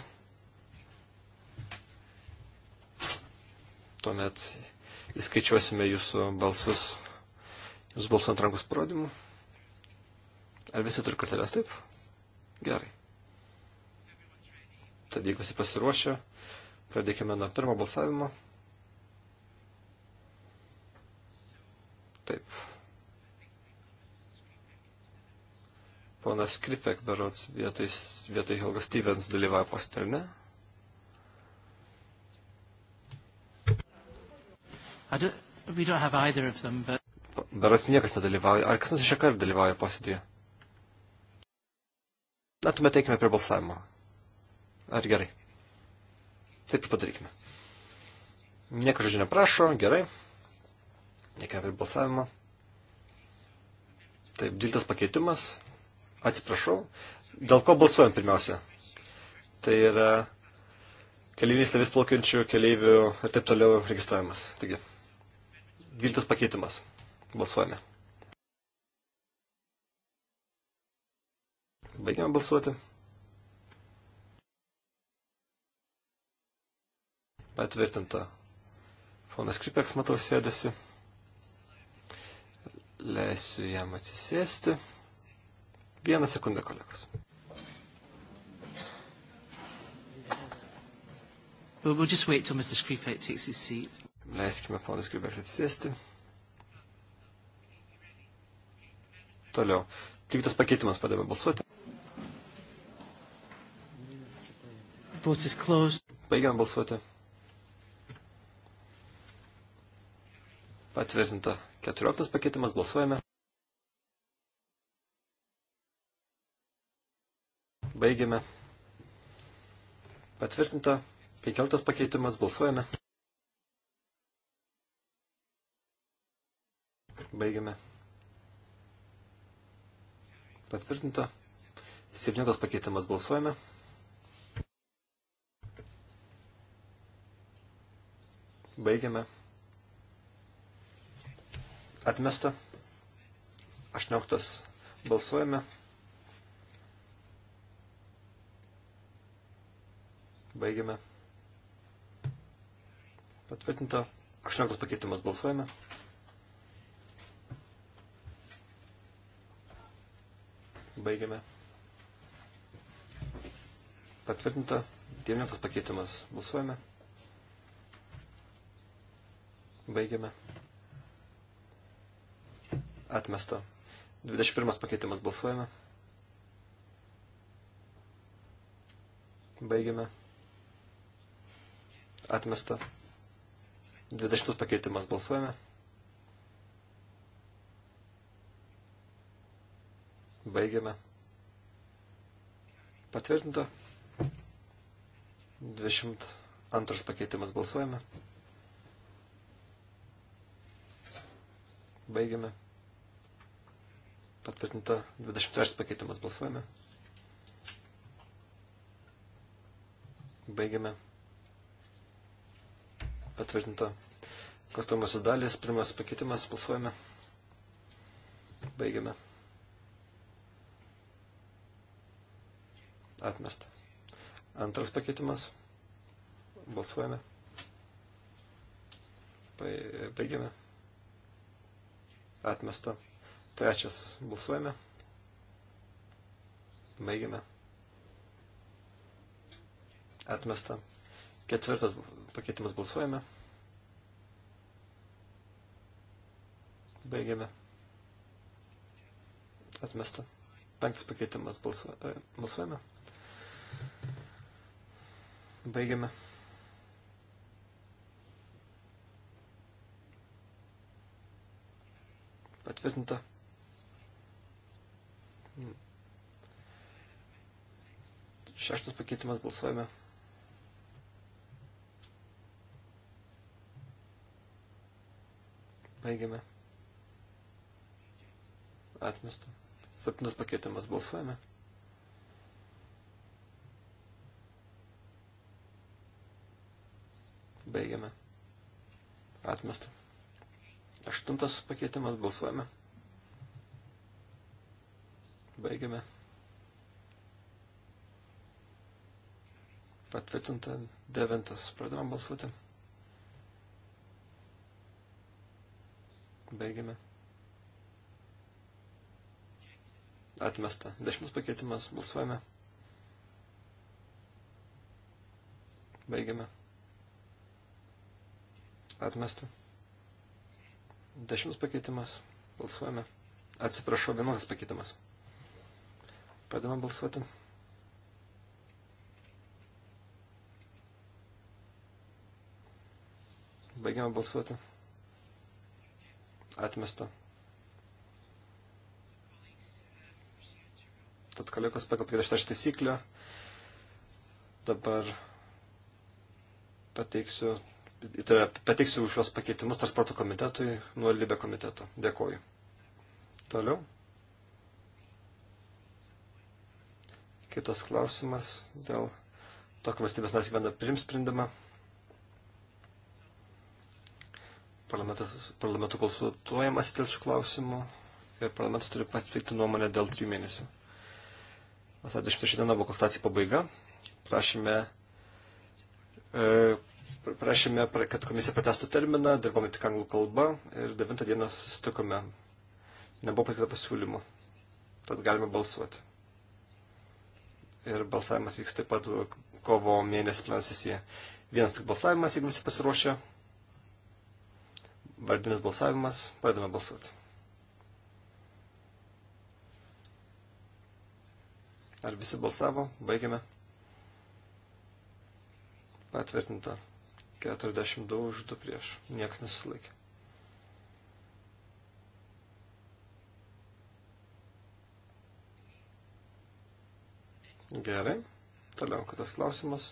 Tuomet įskaičiuosime jūsų balsus, jūsų balsų ant rankos parodymų. Ar visi turi korteles taip? Gerai. Tad jeigu visi pasiruošę, pradėkime nuo pirmo balsavimo. Taip. Ponas Kripek, berods, vietoj, vietoj Helga Stevens dalyvavo postė, ne? Don't, don't them, but... Berods niekas nedalyvauja. Ar kas nors iš ekar dalyvauja posėdėje? Na, tuomet eikime prie balsavimo. Ar gerai? Taip ir padarykime. Niekas žodžio neprašo, gerai. Eikime prie balsavimo. Taip, diltas pakeitimas. Atsiprašau. Dėl ko balsuojam pirmiausia? Tai yra keleivinis laivys plaukiančių keleivių ir taip toliau registravimas. Taigi, 12 pakeitimas. Balsuojame. Baigiam balsuoti. Patvirtinta. Fonas Kripeks, matau, sėdasi. Leisiu jam atsisėsti. Vieną sekundę, kolegos. We'll, we'll just wait till Mr. Skripek takes his seat. Leiskime ponas Skripek atsisėsti. Toliau. Tik tas pakeitimas padavė balsuoti. Vote is closed. Baigiam balsuoti. Patvirtinta. 14 pakeitimas. Balsuojame. Baigiame. Patvirtinta. 15 pakeitimas. Balsuojame. Baigiame. Patvirtinta. 7 pakeitimas. Balsuojame. Baigiame. Atmesta. 18 balsuojame. Baigiame. Patvirtinta. 18 pakeitimas balsuojame. Baigiame. Patvirtinta. 19 pakeitimas balsuojame. Baigiame. Atmesta. 21 pakeitimas balsuojame. Baigiame. Atmesta. 20 pakeitimas balsuojame. Baigiame. Patvirtinta. 22 pakeitimas balsuojame. Baigiame. Patvirtinta. 23 pakeitimas balsuojame. Baigiame patvirtinta. Kastomos dalis, pirmas pakeitimas, balsuojame. Baigiame. Atmesta. Antras pakeitimas. Balsuojame. Baigiame. Atmesta. Trečias. Balsuojame. Baigiame. Atmesta. Ketvirtas pakeitimas balsuojame. Baigiame. Atmesta. Penktas pakeitimas e, balsuojame. Baigiame. Patvirtinta. Šeštas pakeitimas balsuojame. Baigiame. Atmesta. Septintas pakeitimas. Balsuojame. Baigiame. Atmesta. Aštuntas pakeitimas. Balsuojame. Baigiame. Patvirtinta devintas. Pradedam balsuoti. Baigiame. Atmesta. Dešimtas pakeitimas. Balsuojame. Baigiame. Atmesta. Dešimtas pakeitimas. Balsuojame. Atsiprašau, vienuotas pakeitimas. Pradame balsuoti. Baigiame balsuoti. Atmesta. Tad kolegos pagal prieš tą taisyklę dabar pateiksiu, tave, pateiksiu šios pakeitimus transporto komitetui nuo Libe komiteto. Dėkoju. Toliau. Kitas klausimas dėl to, kad valstybės narys gyvena prims sprendimą. parlamentu konsultuojamas dėl šių klausimų ir parlamentas turi pateikti nuomonę dėl trijų mėnesių. Vasario 26 diena buvo konsultacijų pabaiga. Prašėme, e, prašėme, kad komisija pratestų terminą, dirbome tik anglų kalba ir 9 dieną susitikome. Nebuvo pasakyta pasiūlymų. Tad galime balsuoti. Ir balsavimas vyks taip pat kovo mėnesį plenarsisėje. Vienas tik balsavimas, jeigu visi pasiruošę, Vardinis balsavimas. Pradame balsuoti. Ar visi balsavo? Baigiame. Patvirtinta. 42 už 2 prieš. Niekas nesusilaikė. Gerai. Toliau kitas klausimas.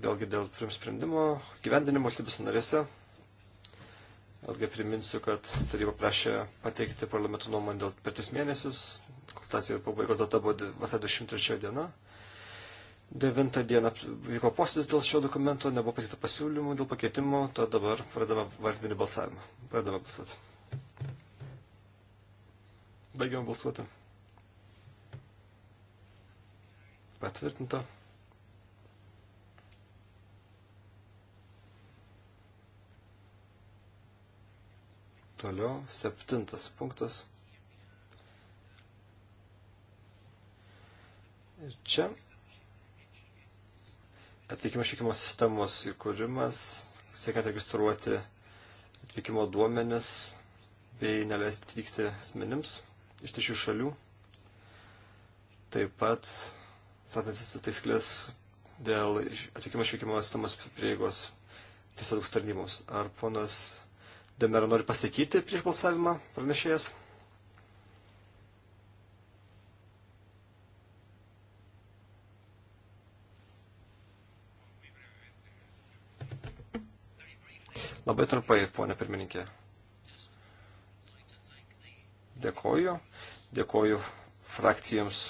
Vėlgi dėl sprendimo gyvendinimo valstybės narėse Atgai priminsiu, kad taryba prašė pateikti parlamentų nuomonę dėl per tris mėnesius. Konstatacijų pabaigos data buvo vasario 23 diena. 9 dieną vyko posėdis dėl šio dokumento, nebuvo pateikta pasiūlymų dėl pakeitimų, to dabar pradame vardinį balsavimą. Pradame balsuoti. Baigiam balsuoti. Patvirtinta. Toliau septintas punktas. Ir čia atvykimo išvykimo sistemos įkūrimas, siekiant registruoti atvykimo duomenis bei neleisti atvykti asmenims iš tešių šalių. Taip pat, satantis taisklės dėl atvykimo išvykimo sistemos prieigos tiesiog tarnyboms. Ar ponas Demera nori pasakyti prieš balsavimą pranešėjas. Labai trumpai, ponė pirmininkė. Dėkoju. Dėkoju frakcijoms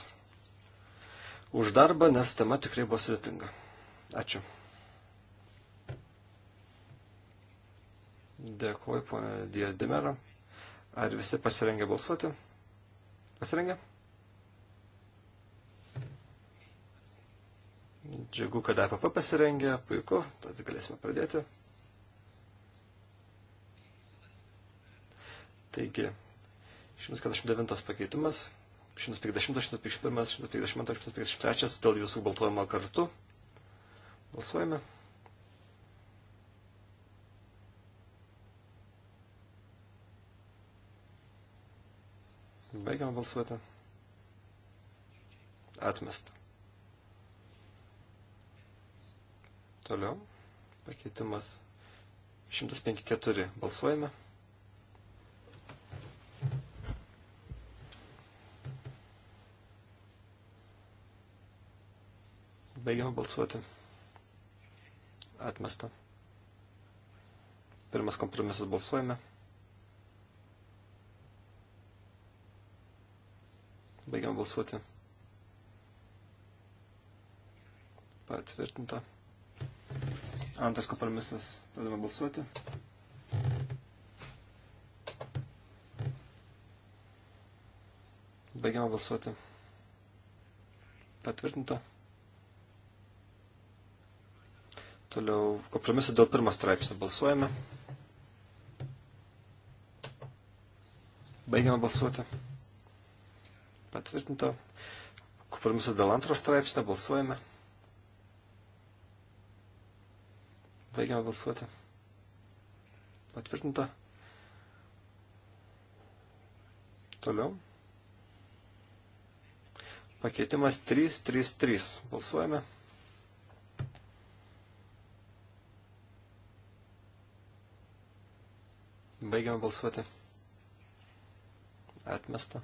už darbą, nes tema tikrai buvo sudėtinga. Ačiū. Dėkuoju, ponė Dijas Dimera. Ar visi pasirengę balsuoti? Pasirengę? Džiugu, kad APP pasirengė, puiku, tad galėsime pradėti. Taigi, 149 pakeitimas, 150, 151, 152, 153 dėl visų baltuojama kartu. Balsuojame. Baigiam balsuoti. Atmesta. Toliau. Pakeitimas 154. Balsuojame. Baigiame balsuoti. Atmesta. Pirmas kompromisas balsuojame. Baigiam balsuoti. Patvirtinta. Antras kompromisas. Pradame balsuoti. Baigiame balsuoti. Patvirtinta. Toliau kompromisą dėl pirmo straipsnio balsuojame. Baigiame balsuoti patvirtinta. Kompromisas dėl antro straipsnio balsuojame. Baigiame balsuoti. Patvirtinta. Toliau. Pakeitimas 333. Balsuojame. Baigiame balsuoti. Atmesta.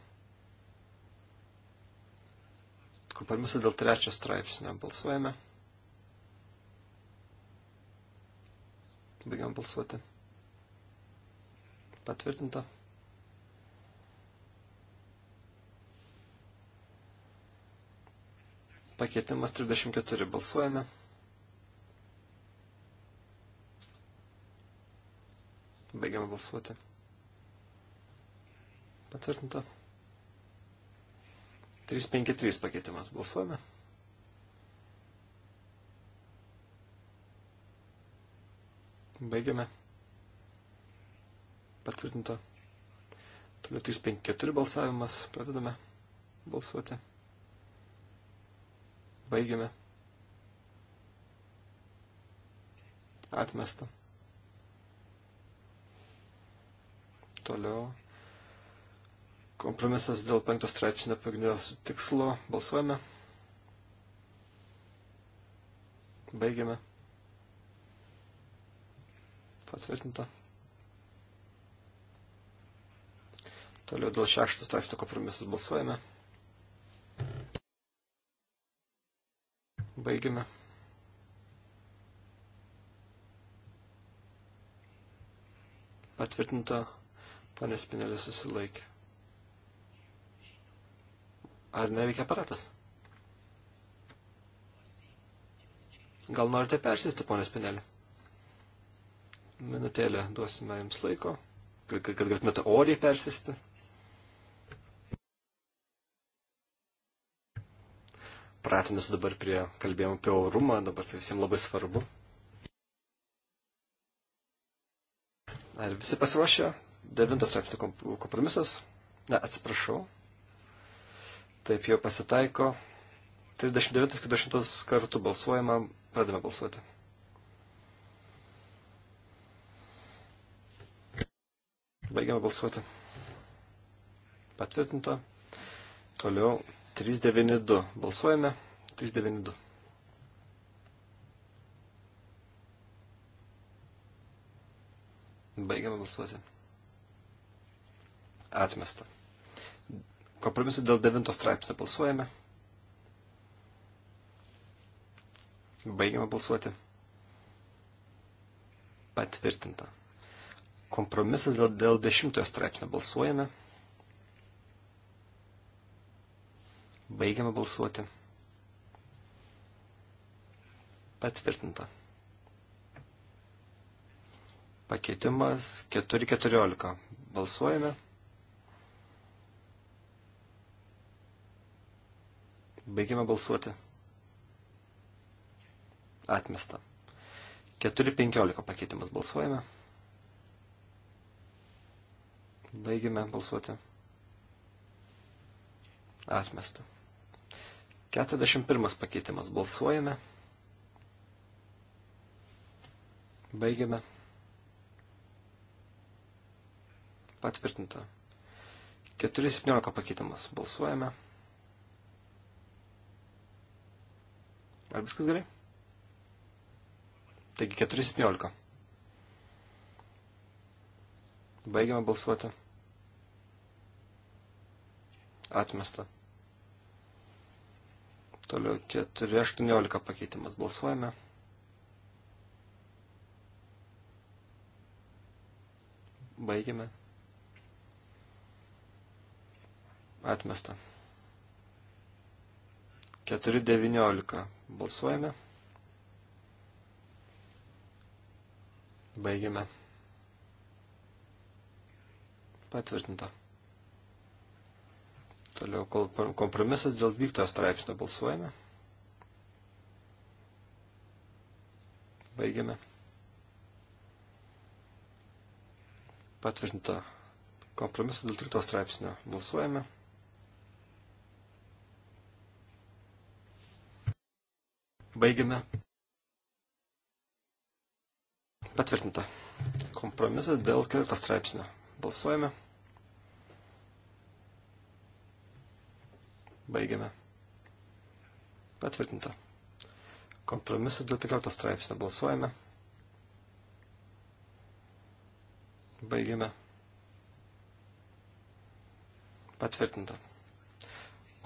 Kompromisą dėl trečio straipsnio balsuojame. Baigiam balsuoti. Patvirtinta. Pakeitimas 34 balsuojame. Baigiam balsuoti. Patvirtinta. 353 pakeitimas. Balsuojame. Baigiame. Patvirtinta. Toliau 354 balsavimas. Pradedame balsuoti. Baigiame. Atmesta. Toliau Kompromisas dėl penktos straipsnio pagrindinio tikslo. Balsuojame. Baigiame. Patvirtinta. Toliau dėl šešto straipsnio kompromisas balsuojame. Baigiame. Patvirtinta, panės pinelė susilaikė. Ar neveikia aparatas? Gal norite persėsti, ponė Spinelė? Minutėlę duosime jums laiko, kad, kad galėtumėte oriai persėsti. Pratinęs dabar prie kalbėjimo apie orumą, dabar tai visiems labai svarbu. Ar visi pasiruošę? Devintas straipsnių kompromisas. Ne, atsiprašau, Taip jau pasitaiko. 39-40 kartų balsuojama, pradame balsuoti. Baigiame balsuoti. Patvirtinta. Toliau 392. Balsuojame. 392. Baigiame balsuoti. Atmesta. Kompromisų dėl devinto straipsnio balsuojame. Baigiame balsuoti. Patvirtinta. Kompromisas dėl, dėl dešimtojo straipsnio balsuojame. Baigiame balsuoti. Patvirtinta. Pakeitimas 4.14. Balsuojame. Baigiame balsuoti. Atmesta. 4.15 pakeitimas balsuojame. Baigiame balsuoti. Atmesta. 41 pakeitimas balsuojame. Baigiame. Patvirtinta. 4.17 pakeitimas balsuojame. Ar viskas gerai? Taigi 4.17. Baigiame balsuoti. Atmesta. Toliau 4.18 pakeitimas. Balsuojame. Baigiame. Atmesta. 4.19 Balsuojame. Baigiame. Patvirtinta. Toliau kompromisas dėl 12 straipsnio balsuojame. Baigiame. Patvirtinta. Kompromisas dėl 13 straipsnio balsuojame. Baigiame. Patvirtinta. Kompromisas dėl ketvirto straipsnio. Balsuojame. Baigiame. Patvirtinta. Kompromisas dėl penkiolikto straipsnio. Balsuojame. Baigiame. Patvirtinta.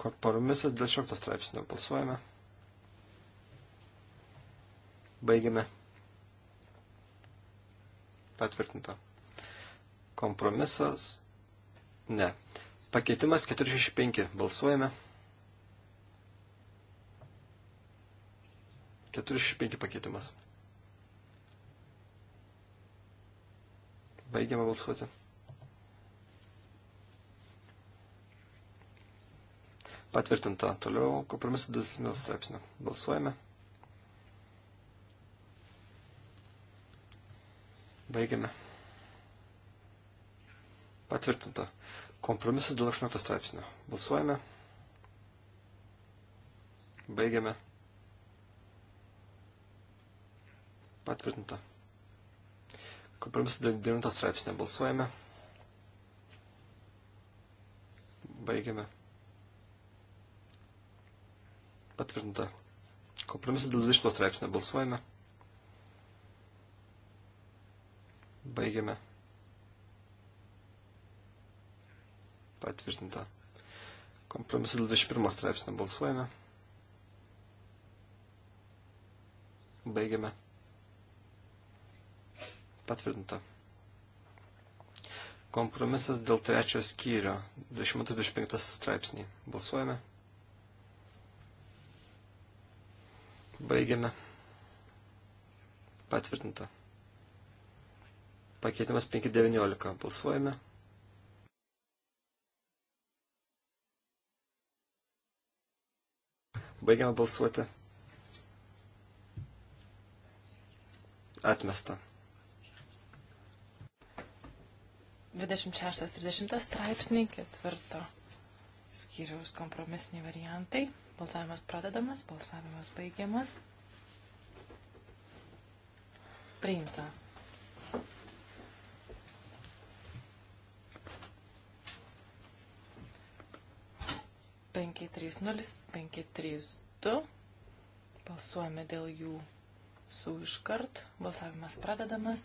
Kompromisas dėl šešto straipsnio. Balsuojame. Baigiame. Patvirtinta. Kompromisas. Ne. Pakeitimas 465. Balsuojame. 465 pakeitimas. Baigiame balsuoti. Patvirtinta. Toliau kompromisas dėl straipsnio. Balsuojame. 465. Baigiame. Patvirtinta. Kompromisas dėl 18 straipsnio. Balsuojame. Baigiame. Patvirtinta. Kompromisas dėl 9 straipsnio. Balsuojame. Baigiame. Patvirtinta. Kompromisas dėl 20 straipsnio. Balsuojame. Baigiame. Patvirtinta. Kompromisų 21 straipsnio balsuojame. Baigiame. Patvirtinta. Kompromisas dėl trečio skyrio 225 straipsnį. Balsuojame. Baigiame. Patvirtinta. Pakeitimas 5.19. Balsuojame. Baigiame balsuoti. Atmesta. 26.30 straipsniai, ketvirto skyriaus kompromisiniai variantai. Balsavimas pradedamas, balsavimas baigiamas. Priimta. 530, 532. Balsuojame dėl jų su iškart. Balsavimas pradedamas.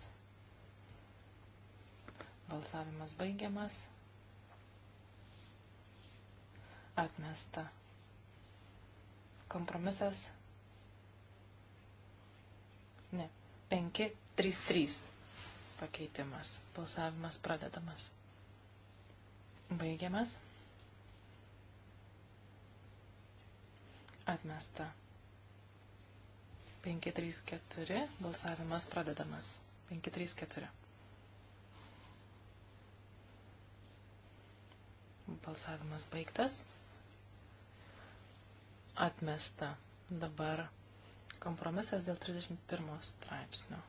Balsavimas baigiamas. Atmesta. Kompromisas. Ne. 533 pakeitimas. Balsavimas pradedamas. Baigiamas. Atmesta. 534. Balsavimas pradedamas. 534. Balsavimas baigtas. Atmesta. Dabar kompromisas dėl 31 straipsnio.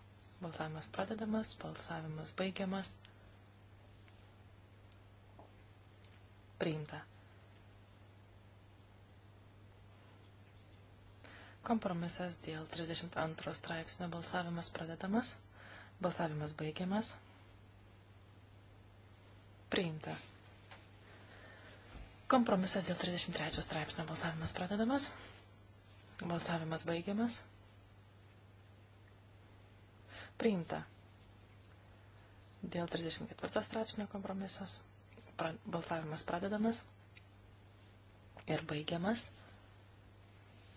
Balsavimas pradedamas, balsavimas baigiamas. Priimta. Kompromisas dėl 32 straipsnio balsavimas pradedamas, balsavimas baigiamas. Priimta. Kompromisas dėl 33 straipsnio balsavimas pradedamas, balsavimas baigiamas. Priimta. Dėl 34 straipsnio kompromisas pra, balsavimas pradedamas ir baigiamas.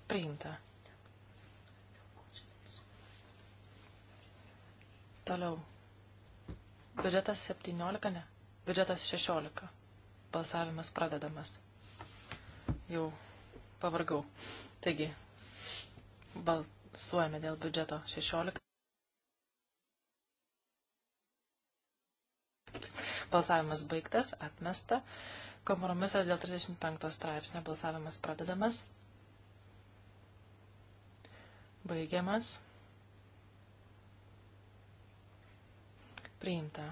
Priimta. Toliau. Biudžetas 17, ne? Biudžetas 16. Balsavimas pradedamas. Jau pavargau. Taigi, balsuojame dėl biudžeto 16. Balsavimas baigtas, atmesta. Kompromisas dėl 35 straipsnio balsavimas pradedamas. Baigiamas. Priimta.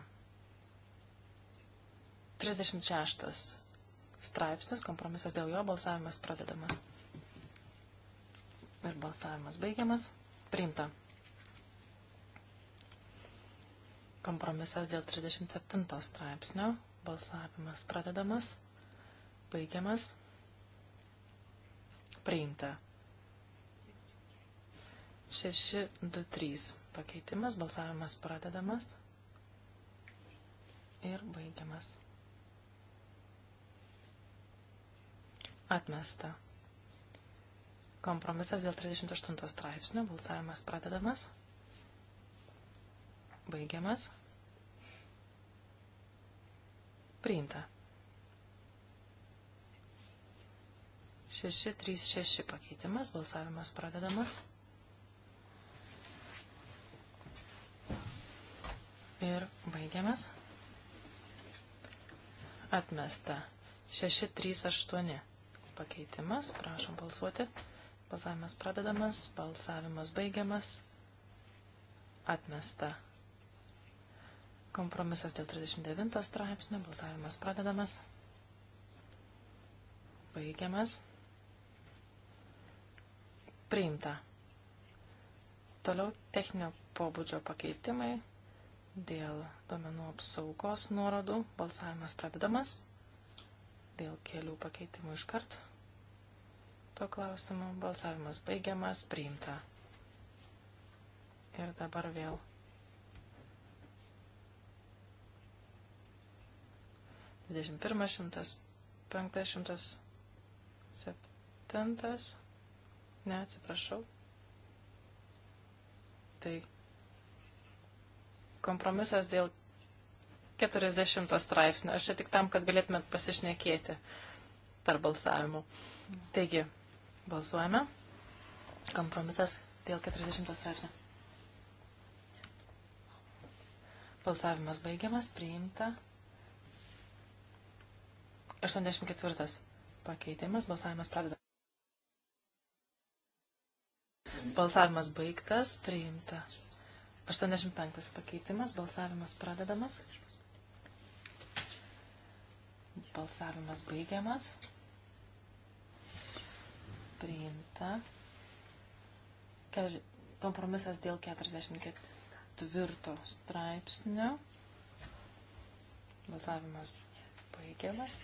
36 straipsnis, kompromisas dėl jo, balsavimas pradedamas. Ir balsavimas baigiamas. Priimta. Kompromisas dėl 37 straipsnio, balsavimas pradedamas, baigiamas. Priimta. 623 pakeitimas, balsavimas pradedamas ir baigiamas. Atmesta. Kompromisas dėl 38 straipsnio. Balsavimas pradedamas. Baigiamas. Priimta. 636 pakeitimas. Balsavimas pradedamas. Ir baigiamas. Atmesta. 638 pakeitimas. Prašom balsuoti. Balsavimas pradedamas, balsavimas baigiamas. Atmesta. Kompromisas dėl 39 straipsnio. Balsavimas pradedamas. Baigiamas. Priimta. Toliau techninio pobūdžio pakeitimai dėl domenų apsaugos nuorodų. Balsavimas pradedamas dėl kelių pakeitimų iškart. Tuo klausimu balsavimas baigiamas, priimta. Ir dabar vėl. Dvidešimt pirmas šimtas, penktas šimtas, septintas, ne, atsiprašau. Tai kompromisas dėl 40 straipsnio. Aš čia tik tam, kad galėtumėt pasišnekėti tarp balsavimų. Taigi, balsuojame. Kompromisas dėl 40 straipsnio. Balsavimas baigiamas, priimta. 84 pakeitimas, balsavimas pradeda. Balsavimas baigtas, priimta. 85 pakeitimas, balsavimas pradedamas. Balsavimas baigiamas. Priimta. Kompromisas dėl 44 straipsnio. Balsavimas baigiamas.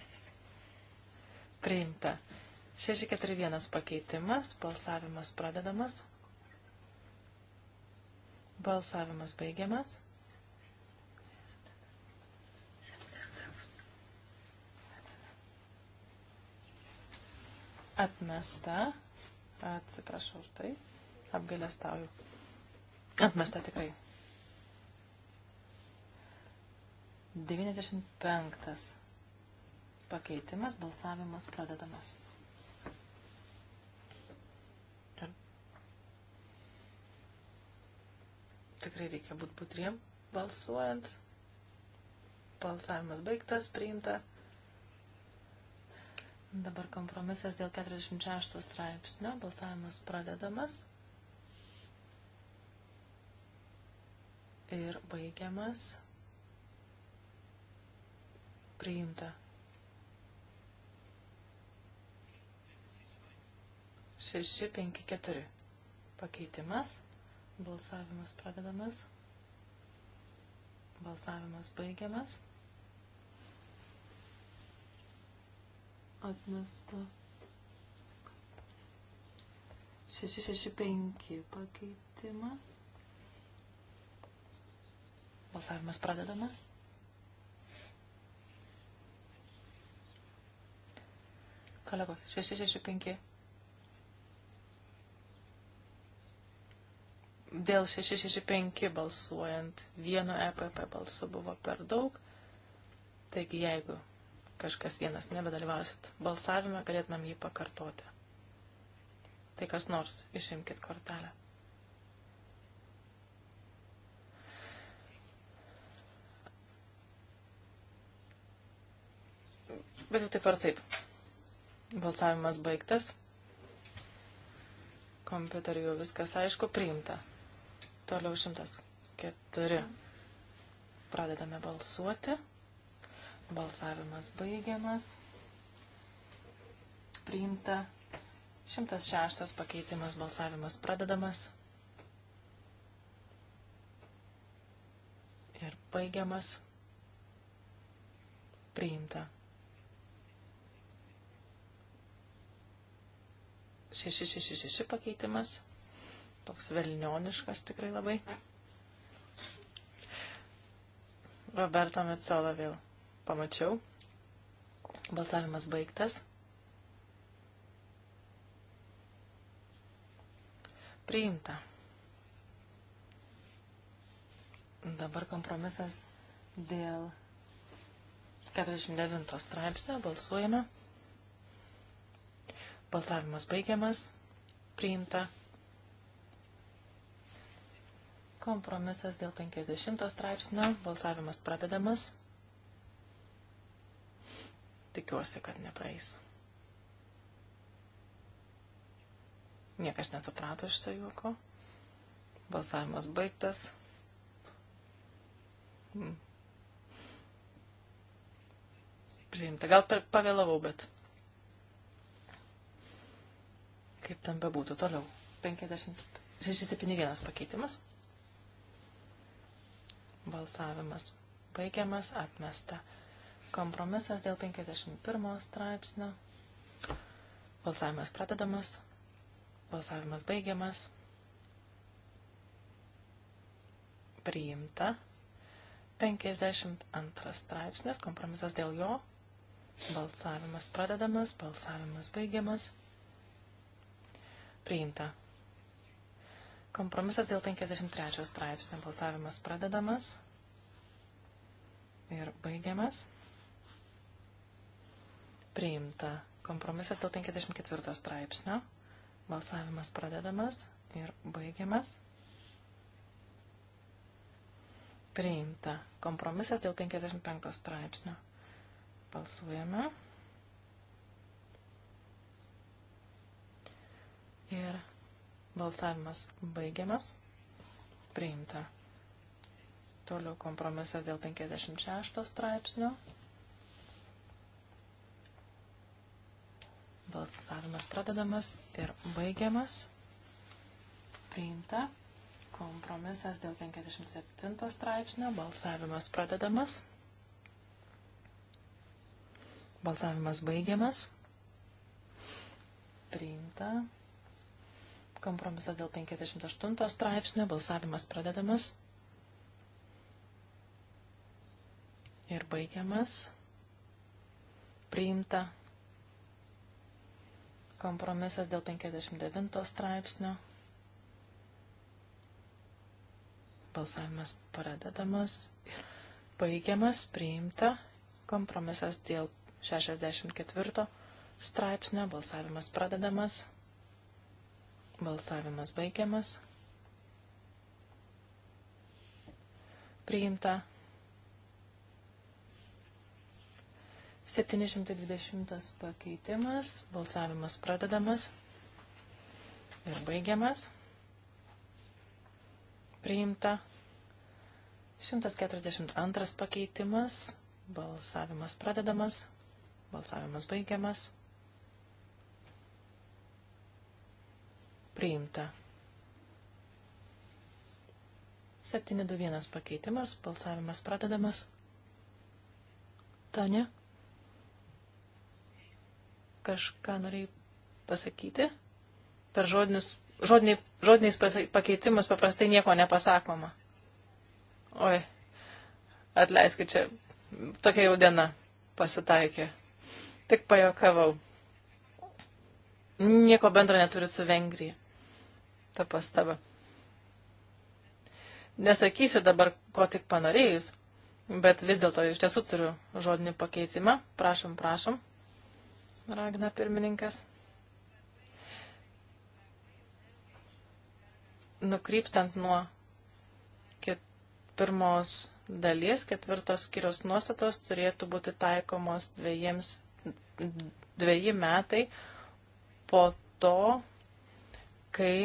Priimta. 641 pakeitimas, balsavimas pradedamas. Balsavimas baigiamas. Atmesta. Atsiprašau už tai. Apgalėstauju. Atmesta tikrai. 95. Pakeitimas, balsavimas pradedamas. tikrai reikia būti putriem balsuojant. Balsavimas baigtas, priimta. Dabar kompromisas dėl 46 straipsnio. Balsavimas pradedamas. Ir baigiamas. Priimta. Šeši, penki, keturi. Pakeitimas. Balsavimas pradedamas. Balsavimas baigiamas. Atmesta. 665 pakeitimas. Balsavimas pradedamas. Kolegos, 665. dėl 665 balsuojant vieno EPP balsu buvo per daug. Taigi jeigu kažkas vienas nebedalyvausit balsavime, galėtumėm jį pakartoti. Tai kas nors, išimkit kortelę. Bet jau taip ar taip. Balsavimas baigtas. Kompiuteriu viskas aišku, priimta. Toliau 104. Pradedame balsuoti. Balsavimas baigiamas. Priimta. 106 pakeitimas balsavimas pradedamas. Ir baigiamas. Priimta. 666 pakeitimas toks velnioniškas tikrai labai. Roberto Metzola vėl pamačiau. Balsavimas baigtas. Priimta. Dabar kompromisas dėl 49 straipsnio. Balsuojame. Balsavimas baigiamas. Priimta. Kompromisas dėl 50 straipsnio. Balsavimas pradedamas. Tikiuosi, kad nepraeis. Niekas nesuprato šito juoko. Balsavimas baigtas. Hmm. Priimta. Gal per, pavėlavau, bet. Kaip tam bebūtų toliau. 50. 671 pakeitimas. Balsavimas baigiamas, atmesta. Kompromisas dėl 51 straipsnio. Balsavimas pradedamas. Balsavimas baigiamas. Priimta. 52 straipsnis. Kompromisas dėl jo. Balsavimas pradedamas. Balsavimas baigiamas. Priimta. Kompromisas dėl 53 straipsnio balsavimas pradedamas ir baigiamas. Priimta. Kompromisas dėl 54 straipsnio. Balsavimas pradedamas ir baigiamas. Priimta. Kompromisas dėl 55 straipsnio. Balsuojame. Ir Balsavimas baigiamas. Priimta. Toliau kompromisas dėl 56 straipsnio. Balsavimas pradedamas ir baigiamas. Priimta. Kompromisas dėl 57 straipsnio. Balsavimas pradedamas. Balsavimas baigiamas. Priimta. Kompromisas dėl 58 straipsnio. Balsavimas pradedamas. Ir baigiamas. Priimta. Kompromisas dėl 59 straipsnio. Balsavimas pradedamas ir baigiamas, priimta. Kompromisas dėl 64 straipsnio. Balsavimas pradedamas Balsavimas baigiamas. Priimta. 720 pakeitimas, balsavimas pradedamas ir baigiamas. Priimta. 142 pakeitimas, balsavimas pradedamas, balsavimas baigiamas. priimta. 721 pakeitimas, balsavimas pradedamas. Tane, kažką norėjai pasakyti? Per žodinius, žodiniai, žodiniais pasak, pakeitimas paprastai nieko nepasakoma. Oi, atleiskit čia, tokia jau diena pasitaikė. Tik pajokavau. Nieko bendro neturi su Vengrija ta pastaba. Nesakysiu dabar, ko tik panorėjus, bet vis dėlto iš tiesų turiu žodinį pakeitimą. Prašom, prašom, ragina pirmininkas. Nukrypstant nuo pirmos dalies, ketvirtos skirios nuostatos turėtų būti taikomos dviejiems, dvieji metai po to, kai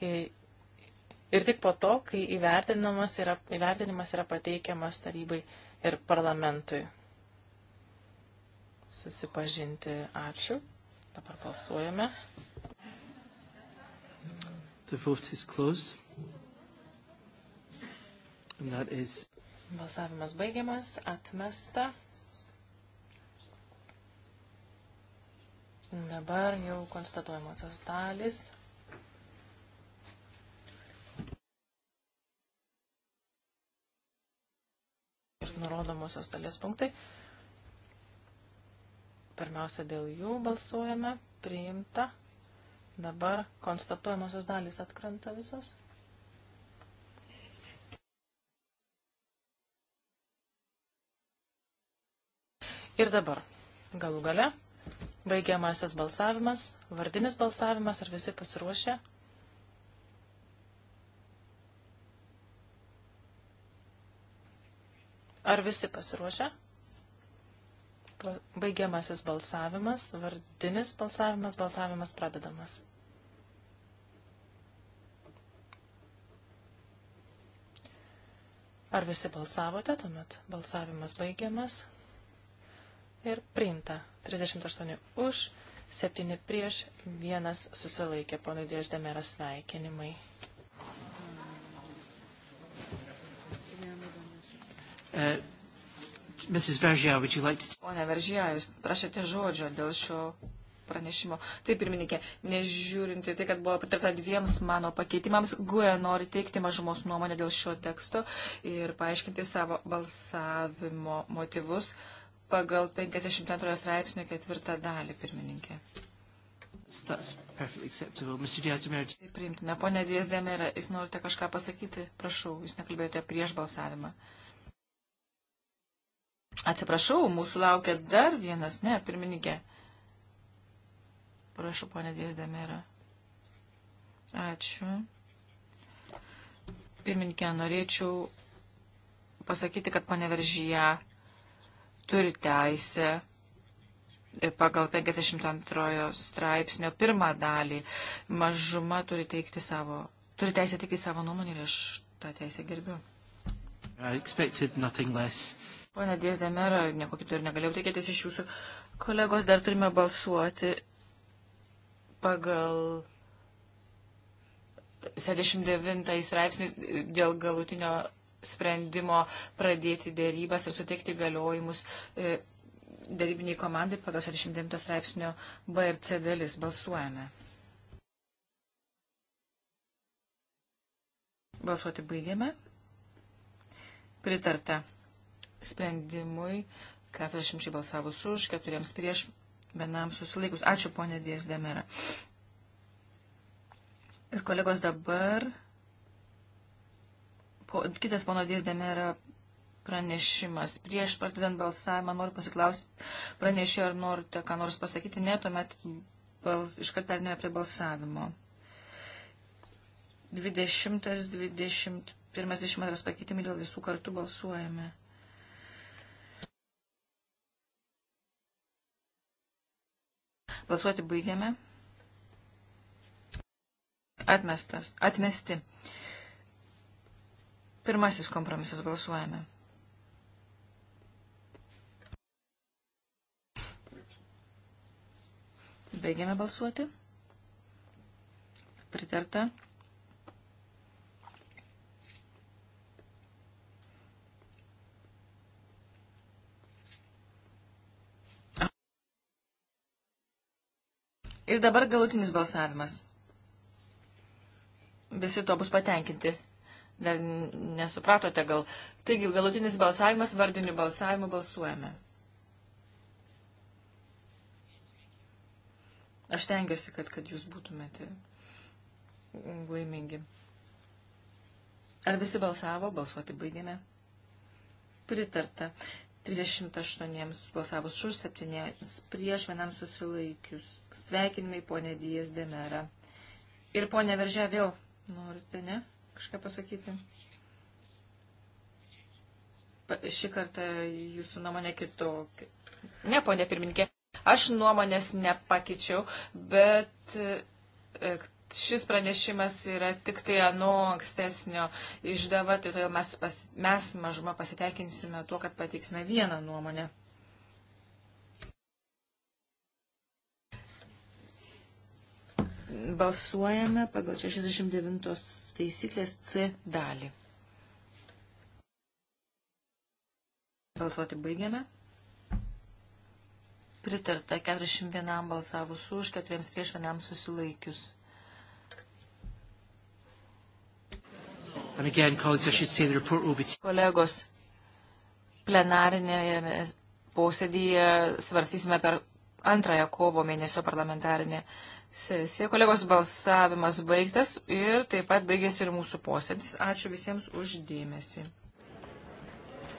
ir tik po to, kai įvertinimas yra, įvertinimas yra pateikiamas tarybai ir parlamentui. Susipažinti. Ačiū. Dabar balsuojame. The vote is closed. And that is... Balsavimas baigiamas, atmesta. Dabar jau konstatuojamosios dalis. nurodomosios dalies punktai. Pirmiausia, dėl jų balsuojame, priimta. Dabar konstatuojamosios dalys atkrenta visos. Ir dabar, galų gale, baigiamasis balsavimas, vardinis balsavimas, ar visi pasiruošę? Ar visi pasiruošę? Baigiamasis balsavimas, vardinis balsavimas, balsavimas pradedamas. Ar visi balsavote, tuomet balsavimas baigiamas ir priimta. 38 už, 7 prieš, 1 susilaikė, ponai Dėždemeras sveikinimai. Uh, Mrs. Vergia, would you like to... Pone Vergia, jūs prašėte žodžio dėl šio pranešimo. Taip, pirmininkė, nežiūrint tai, kad buvo pritarta dviems mano pakeitimams, GUE nori teikti mažumos nuomonę dėl šio teksto ir paaiškinti savo balsavimo motyvus pagal 52 straipsnio ketvirtą dalį, pirmininkė. Tai priimtina. Pone Dėsdėmė, jūs norite kažką pasakyti? Prašau, jūs nekalbėjote prieš balsavimą. Uh, Atsiprašau, mūsų laukia dar vienas, ne, pirmininkė. Prašau, ponė Dėsdemera. Ačiū. Pirmininkė, norėčiau pasakyti, kad ponė Veržyje turi teisę pagal 52 straipsnio pirmą dalį mažuma turi, teikti savo, turi teisę teikti savo nuomonį ir aš tą teisę gerbiu. I expected nothing less. Pone Diezdemera, nieko kito ir negalėjau tikėtis iš jūsų. Kolegos, dar turime balsuoti pagal 79 straipsnį dėl galutinio sprendimo pradėti dėrybas ir suteikti galiojimus e, dėrybiniai komandai pagal 69 straipsnio B ir C dalis. Balsuojame. Balsuoti baigiame. Pritarta sprendimui, 40 balsavus už, 4 prieš, vienam susilaikus. Ačiū, ponė Diezdemera. Ir kolegos dabar, po, kitas pono Diezdemera pranešimas. Prieš pradedant balsavimą noriu pasiklausti, pranešė, ar norite ką nors pasakyti, ne, tuomet bal, iškart perinėme prie balsavimo. 20, 21, 22 pakeitimai dėl visų kartų balsuojame. Balsuoti baigiame. Atmestas. Atmesti. Pirmasis kompromisas balsuojame. Baigiame balsuoti. Pritarta. Ir dabar galutinis balsavimas. Visi tuo bus patenkinti. Dar nesupratote gal. Taigi, galutinis balsavimas, vardiniu balsavimu balsuojame. Aš tengiuosi, kad, kad jūs būtumėte laimingi. Ar visi balsavo? Balsuoti baigėme. Pritarta. 38 balsavus už, 7 prieš, vienam susilaikius. Sveikinimai, ponė Dijas Demera. Ir ponė Veržė vėl. Norite, ne? Kažką pasakyti? Pa, šį kartą jūsų nuomonė kitokia. Ne, ponė pirmininkė. Aš nuomonės nepakeičiau, bet e, šis pranešimas yra tik tai ano ankstesnio išdava, tai todėl mes, pas, mes mažuma pasiteikinsime tuo, kad pateiksime vieną nuomonę. Balsuojame pagal 69 taisyklės C dalį. Balsuoti baigiame. Pritarta 41 balsavus už, 4 prieš 1 susilaikius. Again, colleagues, be... Kolegos, plenarinėje posėdyje svarstysime per antrąją kovo mėnesio parlamentarinę sesiją. Kolegos balsavimas baigtas ir taip pat baigėsi ir mūsų posėdis. Ačiū visiems uždėmesi.